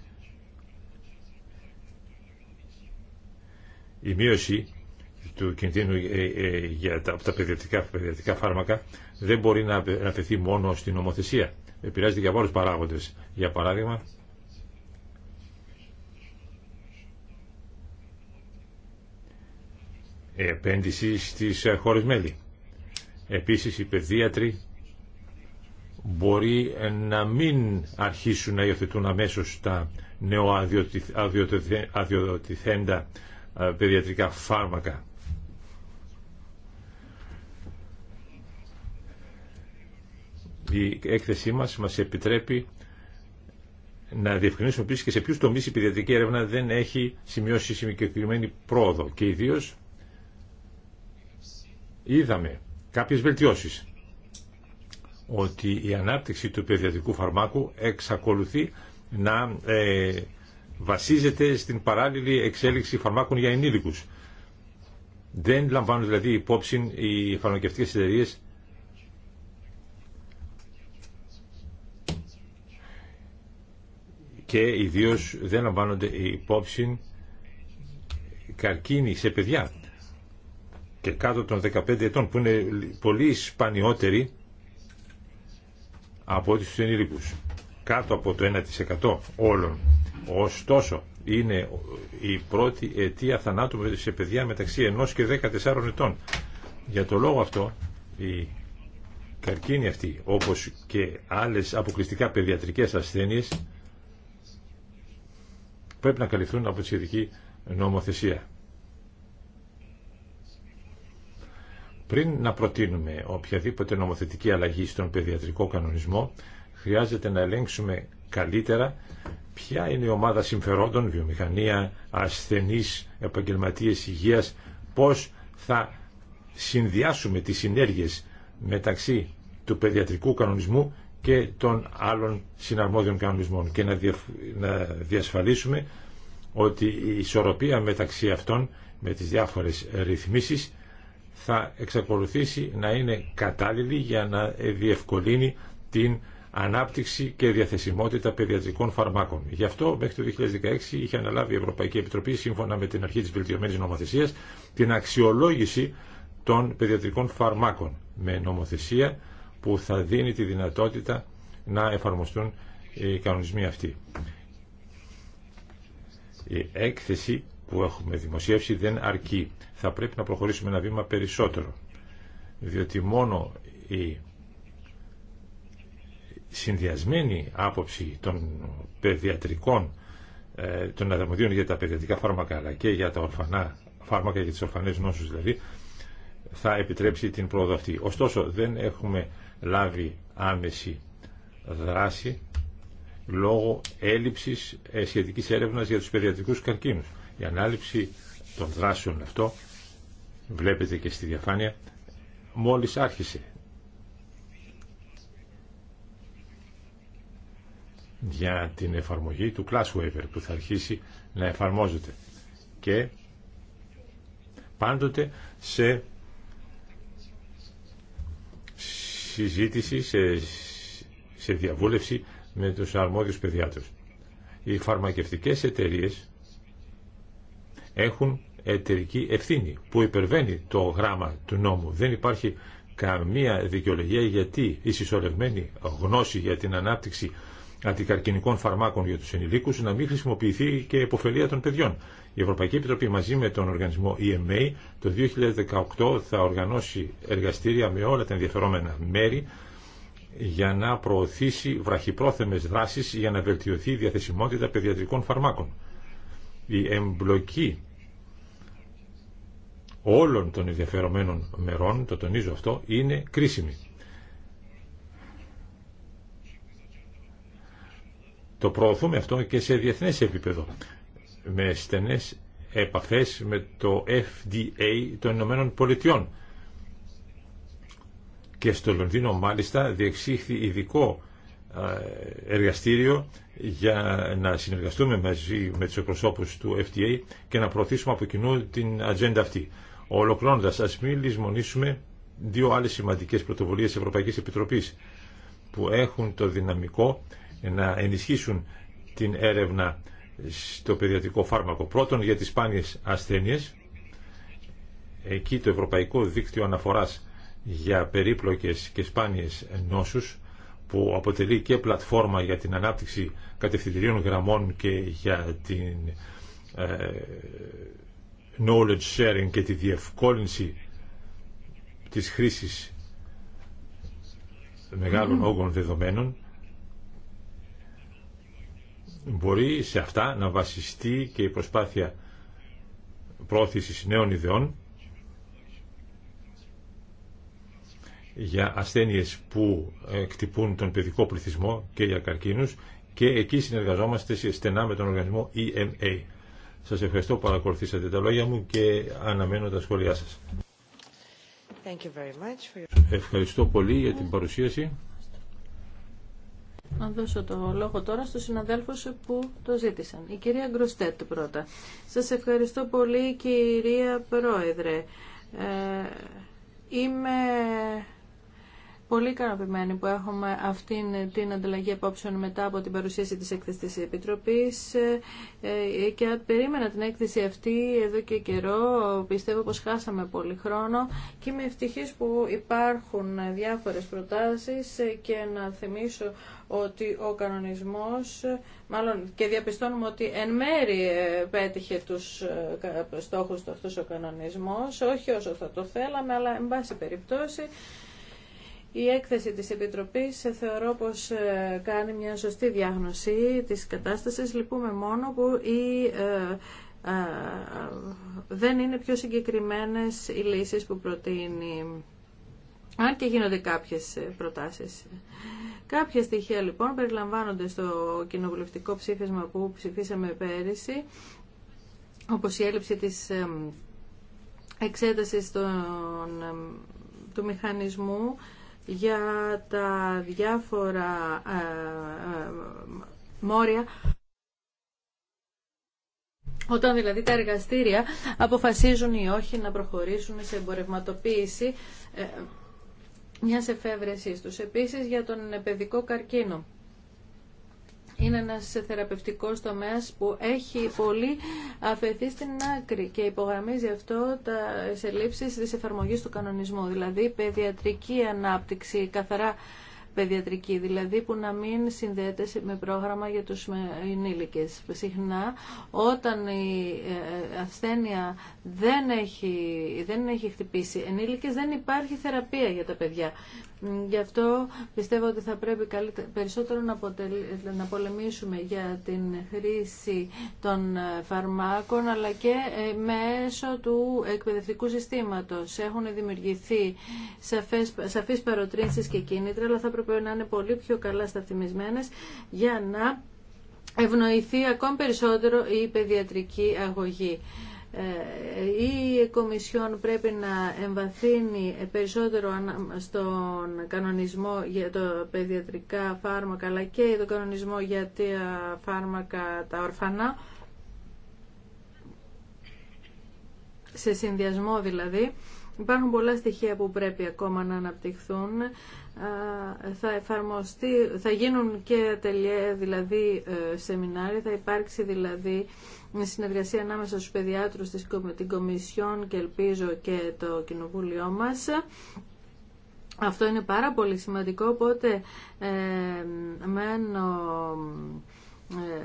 η μείωση του κινδύνου ε, ε, για τα, από τα παιδιατικά, φάρμακα δεν μπορεί να αφαιθεί μόνο στην νομοθεσία. Επηρεάζεται για από παράγοντες. Για παράδειγμα, επένδυση στις ε, χώρες μέλη. Επίσης, οι παιδίατροι μπορεί να μην αρχίσουν να υιοθετούν αμέσως τα νεοαδιοτηθέντα ε, παιδιατρικά φάρμακα. Η έκθεσή μας μας επιτρέπει να διευκρινίσουμε επίση και σε ποιου τομεί η παιδιατρική έρευνα δεν έχει σημειώσει συγκεκριμένη πρόοδο και ιδίω είδαμε κάποιες βελτιώσεις ότι η ανάπτυξη του παιδιατρικού φαρμάκου εξακολουθεί να ε, βασίζεται στην παράλληλη εξέλιξη φαρμάκων για ενήλικους. Δεν λαμβάνουν δηλαδή υπόψη οι φαρμακευτικές εταιρείε και ιδίως δεν λαμβάνονται υπόψη καρκίνοι σε παιδιά και κάτω των 15 ετών που είναι πολύ σπανιότεροι από ό,τι στους ενήλικους κάτω από το 1% όλων Ωστόσο, είναι η πρώτη αιτία θανάτου σε παιδιά μεταξύ 1 και 14 ετών. Για το λόγο αυτό, η καρκίνη αυτή, όπως και άλλες αποκλειστικά παιδιατρικές ασθένειες, πρέπει να καλυφθούν από τη σχετική νομοθεσία. Πριν να προτείνουμε οποιαδήποτε νομοθετική αλλαγή στον παιδιατρικό κανονισμό, χρειάζεται να ελέγξουμε καλύτερα ποια είναι η ομάδα συμφερόντων, βιομηχανία, ασθενείς, επαγγελματίες υγείας, πώς θα συνδυάσουμε τις συνέργειες μεταξύ του παιδιατρικού κανονισμού και των άλλων συναρμόδιων κανονισμών και να διασφαλίσουμε ότι η ισορροπία μεταξύ αυτών με τις διάφορες ρυθμίσεις θα εξακολουθήσει να είναι κατάλληλη για να διευκολύνει την ανάπτυξη και διαθεσιμότητα παιδιατρικών φαρμάκων. Γι' αυτό μέχρι το 2016 είχε αναλάβει η Ευρωπαϊκή Επιτροπή, σύμφωνα με την αρχή τη βελτιωμένη νομοθεσίας, την αξιολόγηση των παιδιατρικών φαρμάκων με νομοθεσία που θα δίνει τη δυνατότητα να εφαρμοστούν οι κανονισμοί αυτοί. Η έκθεση που έχουμε δημοσιεύσει δεν αρκεί. Θα πρέπει να προχωρήσουμε ένα βήμα περισσότερο, διότι μόνο η συνδυασμένη άποψη των παιδιατρικών ε, των αδερμοδίων για τα παιδιατρικά φάρμακα αλλά και για τα ορφανά φάρμακα για τις ορφανές νόσους δηλαδή θα επιτρέψει την πρόοδο αυτή. Ωστόσο δεν έχουμε λάβει άμεση δράση λόγω έλλειψης ε, σχετικής έρευνας για τους παιδιατρικούς καρκίνους. Η ανάληψη των δράσεων αυτό βλέπετε και στη διαφάνεια μόλις άρχισε για την εφαρμογή του Class Waiver που θα αρχίσει να εφαρμόζεται και πάντοτε σε συζήτηση, σε, διαβούλευση με τους αρμόδιους παιδιάτρους. Οι φαρμακευτικές εταιρείες έχουν εταιρική ευθύνη που υπερβαίνει το γράμμα του νόμου. Δεν υπάρχει καμία δικαιολογία γιατί η συσσωρευμένη γνώση για την ανάπτυξη αντικαρκυνικών φαρμάκων για τους ενηλίκους να μην χρησιμοποιηθεί και εποφελία των παιδιών. Η Ευρωπαϊκή Επιτροπή μαζί με τον οργανισμό EMA το 2018 θα οργανώσει εργαστήρια με όλα τα ενδιαφερόμενα μέρη για να προωθήσει βραχυπρόθεμες δράσεις για να βελτιωθεί η διαθεσιμότητα παιδιατρικών φαρμάκων. Η εμπλοκή όλων των ενδιαφερομένων μερών, το τονίζω αυτό, είναι κρίσιμη. Το προωθούμε αυτό και σε διεθνές επίπεδο με στενές επαφές με το FDA των Ηνωμένων Πολιτειών. Και στο Λονδίνο μάλιστα διεξήχθη ειδικό εργαστήριο για να συνεργαστούμε μαζί με τους εκπροσώπους του FDA και να προωθήσουμε από κοινού την ατζέντα αυτή. Ολοκληρώνοντας, ας μην λησμονήσουμε δύο άλλες σημαντικές πρωτοβουλίες Ευρωπαϊκής Επιτροπής που έχουν το δυναμικό να ενισχύσουν την έρευνα στο παιδιατικό φάρμακο. Πρώτον για τις σπάνιες ασθένειες, εκεί το Ευρωπαϊκό Δίκτυο Αναφοράς για περίπλοκες και σπάνιες νόσους που αποτελεί και πλατφόρμα για την ανάπτυξη κατευθυντηρίων γραμμών και για την ε, knowledge sharing και τη διευκόλυνση της χρήσης μεγάλων όγκων δεδομένων μπορεί σε αυτά να βασιστεί και η προσπάθεια πρόθεσης νέων ιδεών για ασθένειες που εκτυπούν τον παιδικό πληθυσμό και για καρκίνους και εκεί συνεργαζόμαστε στενά με τον οργανισμό EMA. Σας ευχαριστώ που παρακολουθήσατε τα λόγια μου και αναμένω τα σχόλιά σας. Ευχαριστώ πολύ για την παρουσίαση. Να δώσω το λόγο τώρα στους συναδέλφους που το ζήτησαν. Η κυρία Γκροστέτ πρώτα. Σας ευχαριστώ πολύ κυρία Πρόεδρε. Ε, είμαι πολύ ικανοποιημένοι που έχουμε αυτή την ανταλλαγή απόψεων μετά από την παρουσίαση της έκθεσης της Επιτροπής ε, ε, και περίμενα την έκθεση αυτή εδώ και καιρό. Πιστεύω πως χάσαμε πολύ χρόνο και είμαι ευτυχής που υπάρχουν διάφορες προτάσεις και να θυμίσω ότι ο κανονισμός, μάλλον και διαπιστώνουμε ότι εν μέρη ε, πέτυχε τους στόχους του αυτός ο κανονισμός, όχι όσο θα το θέλαμε, αλλά εν πάση περιπτώσει η έκθεση της Επιτροπής ε, θεωρώ πως ε, κάνει μια σωστή διάγνωση της κατάστασης. Λυπούμε μόνο που η, ε, δεν είναι πιο συγκεκριμένες οι λύσεις που προτείνει. Αν και γίνονται κάποιες προτάσεις. Κάποια στοιχεία λοιπόν περιλαμβάνονται στο κοινοβουλευτικό ψήφισμα που ψηφίσαμε πέρυσι, όπως η έλλειψη της εξέτασης του μηχανισμού για τα διάφορα ε, ε, μόρια. Όταν δηλαδή τα εργαστήρια αποφασίζουν ή όχι να προχωρήσουν σε εμπορευματοποίηση ε, μιας εφεύρεσής τους. Επίσης για τον παιδικό καρκίνο είναι ένας θεραπευτικός τομέας που έχει πολύ αφαιθεί στην άκρη και υπογραμμίζει αυτό τα ελλείψεις της εφαρμογής του κανονισμού, δηλαδή παιδιατρική ανάπτυξη, καθαρά παιδιατρική, δηλαδή που να μην συνδέεται με πρόγραμμα για τους ενήλικες. Συχνά όταν η ε, ε, ασθένεια δεν έχει, δεν έχει χτυπήσει ενήλικες δεν υπάρχει θεραπεία για τα παιδιά. Γι' αυτό πιστεύω ότι θα πρέπει περισσότερο να, να πολεμήσουμε για την χρήση των ε, φαρμάκων αλλά και ε, μέσω του εκπαιδευτικού συστήματος. Έχουν δημιουργηθεί σαφές, σαφείς παροτρύνσεις και κίνητρα αλλά θα πρέπει να είναι πολύ πιο καλά σταθμισμένες για να ευνοηθεί ακόμη περισσότερο η παιδιατρική αγωγή. Ε, η Κομισιόν πρέπει να εμβαθύνει περισσότερο στον κανονισμό για τα παιδιατρικά φάρμακα αλλά και τον κανονισμό για τα φάρμακα τα ορφανά σε συνδυασμό δηλαδή Υπάρχουν πολλά στοιχεία που πρέπει ακόμα να αναπτυχθούν. Θα εφαρμοστεί, θα γίνουν και ατελειέ, δηλαδή ε, σεμινάρια, θα υπάρξει δηλαδή συνεργασία ανάμεσα στους παιδιάτρους της την Κομισιόν και ελπίζω και το Κοινοβούλιο μας. Αυτό είναι πάρα πολύ σημαντικό, οπότε ε, μένω ε,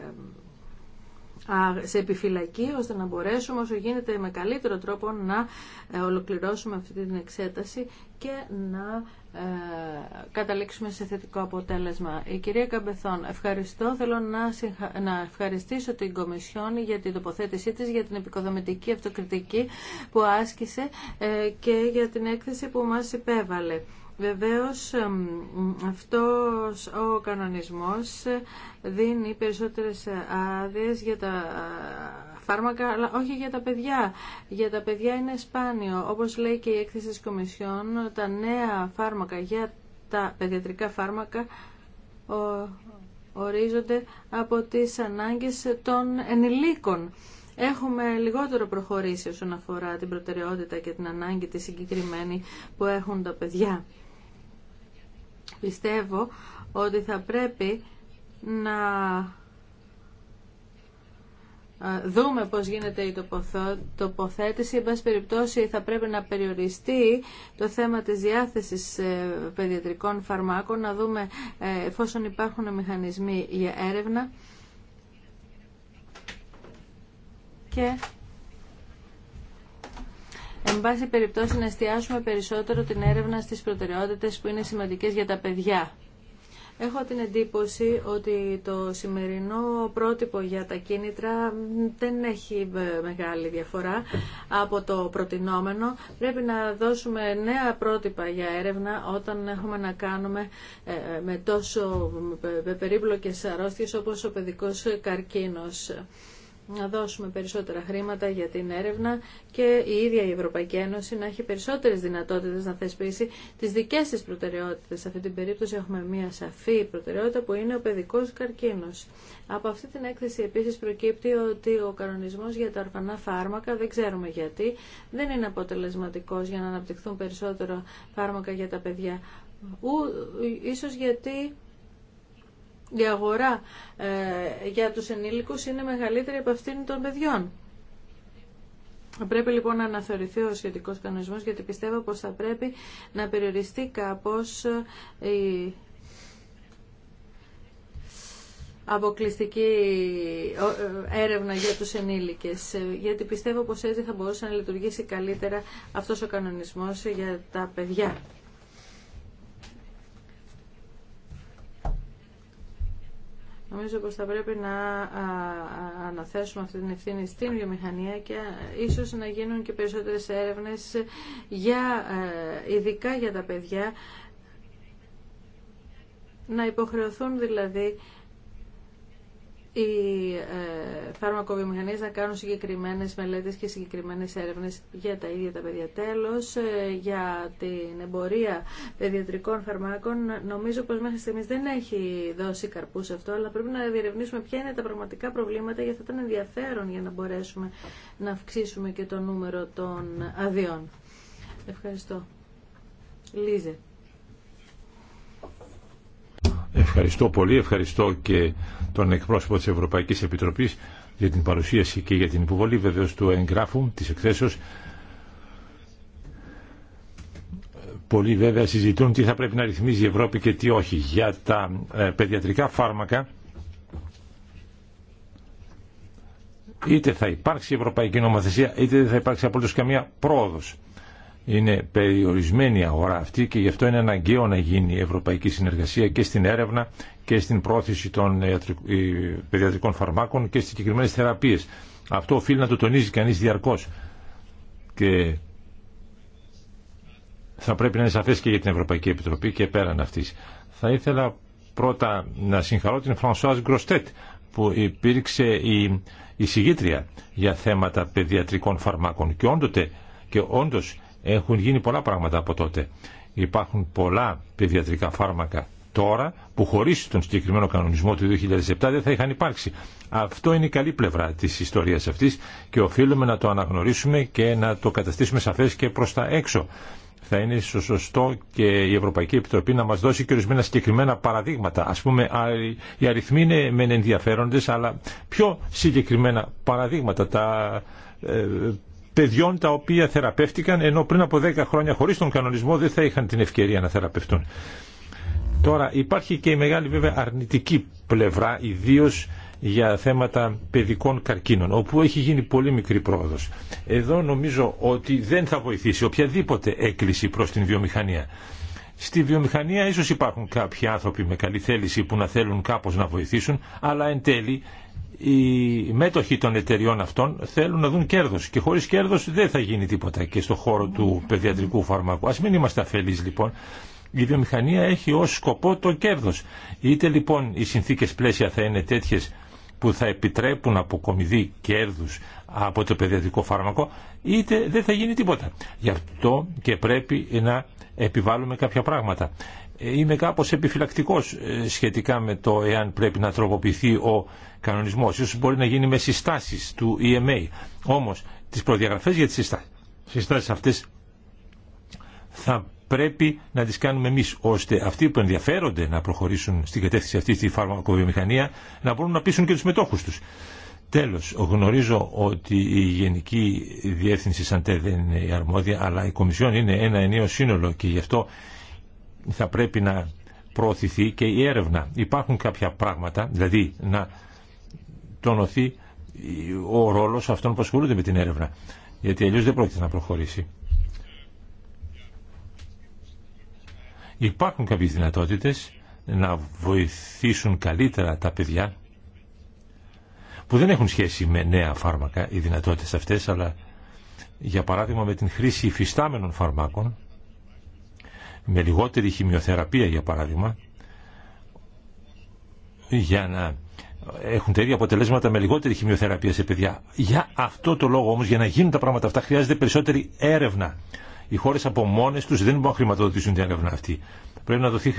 σε επιφυλακή ώστε να μπορέσουμε όσο γίνεται με καλύτερο τρόπο να ε, ολοκληρώσουμε αυτή την εξέταση και να ε, καταλήξουμε σε θετικό αποτέλεσμα. Η κυρία Καμπεθόν, ευχαριστώ. Θέλω να, να ευχαριστήσω την Κομισιόν για την τοποθέτησή της, για την επικοδομητική αυτοκριτική που άσκησε ε, και για την έκθεση που μας υπέβαλε. Βεβαίως αυτός ο κανονισμός δίνει περισσότερες άδειε για τα φάρμακα, αλλά όχι για τα παιδιά. Για τα παιδιά είναι σπάνιο. Όπως λέει και η έκθεση της Κομισιόν, τα νέα φάρμακα για τα παιδιατρικά φάρμακα ορίζονται από τις ανάγκες των ενηλίκων. Έχουμε λιγότερο προχωρήσει όσον αφορά την προτεραιότητα και την ανάγκη τη συγκεκριμένη που έχουν τα παιδιά. Πιστεύω ότι θα πρέπει να ε, δούμε πώς γίνεται η τοποθέτηση. Εν πάση περιπτώσει θα πρέπει να περιοριστεί το θέμα της διάθεσης ε, παιδιατρικών φαρμάκων, να δούμε ε, εφόσον υπάρχουν μηχανισμοί για έρευνα. Και Εν πάση περιπτώσει να εστιάσουμε περισσότερο την έρευνα στις προτεραιότητες που είναι σημαντικές για τα παιδιά. Έχω την εντύπωση ότι το σημερινό πρότυπο για τα κίνητρα δεν έχει ε, μεγάλη διαφορά από το προτινόμενο. Πρέπει να δώσουμε νέα πρότυπα για έρευνα όταν έχουμε να κάνουμε ε, ε, με τόσο περίπλοκες αρρώστιες όπως ο παιδικός καρκίνος να δώσουμε περισσότερα χρήματα για την έρευνα και η ίδια η Ευρωπαϊκή Ένωση να έχει περισσότερες δυνατότητες να θεσπίσει τις δικές της προτεραιότητες. Σε αυτή την περίπτωση έχουμε μια σαφή προτεραιότητα που είναι ο παιδικός καρκίνος. Από αυτή την έκθεση επίσης προκύπτει ότι ο κανονισμός για τα ορφανά φάρμακα, δεν ξέρουμε γιατί, δεν είναι αποτελεσματικός για να αναπτυχθούν περισσότερα φάρμακα για τα παιδιά. Ίσως γιατί η αγορά ε, για τους ενήλικους είναι μεγαλύτερη από αυτήν των παιδιών. Πρέπει λοιπόν να αναθεωρηθεί ο σχετικό κανονισμό γιατί πιστεύω πως θα πρέπει να περιοριστεί κάπως ε, η αποκλειστική ε, έρευνα για τους ενήλικες, γιατί πιστεύω πως έτσι θα μπορούσε να λειτουργήσει καλύτερα αυτός ο κανονισμός για τα παιδιά. Νομίζω πως θα πρέπει να αναθέσουμε αυτή την ευθύνη στην βιομηχανία και ίσως να γίνουν και περισσότερες έρευνες για, ε, ειδικά για τα παιδιά, να υποχρεωθούν δηλαδή οι ε, να κάνουν συγκεκριμένες μελέτες και συγκεκριμένες έρευνες για τα ίδια τα παιδιά. Τέλος, ε, για την εμπορία παιδιατρικών φαρμάκων, νομίζω πως μέχρι στιγμής δεν έχει δώσει καρπού σε αυτό, αλλά πρέπει να διερευνήσουμε ποια είναι τα πραγματικά προβλήματα γιατί θα ήταν ενδιαφέρον για να μπορέσουμε να αυξήσουμε και το νούμερο των αδειών. Ευχαριστώ. Λίζε. Ευχαριστώ πολύ, ευχαριστώ και τον εκπρόσωπο της Ευρωπαϊκής Επιτροπής για την παρουσίαση και για την υποβολή βεβαίω του εγγράφου της εκθέσεως. Πολλοί βέβαια συζητούν τι θα πρέπει να ρυθμίζει η Ευρώπη και τι όχι. Για τα ε, παιδιατρικά φάρμακα είτε θα υπάρξει ευρωπαϊκή νομοθεσία είτε δεν θα υπάρξει απολύτως καμία πρόοδος. Είναι περιορισμένη η αγορά αυτή και γι' αυτό είναι αναγκαίο να γίνει ευρωπαϊκή συνεργασία και στην έρευνα και στην πρόθεση των ε, ε, παιδιατρικών φαρμάκων και στις συγκεκριμένες θεραπείες. Αυτό οφείλει να το τονίζει κανείς διαρκώς. Και θα πρέπει να είναι σαφές και για την Ευρωπαϊκή Επιτροπή και πέραν αυτής. Θα ήθελα πρώτα να συγχαρώ την Φρανσουάς Γκροστέτ που υπήρξε η εισηγήτρια για θέματα παιδιατρικών φαρμάκων και, όντοτε, και όντως έχουν γίνει πολλά πράγματα από τότε. Υπάρχουν πολλά παιδιατρικά φάρμακα τώρα που χωρί τον συγκεκριμένο κανονισμό του 2007 δεν θα είχαν υπάρξει. Αυτό είναι η καλή πλευρά τη ιστορία αυτή και οφείλουμε να το αναγνωρίσουμε και να το καταστήσουμε σαφέ και προ τα έξω. Θα είναι σωστό και η Ευρωπαϊκή Επιτροπή να μα δώσει και ορισμένα συγκεκριμένα παραδείγματα. Α πούμε, οι αριθμοί είναι μεν ενδιαφέροντε, αλλά πιο συγκεκριμένα παραδείγματα, τα ε, παιδιών τα οποία θεραπεύτηκαν ενώ πριν από 10 χρόνια χωρίς τον κανονισμό δεν θα είχαν την ευκαιρία να θεραπευτούν. Τώρα υπάρχει και η μεγάλη βέβαια αρνητική πλευρά, ιδίω για θέματα παιδικών καρκίνων, όπου έχει γίνει πολύ μικρή πρόοδος. Εδώ νομίζω ότι δεν θα βοηθήσει οποιαδήποτε έκκληση προς την βιομηχανία. Στη βιομηχανία ίσως υπάρχουν κάποιοι άνθρωποι με καλή θέληση που να θέλουν κάπως να βοηθήσουν, αλλά εν τέλει οι μέτοχοι των εταιριών αυτών θέλουν να δουν κέρδος και χωρίς κέρδος δεν θα γίνει τίποτα και στον χώρο του παιδιατρικού φαρμάκου. Ας μην είμαστε αφελείς λοιπόν η βιομηχανία έχει ως σκοπό το κέρδος. Είτε λοιπόν οι συνθήκες πλαίσια θα είναι τέτοιες που θα επιτρέπουν αποκομιδή κέρδους από το παιδιατικό φάρμακο, είτε δεν θα γίνει τίποτα. Γι' αυτό και πρέπει να επιβάλλουμε κάποια πράγματα. Ε, είμαι κάπως επιφυλακτικός ε, σχετικά με το εάν πρέπει να τροποποιηθεί ο κανονισμός. Ίσως μπορεί να γίνει με συστάσεις του EMA. Όμως, τις προδιαγραφές για τις συστάσεις, συστάσεις αυτές θα πρέπει να τις κάνουμε εμείς, ώστε αυτοί που ενδιαφέρονται να προχωρήσουν στην κατεύθυνση αυτή τη φαρμακοβιομηχανία να μπορούν να πείσουν και τους μετόχους τους. Τέλος, γνωρίζω ότι η Γενική Διεύθυνση Σαντέ δεν είναι η αρμόδια, αλλά η Κομισιόν είναι ένα ενίο σύνολο και γι' αυτό θα πρέπει να προωθηθεί και η έρευνα. Υπάρχουν κάποια πράγματα, δηλαδή να τονωθεί ο ρόλος αυτών που ασχολούνται με την έρευνα, γιατί αλλιώς δεν πρόκειται να προχωρήσει. Υπάρχουν κάποιες δυνατότητες να βοηθήσουν καλύτερα τα παιδιά που δεν έχουν σχέση με νέα φάρμακα οι δυνατότητες αυτές, αλλά για παράδειγμα με την χρήση υφιστάμενων φαρμάκων, με λιγότερη χημειοθεραπεία για παράδειγμα, για να έχουν τα ίδια αποτελέσματα με λιγότερη χημειοθεραπεία σε παιδιά. Για αυτό το λόγο όμως, για να γίνουν τα πράγματα αυτά, χρειάζεται περισσότερη έρευνα. Οι χώρε από μόνε του δεν μπορούν να χρηματοδοτήσουν την έρευνα αυτή. Πρέπει να δοθεί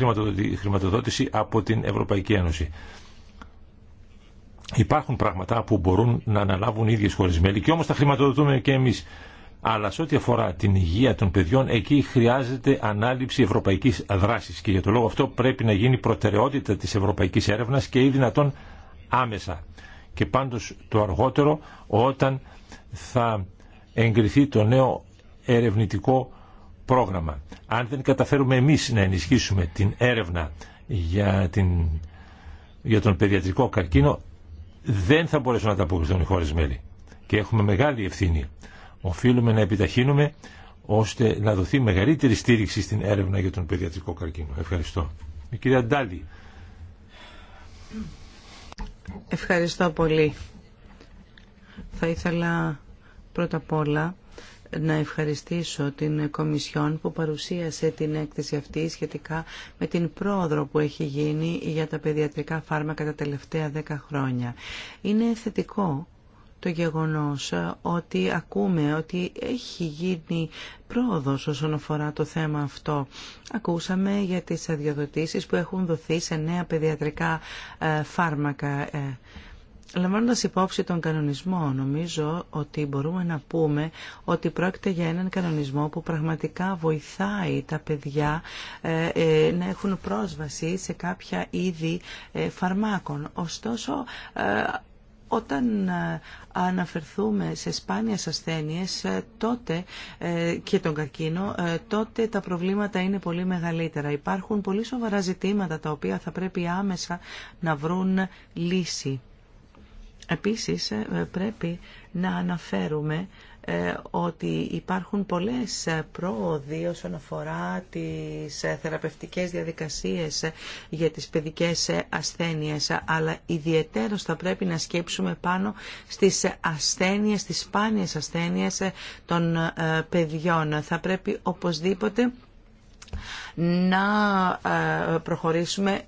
χρηματοδότηση από την Ευρωπαϊκή Ένωση. Υπάρχουν πράγματα που μπορούν να αναλάβουν οι ίδιε χώρε μέλη και όμω τα χρηματοδοτούμε και εμεί. Αλλά σε ό,τι αφορά την υγεία των παιδιών, εκεί χρειάζεται ανάληψη ευρωπαϊκή δράση. Και για το λόγο αυτό πρέπει να γίνει προτεραιότητα τη ευρωπαϊκή έρευνα και ή δυνατόν άμεσα. Και πάντως το αργότερο όταν θα εγκριθεί το νέο ερευνητικό πρόγραμμα. Αν δεν καταφέρουμε εμείς να ενισχύσουμε την έρευνα για, την, για τον παιδιατρικό καρκίνο, δεν θα μπορέσουν να τα αποκριθούν οι χώρες μέλη. Και έχουμε μεγάλη ευθύνη. Οφείλουμε να επιταχύνουμε ώστε να δοθεί μεγαλύτερη στήριξη στην έρευνα για τον παιδιατρικό καρκίνο. Ευχαριστώ. Η κυρία Ντάλη. Ευχαριστώ πολύ. Θα ήθελα πρώτα απ' όλα να ευχαριστήσω την Κομισιόν που παρουσίασε την έκθεση αυτή σχετικά με την πρόοδο που έχει γίνει για τα παιδιατρικά φάρμακα τα τελευταία δέκα χρόνια. Είναι θετικό το γεγονός ότι ακούμε ότι έχει γίνει πρόοδος όσον αφορά το θέμα αυτό. Ακούσαμε για τις αδειοδοτήσεις που έχουν δοθεί σε νέα παιδιατρικά ε, φάρμακα ε, Λαμβάνοντας υπόψη τον κανονισμό, νομίζω ότι μπορούμε να πούμε ότι πρόκειται για έναν κανονισμό που πραγματικά βοηθάει τα παιδιά ε, ε, να έχουν πρόσβαση σε κάποια είδη ε, φαρμάκων. Ωστόσο, όταν αναφερθούμε σε σπάνιες ασθένειες τότε, και τον καρκίνο, τότε τα προβλήματα είναι πολύ μεγαλύτερα. Υπάρχουν πολύ σοβαρά ζητήματα τα οποία θα πρέπει άμεσα να βρουν λύση. Επίσης ε, πρέπει να αναφέρουμε ε, ότι υπάρχουν πολλές ε, πρόοδοι όσον αφορά τις θεραπευτικές διαδικασίες για τις παιδικές ασθένειες, αλλά ιδιαίτερως θα πρέπει να σκέψουμε πάνω στις ασθένειες, τις σπάνιες ασθένειες των παιδιών. Θα πρέπει οπωσδήποτε να προχωρήσουμε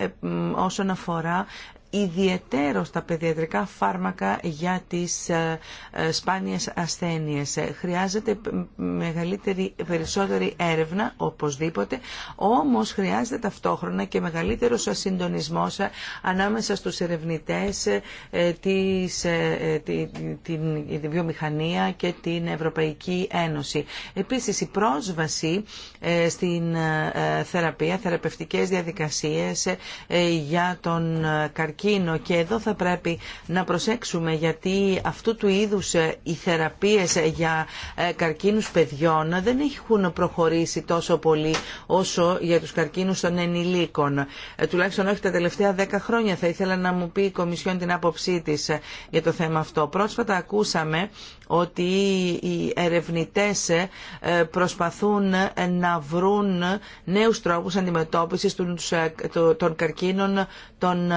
όσον αφορά ιδιαιτέρως τα παιδιατρικά φάρμακα για τις ε, ε, σπάνιες ασθένειες. Ε, χρειάζεται μεγαλύτερη, περισσότερη έρευνα, οπωσδήποτε, όμως χρειάζεται ταυτόχρονα και μεγαλύτερος συντονισμός ανάμεσα στους ερευνητές, της, την, την, βιομηχανία και την Ευρωπαϊκή Ένωση. Επίσης, η πρόσβαση στην θεραπεία, θεραπευτικές διαδικασίες για τον καρκίνο καρκίνο και εδώ θα πρέπει να προσέξουμε γιατί αυτού του είδους ε, οι θεραπείες ε, για ε, καρκίνους παιδιών δεν έχουν προχωρήσει τόσο πολύ όσο για τους καρκίνους των ενηλίκων. Τουλάχιστον όχι τα τελευταία δέκα χρόνια θα ήθελα να μου πει η Κομισιόν την άποψή της για το θέμα αυτό. Πρόσφατα ακούσαμε ότι οι ερευνητές προσπαθούν να βρουν νέους τρόπους αντιμετώπισης των καρκίνων των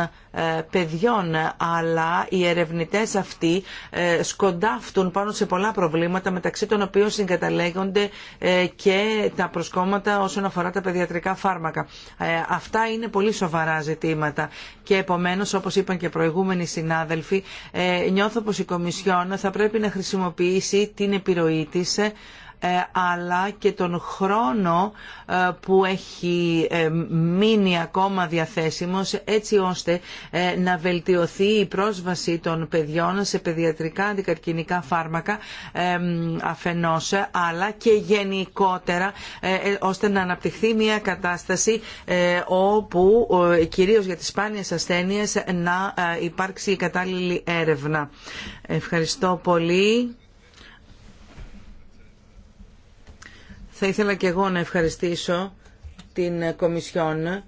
παιδιών, αλλά οι ερευνητές αυτοί ε, σκοντάφτουν πάνω σε πολλά προβλήματα, μεταξύ των οποίων συγκαταλέγονται ε, και τα προσκόμματα όσον αφορά τα παιδιατρικά φάρμακα. Ε, αυτά είναι πολύ σοβαρά ζητήματα και επομένως, όπως είπαν και προηγούμενοι συνάδελφοι, νιώθω πως η Κομισιόν θα πρέπει να χρησιμοποιήσει την επιρροή της ε, αλλά και τον χρόνο ε, που έχει ε, μείνει ακόμα διαθέσιμος έτσι ώστε να βελτιωθεί η πρόσβαση των παιδιών σε παιδιατρικά αντικαρκυνικά φάρμακα αφενός αλλά και γενικότερα ώστε να αναπτυχθεί μια κατάσταση όπου κυρίως για τις σπάνιες ασθένειες να υπάρξει η κατάλληλη έρευνα. Ευχαριστώ πολύ. Θα ήθελα και εγώ να ευχαριστήσω την Κομισιόν ε,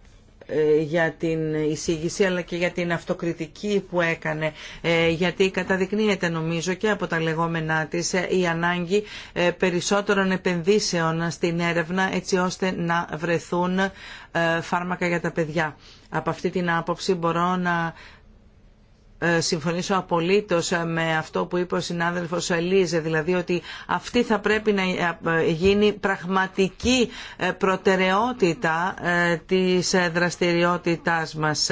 για την εισήγηση αλλά και για την αυτοκριτική που έκανε ε, γιατί καταδεικνύεται νομίζω και από τα λεγόμενά της ε, η ανάγκη περισσότερων επενδύσεων στην έρευνα έτσι ώστε να βρεθούν φάρμακα για τα παιδιά. Από αυτή την άποψη μπορώ να ε, συμφωνήσω απολύτως με αυτό που είπε ο συνάδελφος Λίζε, δηλαδή ότι αυτή θα πρέπει να ε, ε, γίνει πραγματική προτεραιότητα της δραστηριότητάς μας.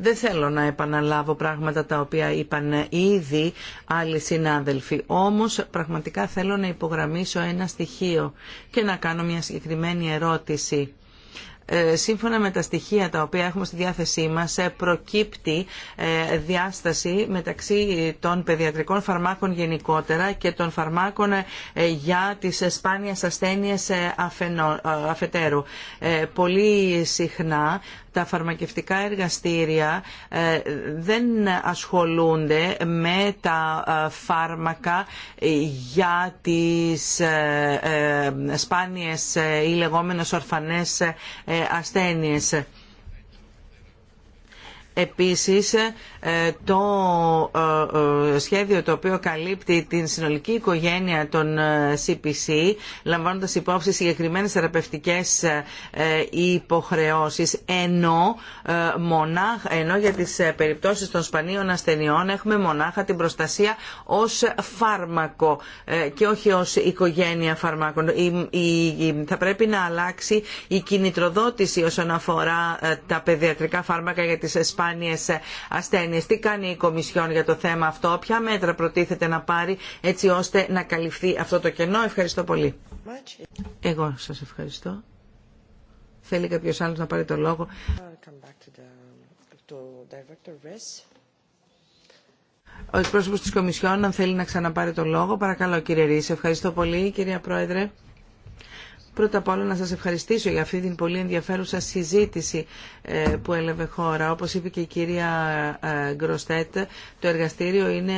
Δεν θέλω να επαναλάβω πράγματα τα οποία είπαν ήδη άλλοι συνάδελφοι. Όμως πραγματικά θέλω να υπογραμμίσω ένα στοιχείο και να κάνω μια συγκεκριμένη ερώτηση. Ε, σύμφωνα με τα στοιχεία τα οποία έχουμε στη διάθεσή μας ε, προκύπτει ε, διάσταση μεταξύ των παιδιατρικών φαρμάκων γενικότερα και των φαρμάκων για τις σπάνιες ασθένειες αφετέρου. Πολύ συχνά τα φαρμακευτικά εργαστήρια ε, δεν ασχολούνται με τα ε, φάρμακα ε, για τις σπάνιες ή λεγόμενες ορφανές ασθένειες Επίσης, ε, το ε, ε, σχέδιο το οποίο καλύπτει την συνολική οικογένεια των CPC, λαμβάνοντας υπόψη συγκεκριμένες θεραπευτικές υποχρεώσεις, ενώ, για τις περιπτώσεις των σπανίων ασθενειών έχουμε μονάχα την προστασία ως φάρμακο και όχι ως οικογένεια φαρμάκων. Θα πρέπει να αλλάξει η κινητροδότηση όσον αφορά τα παιδιατρικά φάρμακα για τις σπάνιες σπάνιες ε, ασθένειες. Τι κάνει η Κομισιόν για το θέμα αυτό, ποια μέτρα προτίθεται να πάρει έτσι ώστε να καλυφθεί αυτό το κενό. Ευχαριστώ πολύ. Εγώ σας ευχαριστώ. Θέλει κάποιος άλλος να πάρει το λόγο. Ο εκπρόσωπος της Κομισιόν, αν θέλει να ξαναπάρει το λόγο, παρακαλώ κύριε Ρίση. Ευχαριστώ πολύ κυρία Πρόεδρε. Πρώτα απ' όλα να σας ευχαριστήσω για αυτή την πολύ ενδιαφέρουσα συζήτηση ε, που έλαβε χώρα. Όπως είπε και η κυρία ε, Γκροστέτ, το εργαστήριο είναι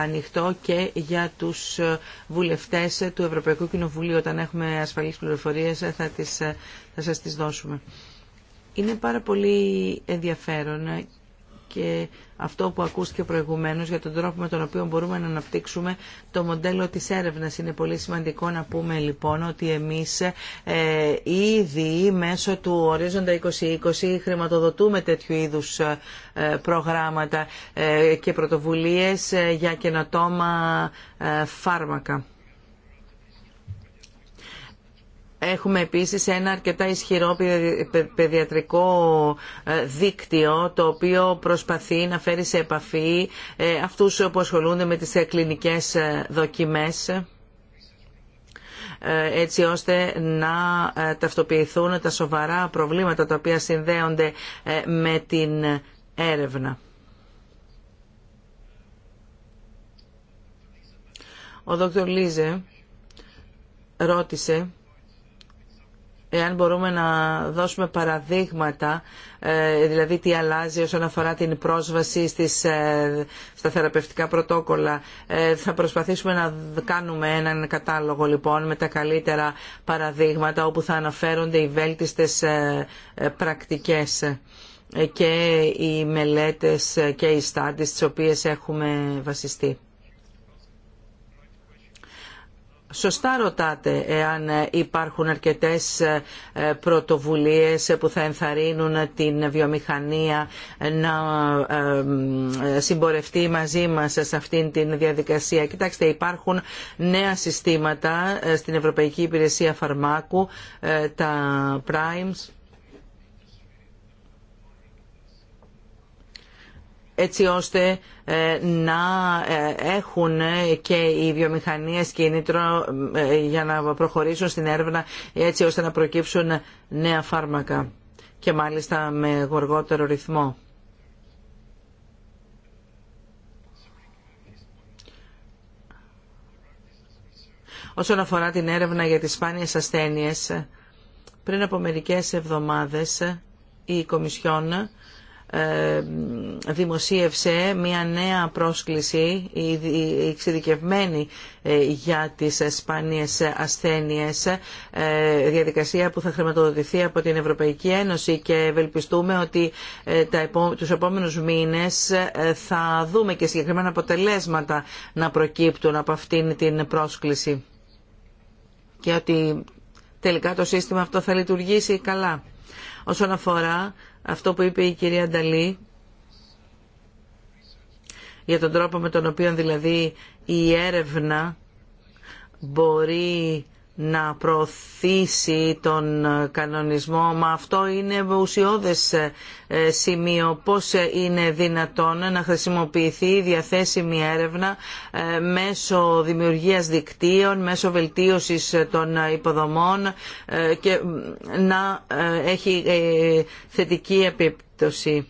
ανοιχτό και για τους ε, βουλευτές του Ευρωπαϊκού Κοινοβουλίου. Όταν έχουμε ασφαλείς πληροφορίες θα, τις, θα σας τις δώσουμε. Είναι πάρα πολύ ενδιαφέρον και αυτό που ακούστηκε προηγουμένως για τον τρόπο με τον οποίο μπορούμε να αναπτύξουμε το μοντέλο της έρευνας. Είναι πολύ σημαντικό να πούμε λοιπόν ότι εμείς ε, ήδη μέσω του ορίζοντα 2020 χρηματοδοτούμε τέτοιου είδους ε, προγράμματα ε, και πρωτοβουλίες για καινοτόμα φάρμακα. Έχουμε επίσης ένα αρκετά ισχυρό παιδιατρικό ε, δίκτυο το οποίο προσπαθεί να φέρει σε επαφή ε, αυτούς που ασχολούνται με τις ε, κλινικές δοκιμές έτσι ώστε να ταυτοποιηθούν τα σοβαρά προβλήματα τα οποία συνδέονται με την έρευνα. Ο Δ. Λίζε ρώτησε εάν μπορούμε να δώσουμε παραδείγματα, ε, δηλαδή τι αλλάζει όσον αφορά την πρόσβαση στις, ε, στα θεραπευτικά πρωτόκολλα. Ε, θα προσπαθήσουμε να κάνουμε έναν κατάλογο λοιπόν με τα καλύτερα παραδείγματα όπου θα αναφέρονται οι βέλτιστες πρακτικές και οι μελέτες και οι στάντες τις οποίες έχουμε βασιστεί. Σωστά ρωτάτε εάν ε, υπάρχουν αρκετές ε, ε, πρωτοβουλίες που θα ενθαρρύνουν την βιομηχανία να συμπορευτεί μαζί μας σε αυτήν την διαδικασία. Κοιτάξτε, υπάρχουν νέα συστήματα στην Ευρωπαϊκή Υπηρεσία Φαρμάκου, τα Primes, έτσι ώστε ε, να ε, έχουν και οι βιομηχανίες κίνητρο ε, για να προχωρήσουν στην έρευνα έτσι ώστε να προκύψουν νέα φάρμακα και μάλιστα με γοργότερο ρυθμό. Όσον αφορά την έρευνα για τις σπάνιες ασθένειες, πριν από μερικές εβδομάδες η Κομισιόν ε, δημοσίευσε μια νέα πρόσκληση εξειδικευμένη ε, για τις σπάνιες ασθένειες ε, διαδικασία που θα χρηματοδοτηθεί από την Ευρωπαϊκή Ένωση και ευελπιστούμε ότι τους επόμενους μήνες θα δούμε και συγκεκριμένα αποτελέσματα να προκύπτουν από αυτήν την πρόσκληση και ότι τελικά το σύστημα αυτό θα λειτουργήσει καλά. Όσον αφορά αυτό που είπε η κυρία Νταλή για τον τρόπο με τον οποίο δηλαδή η έρευνα μπορεί να προωθήσει τον κανονισμό, μα αυτό είναι ουσιώδες ε, σημείο. Πώς ε, είναι δυνατόν να χρησιμοποιηθεί η διαθέσιμη έρευνα ε, μέσω δημιουργίας δικτύων, μέσω βελτίωσης των υποδομών και να έχει θετική επίπτωση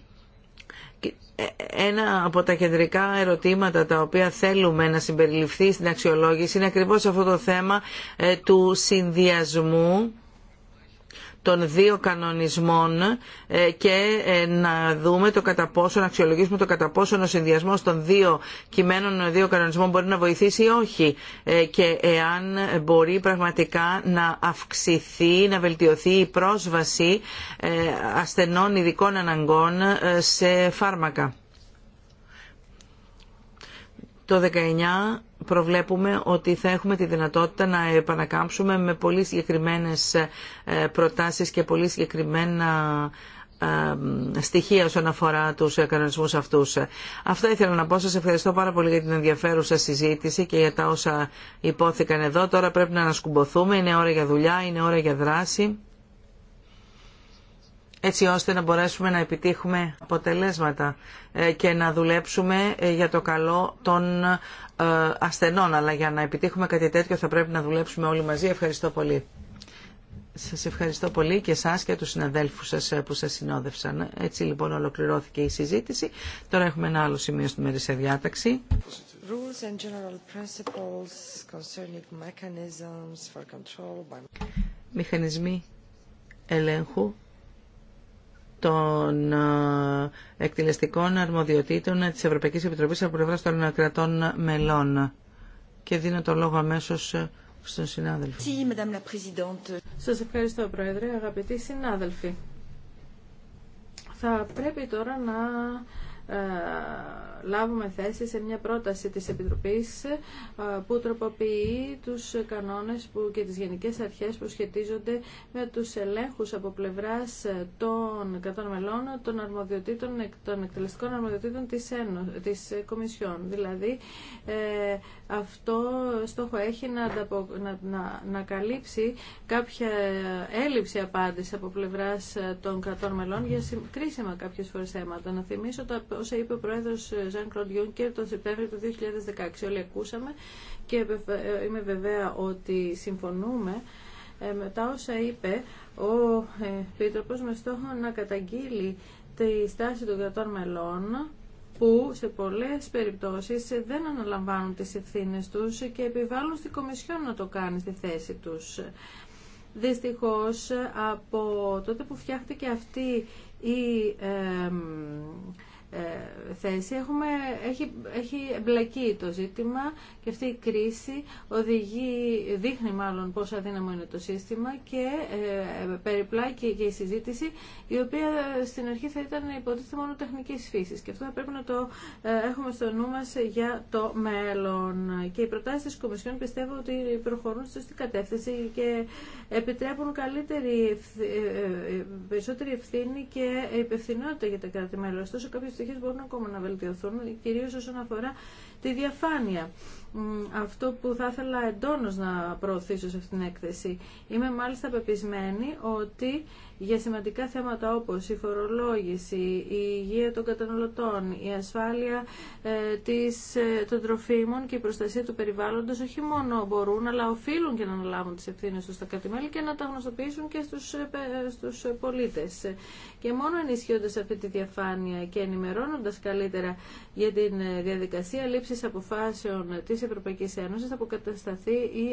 ένα από τα κεντρικά ερωτήματα τα οποία θέλουμε να συμπεριληφθεί στην αξιολόγηση είναι ακριβώς αυτό το θέμα ε, του συνδυασμού των δύο κανονισμών ε, και ε, να δούμε το κατά πόσο, να αξιολογήσουμε το κατά πόσο ο συνδυασμό των δύο κειμένων, των ε, δύο κανονισμών μπορεί να βοηθήσει ή όχι και εάν μπορεί πραγματικά να αυξηθεί, να βελτιωθεί η πρόσβαση ασθενών ειδικών αναγκών σε φάρμακα. Το 19 προβλέπουμε ότι θα έχουμε τη δυνατότητα να επανακάμψουμε με πολύ συγκεκριμένες ε, προτάσεις και πολύ συγκεκριμένα ε, στοιχεία όσον αφορά τους κανονισμούς αυτούς. Αυτά ήθελα να πω. Σας ευχαριστώ πάρα πολύ για την ενδιαφέρουσα συζήτηση και για τα όσα υπόθηκαν εδώ. Τώρα πρέπει να ανασκουμποθούμε. Είναι ώρα για δουλειά, είναι ώρα για δράση έτσι ώστε να μπορέσουμε να επιτύχουμε αποτελέσματα ε, και να δουλέψουμε ε, για το καλό των ε, ασθενών. Αλλά για να επιτύχουμε κάτι τέτοιο θα πρέπει να δουλέψουμε όλοι μαζί. Ευχαριστώ πολύ. Σας ευχαριστώ πολύ και εσάς και τους συναδέλφους σας που σας συνόδευσαν. Έτσι λοιπόν ολοκληρώθηκε η συζήτηση. Τώρα έχουμε ένα άλλο σημείο στη σε διάταξη. Μηχανισμοί ελέγχου των ε, εκτελεστικών αρμοδιοτήτων της Ευρωπαϊκής Επιτροπής από πλευρά των κρατών μελών. Και δίνω το λόγο αμέσως ε, στον συνάδελφο. Σας ευχαριστώ, Πρόεδρε. Αγαπητοί συνάδελφοι, θα πρέπει τώρα να ε, λάβουμε θέση σε μια πρόταση της Επιτροπής ε, που τροποποιεί τους κανόνες που και τις γενικές αρχές που σχετίζονται με τους ελέγχους από πλευράς ε, των κρατών μελών των, των εκτελεστικών αρμοδιοτήτων της, Ένω, της Κομισιόν. Δηλαδή, αυτό στόχο έχει να, να, να, να καλύψει κάποια έλλειψη απάντηση από πλευράς ε, των κρατών μελών για κρίσιμα κάποιες φορές θέματα. Να θυμίσω τα όσα είπε ο Πρόεδρος Ζαν Κλοντ Γιούνκερ τον Σεπτέμβριο του 2016. Όλοι ακούσαμε και ε, ε, είμαι βεβαία ότι συμφωνούμε με τα όσα είπε ο Επίτροπος με στόχο να καταγγείλει τη στάση των κρατών μελών που σε πολλές περιπτώσεις δεν αναλαμβάνουν τις ευθύνες τους και επιβάλλουν στη Κομισιόν να το κάνει στη θέση τους. Δυστυχώς από τότε που φτιάχτηκε αυτή η ε, θέση έχουμε, έχει, έχει εμπλακεί το ζήτημα και αυτή η κρίση οδηγεί, δείχνει μάλλον πόσο αδύναμο είναι το σύστημα και ε, περιπλάκει και η συζήτηση η οποία στην αρχή θα ήταν υποτίθεται μόνο τεχνικής φύσης και αυτό θα πρέπει να το ε, έχουμε στο νου μας για το μέλλον και οι προτάσεις της Κομισιόν πιστεύω ότι προχωρούν στη σωστή κατεύθυνση και επιτρέπουν καλύτερη, ε, περισσότερη ευθύνη και υπευθυνότητα για τα κράτη-μέλη. Ωστόσο, κάποιο στοιχείες μπορούν ακόμα να βελτιωθούν, κυρίως όσον αφορά τη διαφάνεια. Αυτό που θα ήθελα εντόνως να προωθήσω σε αυτήν την έκθεση. Είμαι μάλιστα πεπισμένη ότι για σημαντικά θέματα όπως η φορολόγηση, η υγεία των καταναλωτών, η ασφάλεια ε, της, ε, των τροφίμων και η προστασία του περιβάλλοντος όχι μόνο μπορούν αλλά οφείλουν και να αναλάβουν τις ευθύνες τους στα κατημέλη και να τα γνωστοποιήσουν και στους, ε, στους πολίτες. Και μόνο ενισχύοντας αυτή τη διαφάνεια και ενημερώνοντας καλύτερα για την διαδικασία λήψης αποφάσεων της Ευρωπαϊκής Ένωσης θα αποκατασταθεί η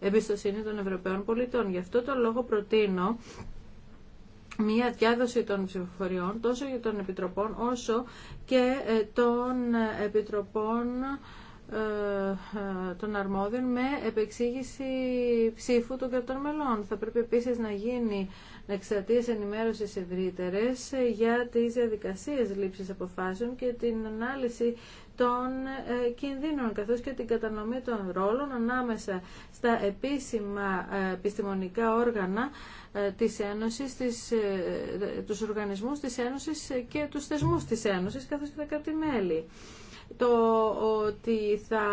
εμπιστοσύνη των Ευρωπαίων πολιτών. Γι' αυτό το λόγο προτείνω μία διάδοση των ψηφοφοριών τόσο για των επιτροπών όσο και ε, των επιτροπών ε, ε, των αρμόδιων με επεξήγηση ψήφου των κρατών μελών. Θα πρέπει επίσης να γίνει εξαρτίας ενημέρωσης ευρύτερε για τις διαδικασίες λήψης αποφάσεων και την ανάλυση των ε, κινδύνων καθώς και την κατανομή των ρόλων ανάμεσα στα επίσημα ε, επιστημονικά όργανα ε, της Ένωσης, της, τους οργανισμούς της Ένωσης και τους θεσμούς της Ένωσης καθώς και τα κατημέλη. Το ότι θα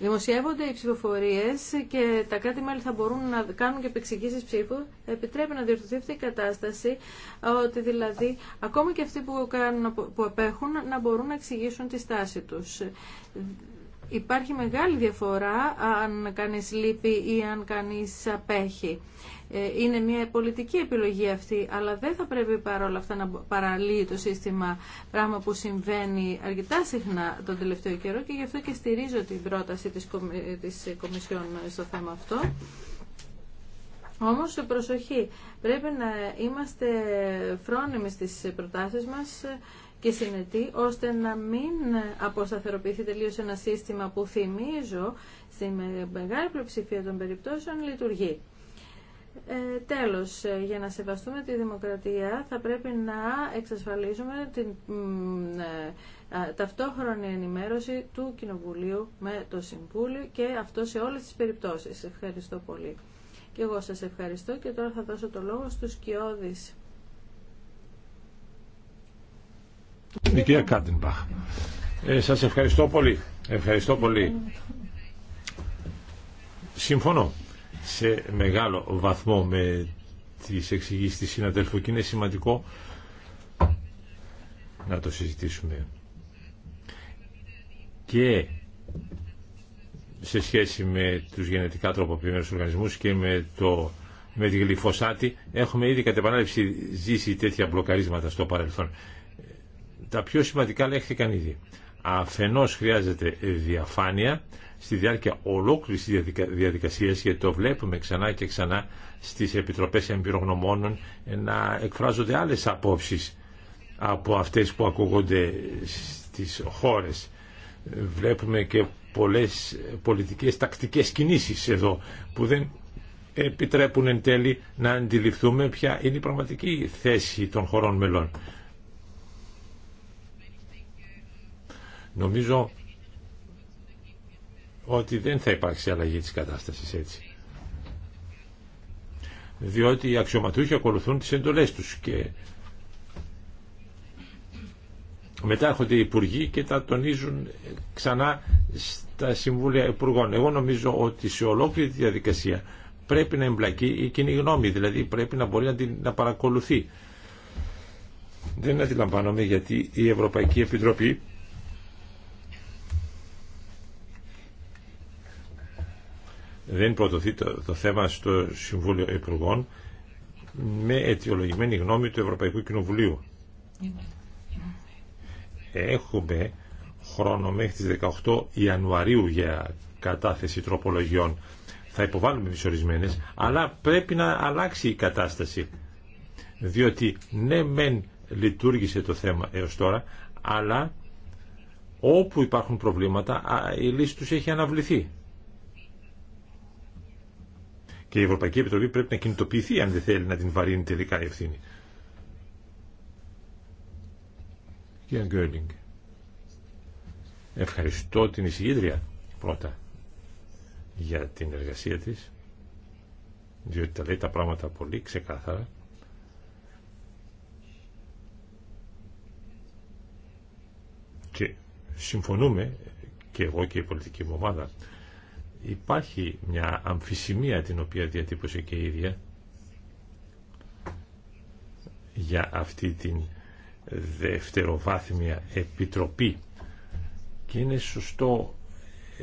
Δημοσιεύονται οι ψηφοφορίε και τα κράτη-μέλη θα μπορούν να κάνουν και επεξηγήσει ψήφου. Επιτρέπει να διορθωθεί αυτή η κατάσταση, ότι δηλαδή ακόμα και αυτοί που, κάνουν, που απέχουν να μπορούν να εξηγήσουν τη στάση του. Υπάρχει μεγάλη διαφορά αν κανείς λείπει ή αν κανείς απέχει. Ε, είναι μια πολιτική επιλογή αυτή, αλλά δεν θα πρέπει παρόλα αυτά να παραλύει το σύστημα, πράγμα που συμβαίνει αρκετά συχνά τον τελευταίο καιρό και γι' αυτό και στηρίζω την πρόταση της, της Κομισιόν στο θέμα αυτό. Όμως προσοχή, πρέπει να είμαστε φρόνιμοι στις προτάσεις μας και συνετοί, ώστε να μην αποσταθεροποιηθεί τελείως ένα σύστημα που θυμίζω στη μεγάλη πλειοψηφία των περιπτώσεων λειτουργεί. Ε, τέλος, ε, για να σεβαστούμε τη δημοκρατία θα πρέπει να εξασφαλίζουμε την ε, ταυτόχρονη ενημέρωση του Κοινοβουλίου με το Συμβούλιο και αυτό σε όλες τις περιπτώσεις. Ευχαριστώ πολύ. Και εγώ σας ευχαριστώ και τώρα θα δώσω το λόγο στους Κιώδης. Η κυρία ε, σας ευχαριστώ πολύ. Ευχαριστώ πολύ. Συμφωνώ σε μεγάλο βαθμό με τις εξηγήσεις της συναδέλφου και είναι σημαντικό να το συζητήσουμε. Και σε σχέση με τους γενετικά τροποποιημένους οργανισμούς και με, το, με τη γλυφοσάτη έχουμε ήδη κατ' επανάληψη ζήσει τέτοια μπλοκαρίσματα στο παρελθόν. Τα πιο σημαντικά λέχθηκαν ήδη. Αφενός χρειάζεται διαφάνεια στη διάρκεια ολόκληρης διαδικασίας, γιατί το βλέπουμε ξανά και ξανά στις Επιτροπές Εμπειρογνωμόνων να εκφράζονται άλλες απόψεις από αυτές που ακούγονται στις χώρες. Βλέπουμε και πολλές πολιτικές τακτικές κινήσεις εδώ που δεν επιτρέπουν εν τέλει να αντιληφθούμε ποια είναι η πραγματική θέση των χωρών μελών. Νομίζω ότι δεν θα υπάρξει αλλαγή της κατάστασης έτσι. Διότι οι αξιωματούχοι ακολουθούν τις εντολές τους και μετά έρχονται οι υπουργοί και τα τονίζουν ξανά στα Συμβούλια Υπουργών. Εγώ νομίζω ότι σε ολόκληρη τη διαδικασία πρέπει να εμπλακεί η κοινή γνώμη, δηλαδή πρέπει να μπορεί να, να παρακολουθεί. Δεν αντιλαμβάνομαι γιατί η Ευρωπαϊκή Επιτροπή δεν προδοθεί το, το θέμα στο Συμβούλιο Υπουργών με αιτιολογημένη γνώμη του Ευρωπαϊκού Κοινοβουλίου. Έχουμε χρόνο μέχρι τις 18 Ιανουαρίου για κατάθεση τροπολογιών. Θα υποβάλουμε τις ορισμένες, αλλά πρέπει να αλλάξει η κατάσταση. Διότι ναι μεν λειτουργήσε το θέμα έως τώρα, αλλά όπου υπάρχουν προβλήματα η λύση τους έχει αναβληθεί. Και η Ευρωπαϊκή Επιτροπή πρέπει να κινητοποιηθεί αν δεν θέλει να την βαρύνει τελικά η ευθύνη. Κύριε Γκέρλινγκ, ευχαριστώ την εισηγήτρια πρώτα για την εργασία της, διότι τα λέει τα πράγματα πολύ ξεκάθαρα. Και συμφωνούμε και εγώ και η πολιτική μου ομάδα υπάρχει μια αμφισημία την οποία διατύπωσε και η ίδια για αυτή την δευτεροβάθμια επιτροπή και είναι σωστό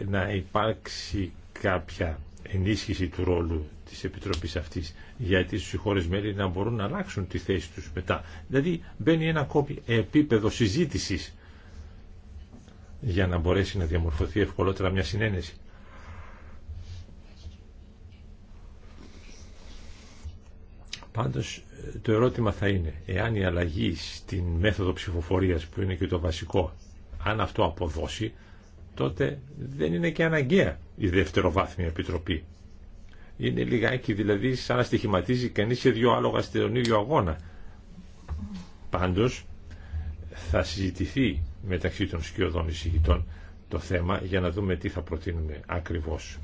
να υπάρξει κάποια ενίσχυση του ρόλου της Επιτροπής αυτής γιατί στις χώρες μέλη να μπορούν να αλλάξουν τη θέση τους μετά. Δηλαδή μπαίνει ένα ακόμη επίπεδο συζήτησης για να μπορέσει να διαμορφωθεί ευκολότερα μια συνένεση. Πάντως το ερώτημα θα είναι, εάν η αλλαγή στην μέθοδο ψηφοφορίας που είναι και το βασικό, αν αυτό αποδώσει, τότε δεν είναι και αναγκαία η δευτεροβάθμια επιτροπή. Είναι λιγάκι δηλαδή σαν να στοιχηματίζει κανείς σε δύο άλογα στον ίδιο αγώνα. Πάντως θα συζητηθεί μεταξύ των σκιωδών εισηγητών το θέμα για να δούμε τι θα προτείνουμε ακριβώς.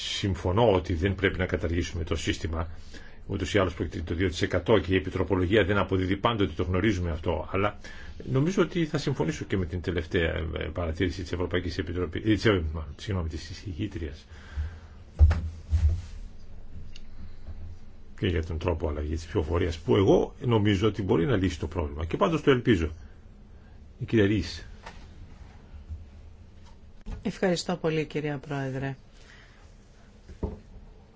συμφωνώ ότι δεν πρέπει να καταργήσουμε το σύστημα ούτω ή άλλω πρόκειται το 2% και η επιτροπολογία δεν αποδίδει πάντοτε, το γνωρίζουμε αυτό. Αλλά νομίζω ότι θα συμφωνήσω και με την τελευταία παρατήρηση τη Ευρωπαϊκή Επιτροπή, της, ε, ε, συγγνώμη, τη συγχύτρια. Και για τον τρόπο αλλαγή τη ψηφοφορία που εγώ νομίζω ότι μπορεί να λύσει το πρόβλημα. Και πάντω το ελπίζω. Η κυρία Ευχαριστώ πολύ κυρία Πρόεδρε.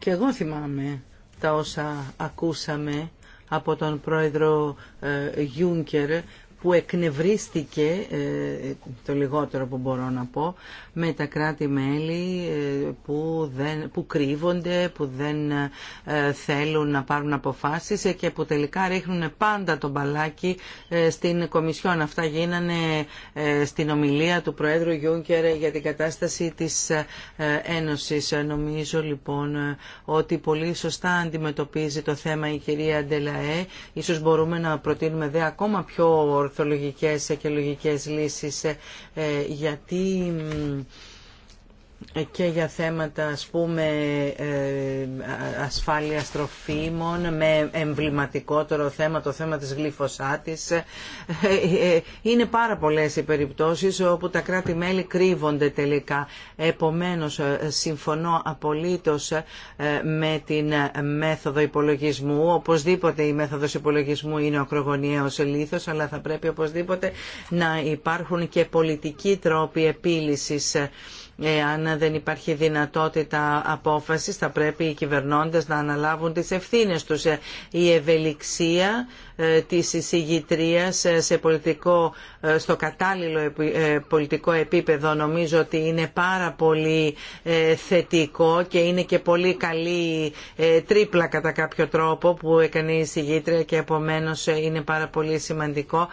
Και εγώ θυμάμαι τα όσα ακούσαμε από τον πρόεδρο ε, Γιούνκερ που εκνευρίστηκε, ε, το λιγότερο που μπορώ να πω, με τα κράτη-μέλη ε, που, που κρύβονται, που δεν ε, θέλουν να πάρουν αποφάσεις ε, και που τελικά ρίχνουν πάντα το μπαλάκι στην Κομισιόν. Αυτά γίνανε στην ομιλία του Προέδρου Γιούνκερ για την κατάσταση της Ένωσης. Νομίζω λοιπόν ότι πολύ σωστά αντιμετωπίζει το θέμα η κυρία Ντελαέ. Ίσως μπορούμε να προτείνουμε δε ακόμα πιο ορθολογικές και λογικές λύσεις γιατί και για θέματα ας πούμε ε, ασφάλειας τροφίμων με εμβληματικότερο θέμα το θέμα της γλυφοσάτης ε, ε, είναι πάρα πολλές οι περιπτώσεις όπου τα κράτη-μέλη κρύβονται τελικά επομένως συμφωνώ απολύτως με την μέθοδο υπολογισμού οπωσδήποτε η μέθοδος υπολογισμού είναι ο ακρογωνιαίος λήθος αλλά θα πρέπει οπωσδήποτε να υπάρχουν και πολιτικοί τρόποι επίλυσης Εάν δεν υπάρχει δυνατότητα απόφασης θα πρέπει οι κυβερνώντες να αναλάβουν τις ευθύνες τους. Η ευελιξία ε, της εισηγητρίας ε, σε πολιτικό, ε, στο κατάλληλο πολιτικό επίπεδο νομίζω ότι είναι πάρα πολύ θετικό και είναι και πολύ καλή τρίπλα κατά κάποιο τρόπο που έκανε η εισηγήτρια και επομένως είναι πάρα πολύ σημαντικό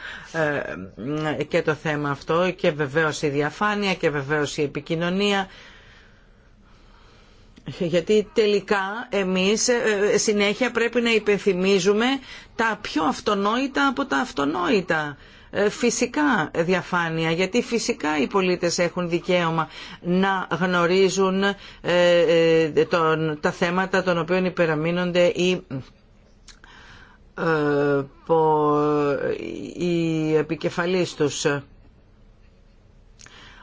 και το θέμα αυτό και βεβαίως η διαφάνεια και βεβαίως η επικοινωνία γιατί τελικά εμείς ε, ε, συνέχεια πρέπει να υπενθυμίζουμε τα πιο αυτονόητα από τα αυτονόητα. Ε, φυσικά διαφάνεια, γιατί φυσικά οι πολίτες έχουν δικαίωμα να γνωρίζουν τα θέματα των οποίων υπεραμείνονται οι οι επικεφαλής τους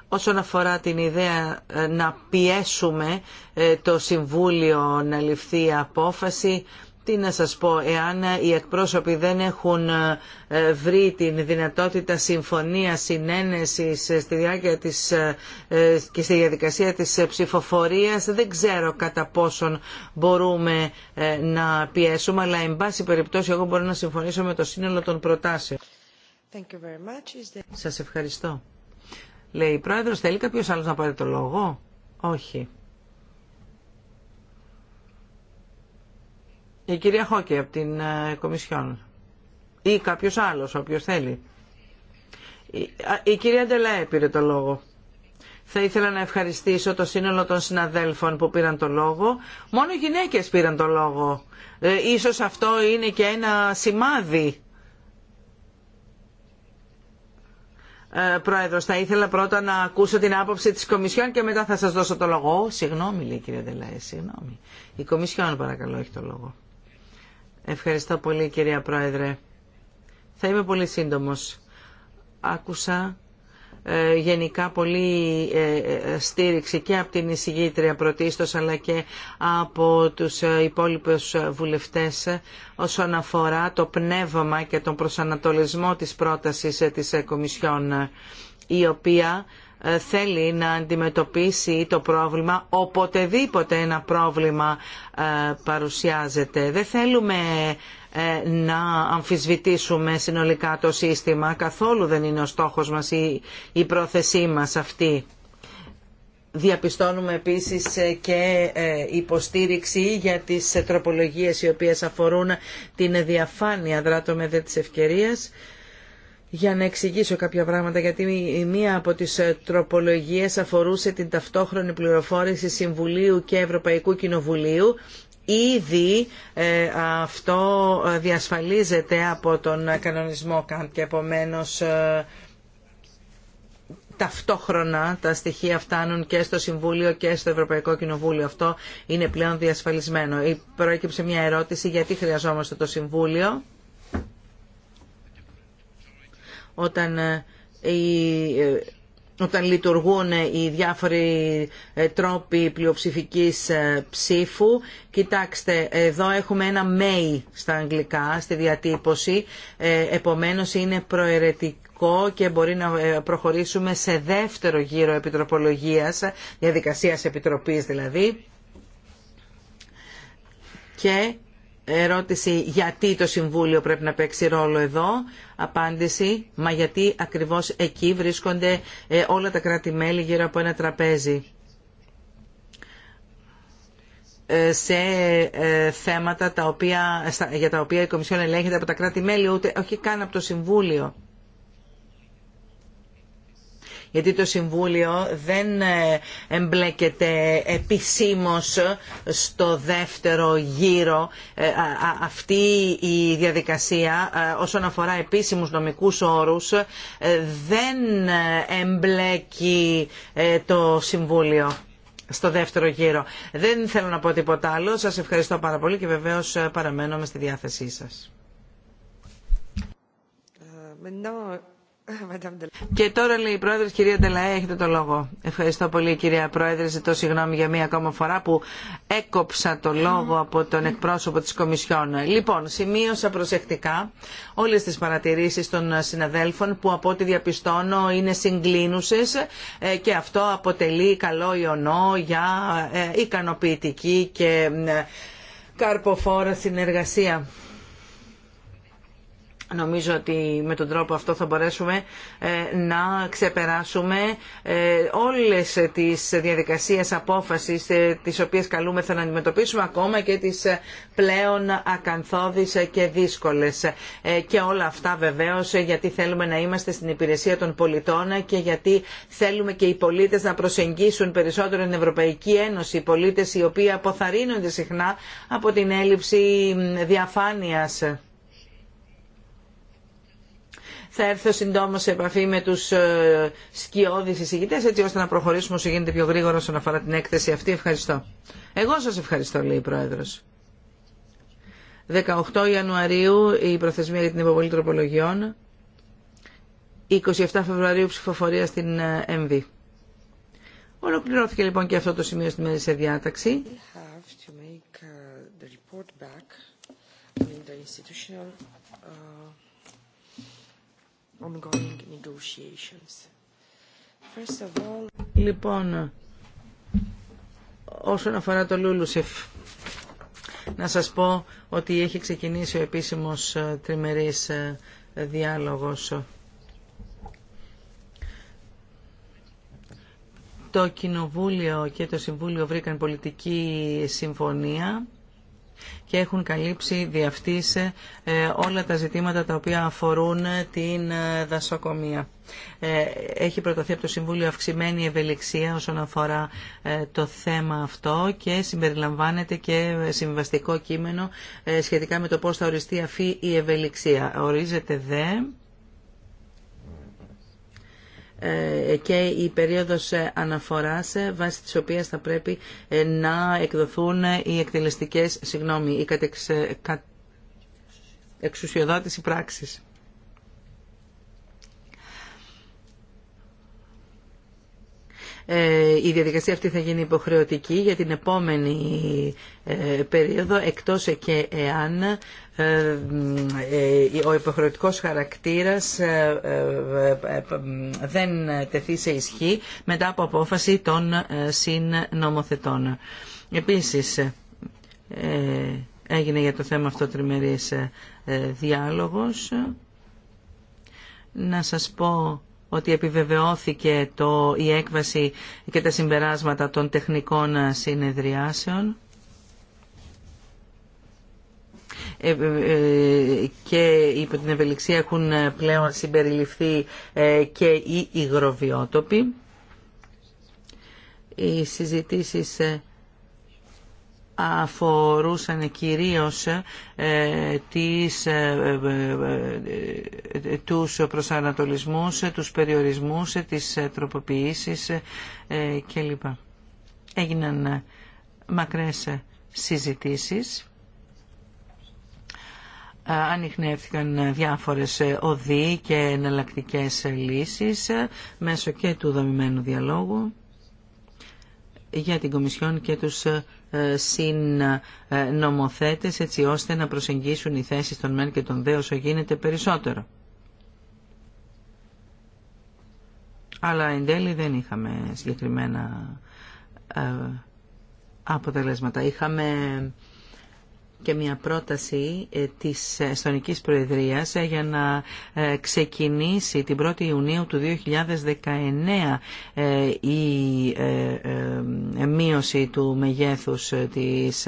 όσον αφορά την ιδέα ε, να πιέσουμε ε, το Συμβούλιο να ληφθεί απόφαση, τι να σας πω, εάν ε, οι εκπρόσωποι δεν έχουν βρει την δυνατότητα συμφωνίας, συνένεσης στη διάρκεια της, και στη διαδικασία της ψηφοφορίας, δεν ξέρω κατά πόσον μπορούμε να πιέσουμε, αλλά εν πάση περιπτώσει εγώ μπορώ να συμφωνήσω με το σύνολο των προτάσεων. Σας ευχαριστώ λέει η πρόεδρος. Θέλει κάποιος άλλος να πάρει το λόγο. Όχι. Η κυρία Χόκη από την ε, Κομισιόν. Ή κάποιος άλλος, όποιος θέλει. Η, η κυρία Ντελαέ πήρε το λόγο. Θα ήθελα να ευχαριστήσω το σύνολο των συναδέλφων που πήραν το λόγο. Μόνο οι γυναίκες πήραν το λόγο. Ε, ίσως αυτό είναι και ένα σημάδι Ε, πρόεδρος, θα ήθελα πρώτα να ακούσω την άποψη της Κομισιόν και μετά θα σας δώσω το λόγο. Ω, συγγνώμη, λέει κύριε Δελαέ. συγγνώμη. Η Κομισιόν παρακαλώ έχει το λόγο. Ευχαριστώ πολύ κυρία Πρόεδρε. Θα είμαι πολύ σύντομος. Άκουσα ε, γενικά πολύ ε, ε, στήριξη και από την εισηγήτρια πρωτίστως αλλά και από τους υπόλοιπους βουλευτές όσον αφορά το πνεύμα και τον προσανατολισμό της πρότασης της Κομισιόν η οποία θέλει να αντιμετωπίσει το πρόβλημα οποτεδήποτε ένα πρόβλημα παρουσιάζεται. Δεν θέλουμε ε, να αμφισβητήσουμε συνολικά το σύστημα. Καθόλου δεν είναι ο στόχος μας ή η πρόθεσή μας αυτή. Διαπιστώνουμε επίσης ε, και ε, υποστήριξη για τις τροπολογίες οι οποίες αφορούν την διαφάνεια δράτω με δε της ευκαιρίας. Για να εξηγήσω κάποια πράγματα, γιατί μία από τις τροπολογίες αφορούσε την ταυτόχρονη πληροφόρηση Συμβουλίου και Ευρωπαϊκού Κοινοβουλίου Ήδη ε, αυτό διασφαλίζεται από τον κανονισμό ΚΑΝΤ και επομένως ε, ταυτόχρονα τα στοιχεία φτάνουν και στο Συμβούλιο και στο Ευρωπαϊκό Κοινοβούλιο. Αυτό είναι πλέον διασφαλισμένο. Προέκυψε μια ερώτηση γιατί χρειαζόμαστε το Συμβούλιο όταν ε, η όταν λειτουργούν οι διάφοροι ε, τρόποι πλειοψηφικής ε, ψήφου. Κοιτάξτε, εδώ έχουμε ένα may στα αγγλικά, στη διατύπωση, ε, επομένως είναι προαιρετικό και μπορεί να προχωρήσουμε σε δεύτερο γύρο επιτροπολογίας, διαδικασίας επιτροπής δηλαδή. Και ερώτηση γιατί το Συμβούλιο πρέπει να παίξει ρόλο εδώ. Απάντηση, μα γιατί ακριβώς εκεί βρίσκονται ε, όλα τα κράτη-μέλη γύρω από ένα τραπέζι ε, σε ε, θέματα τα οποία, για τα οποία η Κομισιόν ελέγχεται από τα κράτη-μέλη, ούτε όχι καν από το Συμβούλιο γιατί το Συμβούλιο δεν ε, εμπλέκεται επισήμως στο δεύτερο γύρο ε, αυτή η διαδικασία ε, όσον αφορά επίσημους νομικούς όρους δεν εμπλέκει το Συμβούλιο στο δεύτερο γύρο. Δεν θέλω να πω τίποτα άλλο. Σας ευχαριστώ πάρα πολύ και βεβαίως παραμένω στη διάθεσή σας. Και τώρα λέει η Πρόεδρος, κυρία Ντελαέ, έχετε το λόγο. Ευχαριστώ πολύ κυρία Πρόεδρε, ζητώ συγγνώμη για μία ακόμα φορά που έκοψα το λόγο από τον εκπρόσωπο της Κομισιόν. Λοιπόν, σημείωσα προσεκτικά όλες τις παρατηρήσεις των συναδέλφων που από ό,τι διαπιστώνω είναι συγκλίνουσες ε, και αυτό αποτελεί καλό ιονό για ε, ικανοποιητική και ε, καρποφόρα συνεργασία. Νομίζω ότι με τον τρόπο αυτό θα μπορέσουμε ε, να ξεπεράσουμε ε, όλες τις διαδικασίες απόφασης ε, τις οποίες καλούμεθα να αντιμετωπίσουμε ακόμα και τις πλέον ακαθόδεις και δύσκολες. Και όλα αυτά βεβαίως γιατί θέλουμε να είμαστε στην υπηρεσία των πολιτών και γιατί θέλουμε και οι πολίτες να προσεγγίσουν περισσότερο την Ευρωπαϊκή Ένωση. Οι πολίτες οι οποίοι αποθαρρύνονται συχνά από την έλλειψη διαφάνειας θα έρθω συντόμως σε επαφή με τους ε, σκιώδεις εισηγητές έτσι ώστε να προχωρήσουμε όσο γίνεται πιο γρήγορα όσον αφορά την έκθεση αυτή. Ευχαριστώ. Εγώ σας ευχαριστώ λέει η Πρόεδρος. 18 Ιανουαρίου η προθεσμία για την υποβολή τροπολογιών. 27 Φεβρουαρίου ψηφοφορία στην ε, ΕΜΒ. Ολοκληρώθηκε λοιπόν και αυτό το σημείο στη μέρη σε διάταξη. Λοιπόν, όσον αφορά το Λούλουσεφ, να σας πω ότι έχει ξεκινήσει ο επίσημος ε, τριμερής ε, διάλογος. Το Κοινοβούλιο και το Συμβούλιο βρήκαν πολιτική συμφωνία και έχουν καλύψει δι' ε, όλα τα ζητήματα τα οποία αφορούν την ε, δασοκομεία. Ε, έχει προταθεί από το Συμβούλιο αυξημένη ευελιξία όσον αφορά το θέμα αυτό και συμπεριλαμβάνεται και συμβαστικό κείμενο σχετικά με το πώς θα οριστεί αυτή η ευελιξία. Ορίζεται δε ε, και η περίοδος ε, αναφοράς ε, βάσει της οποίας θα πρέπει να εκδοθούν οι εκτελεστικές, συγγνώμη, οι κα, εξουσιοδότηση πράξης. η διαδικασία αυτή θα γίνει υποχρεωτική για την επόμενη περίοδο εκτός και εάν ε, ε, ο υποχρεωτικός χαρακτήρας ε, δεν τεθεί σε ισχύ μετά από απόφαση των συνομοθετών. Επίσης, έγινε για το θέμα αυτό τριμερής διάλογος. Να σας πω ότι επιβεβαιώθηκε το, η έκβαση και τα συμπεράσματα των τεχνικών συνεδριάσεων Ε, ε, και υπό την ευελιξία έχουν πλέον συμπεριληφθεί ε, και οι υγροβιότοποι. Οι συζητήσεις αφορούσαν κυρίως τις, τους προσανατολισμούς, τους περιορισμούς, τις τροποποιήσεις κλπ. Έγιναν μακρές συζητήσεις ανοιχνεύτηκαν διάφορες οδοί και εναλλακτικέ λύσεις μέσω και του δομημένου διαλόγου για την Κομισιόν και τους ε, συνομοθέτες έτσι ώστε να προσεγγίσουν οι θέσεις των ΜΕΝ και των ΔΕ όσο γίνεται περισσότερο. Αλλά εν τέλει δεν είχαμε συγκεκριμένα ε, αποτελέσματα. Είχαμε και μια πρόταση ε, της Εστονικής Προεδρίας ε, για να ε, ξεκινήσει την 1η Ιουνίου του 2019 η μείωση του μεγέθους της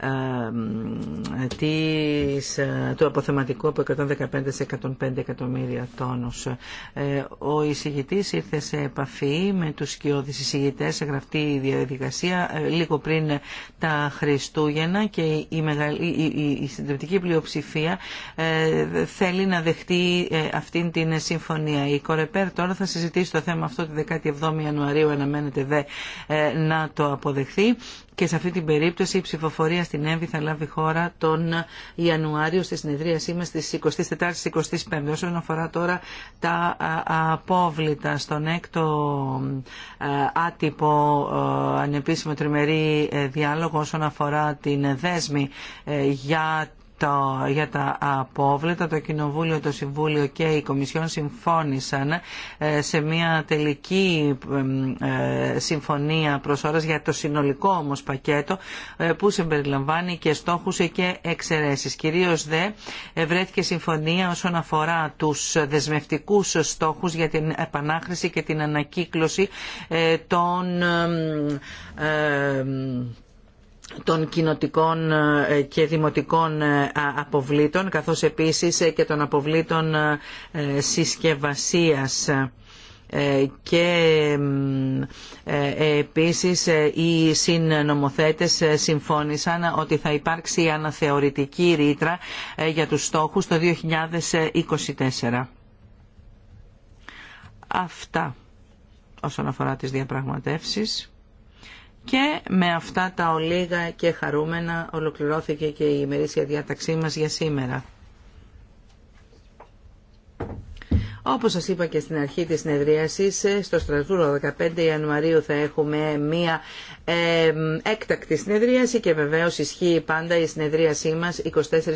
ε, της, ε, του αποθεματικού από 115 σε 105 εκατομμύρια τόνους. Ε, ο εισηγητής ήρθε σε επαφή με τους σκιώδεις εισηγητές σε γραφτή διαδικασία λίγο πριν τα Χριστούγεννα και η, η, η συντριπτική πλειοψηφία θέλει να δεχτεί αυτήν την συμφωνία. Η Κορεπέρ τώρα θα συζητήσει το θέμα αυτό τη 17η Ιανουαρίου, αναμένεται δε να το αποδεχθεί και σε αυτή την περίπτωση η ψηφοφορία στην ΕΜΒΗ θα λάβει χώρα τον Ιανουάριο στη συνεδρίασή μας στις 24-25. Όσον αφορά τώρα τα απόβλητα στον έκτο ε, άτυπο ε, ανεπίσημο τριμερή ε, διάλογο όσον αφορά την δέσμη για το, για τα απόβλητα, το Κοινοβούλιο, το Συμβούλιο και η Κομισιόν συμφώνησαν ε, σε μια τελική ε, συμφωνία προς ώρας για το συνολικό όμως πακέτο ε, που συμπεριλαμβάνει και στόχους και εξαιρέσεις. Κυρίως δε βρέθηκε συμφωνία όσον αφορά τους δεσμευτικούς στόχους για την επανάχρηση και την ανακύκλωση των των κοινοτικών ε, και δημοτικών ε, αποβλήτων, καθώς επίσης ε, και των αποβλήτων συσκευασίας και επίσης οι συνομοθέτες συμφώνησαν ότι θα υπάρξει αναθεωρητική ρήτρα για τους στόχους το 2024. Αυτά όσον αφορά τις διαπραγματεύσεις. Και με αυτά τα ολίγα και χαρούμενα ολοκληρώθηκε και η ημερήσια διάταξή μας για σήμερα. Όπως σας είπα και στην αρχή της συνεδρίασης, ε, στο Στρασβούργο 15 Ιανουαρίου θα έχουμε μία ε, έκτακτη συνεδρίαση και βεβαίως ισχύει πάντα η συνεδρίασή μας 24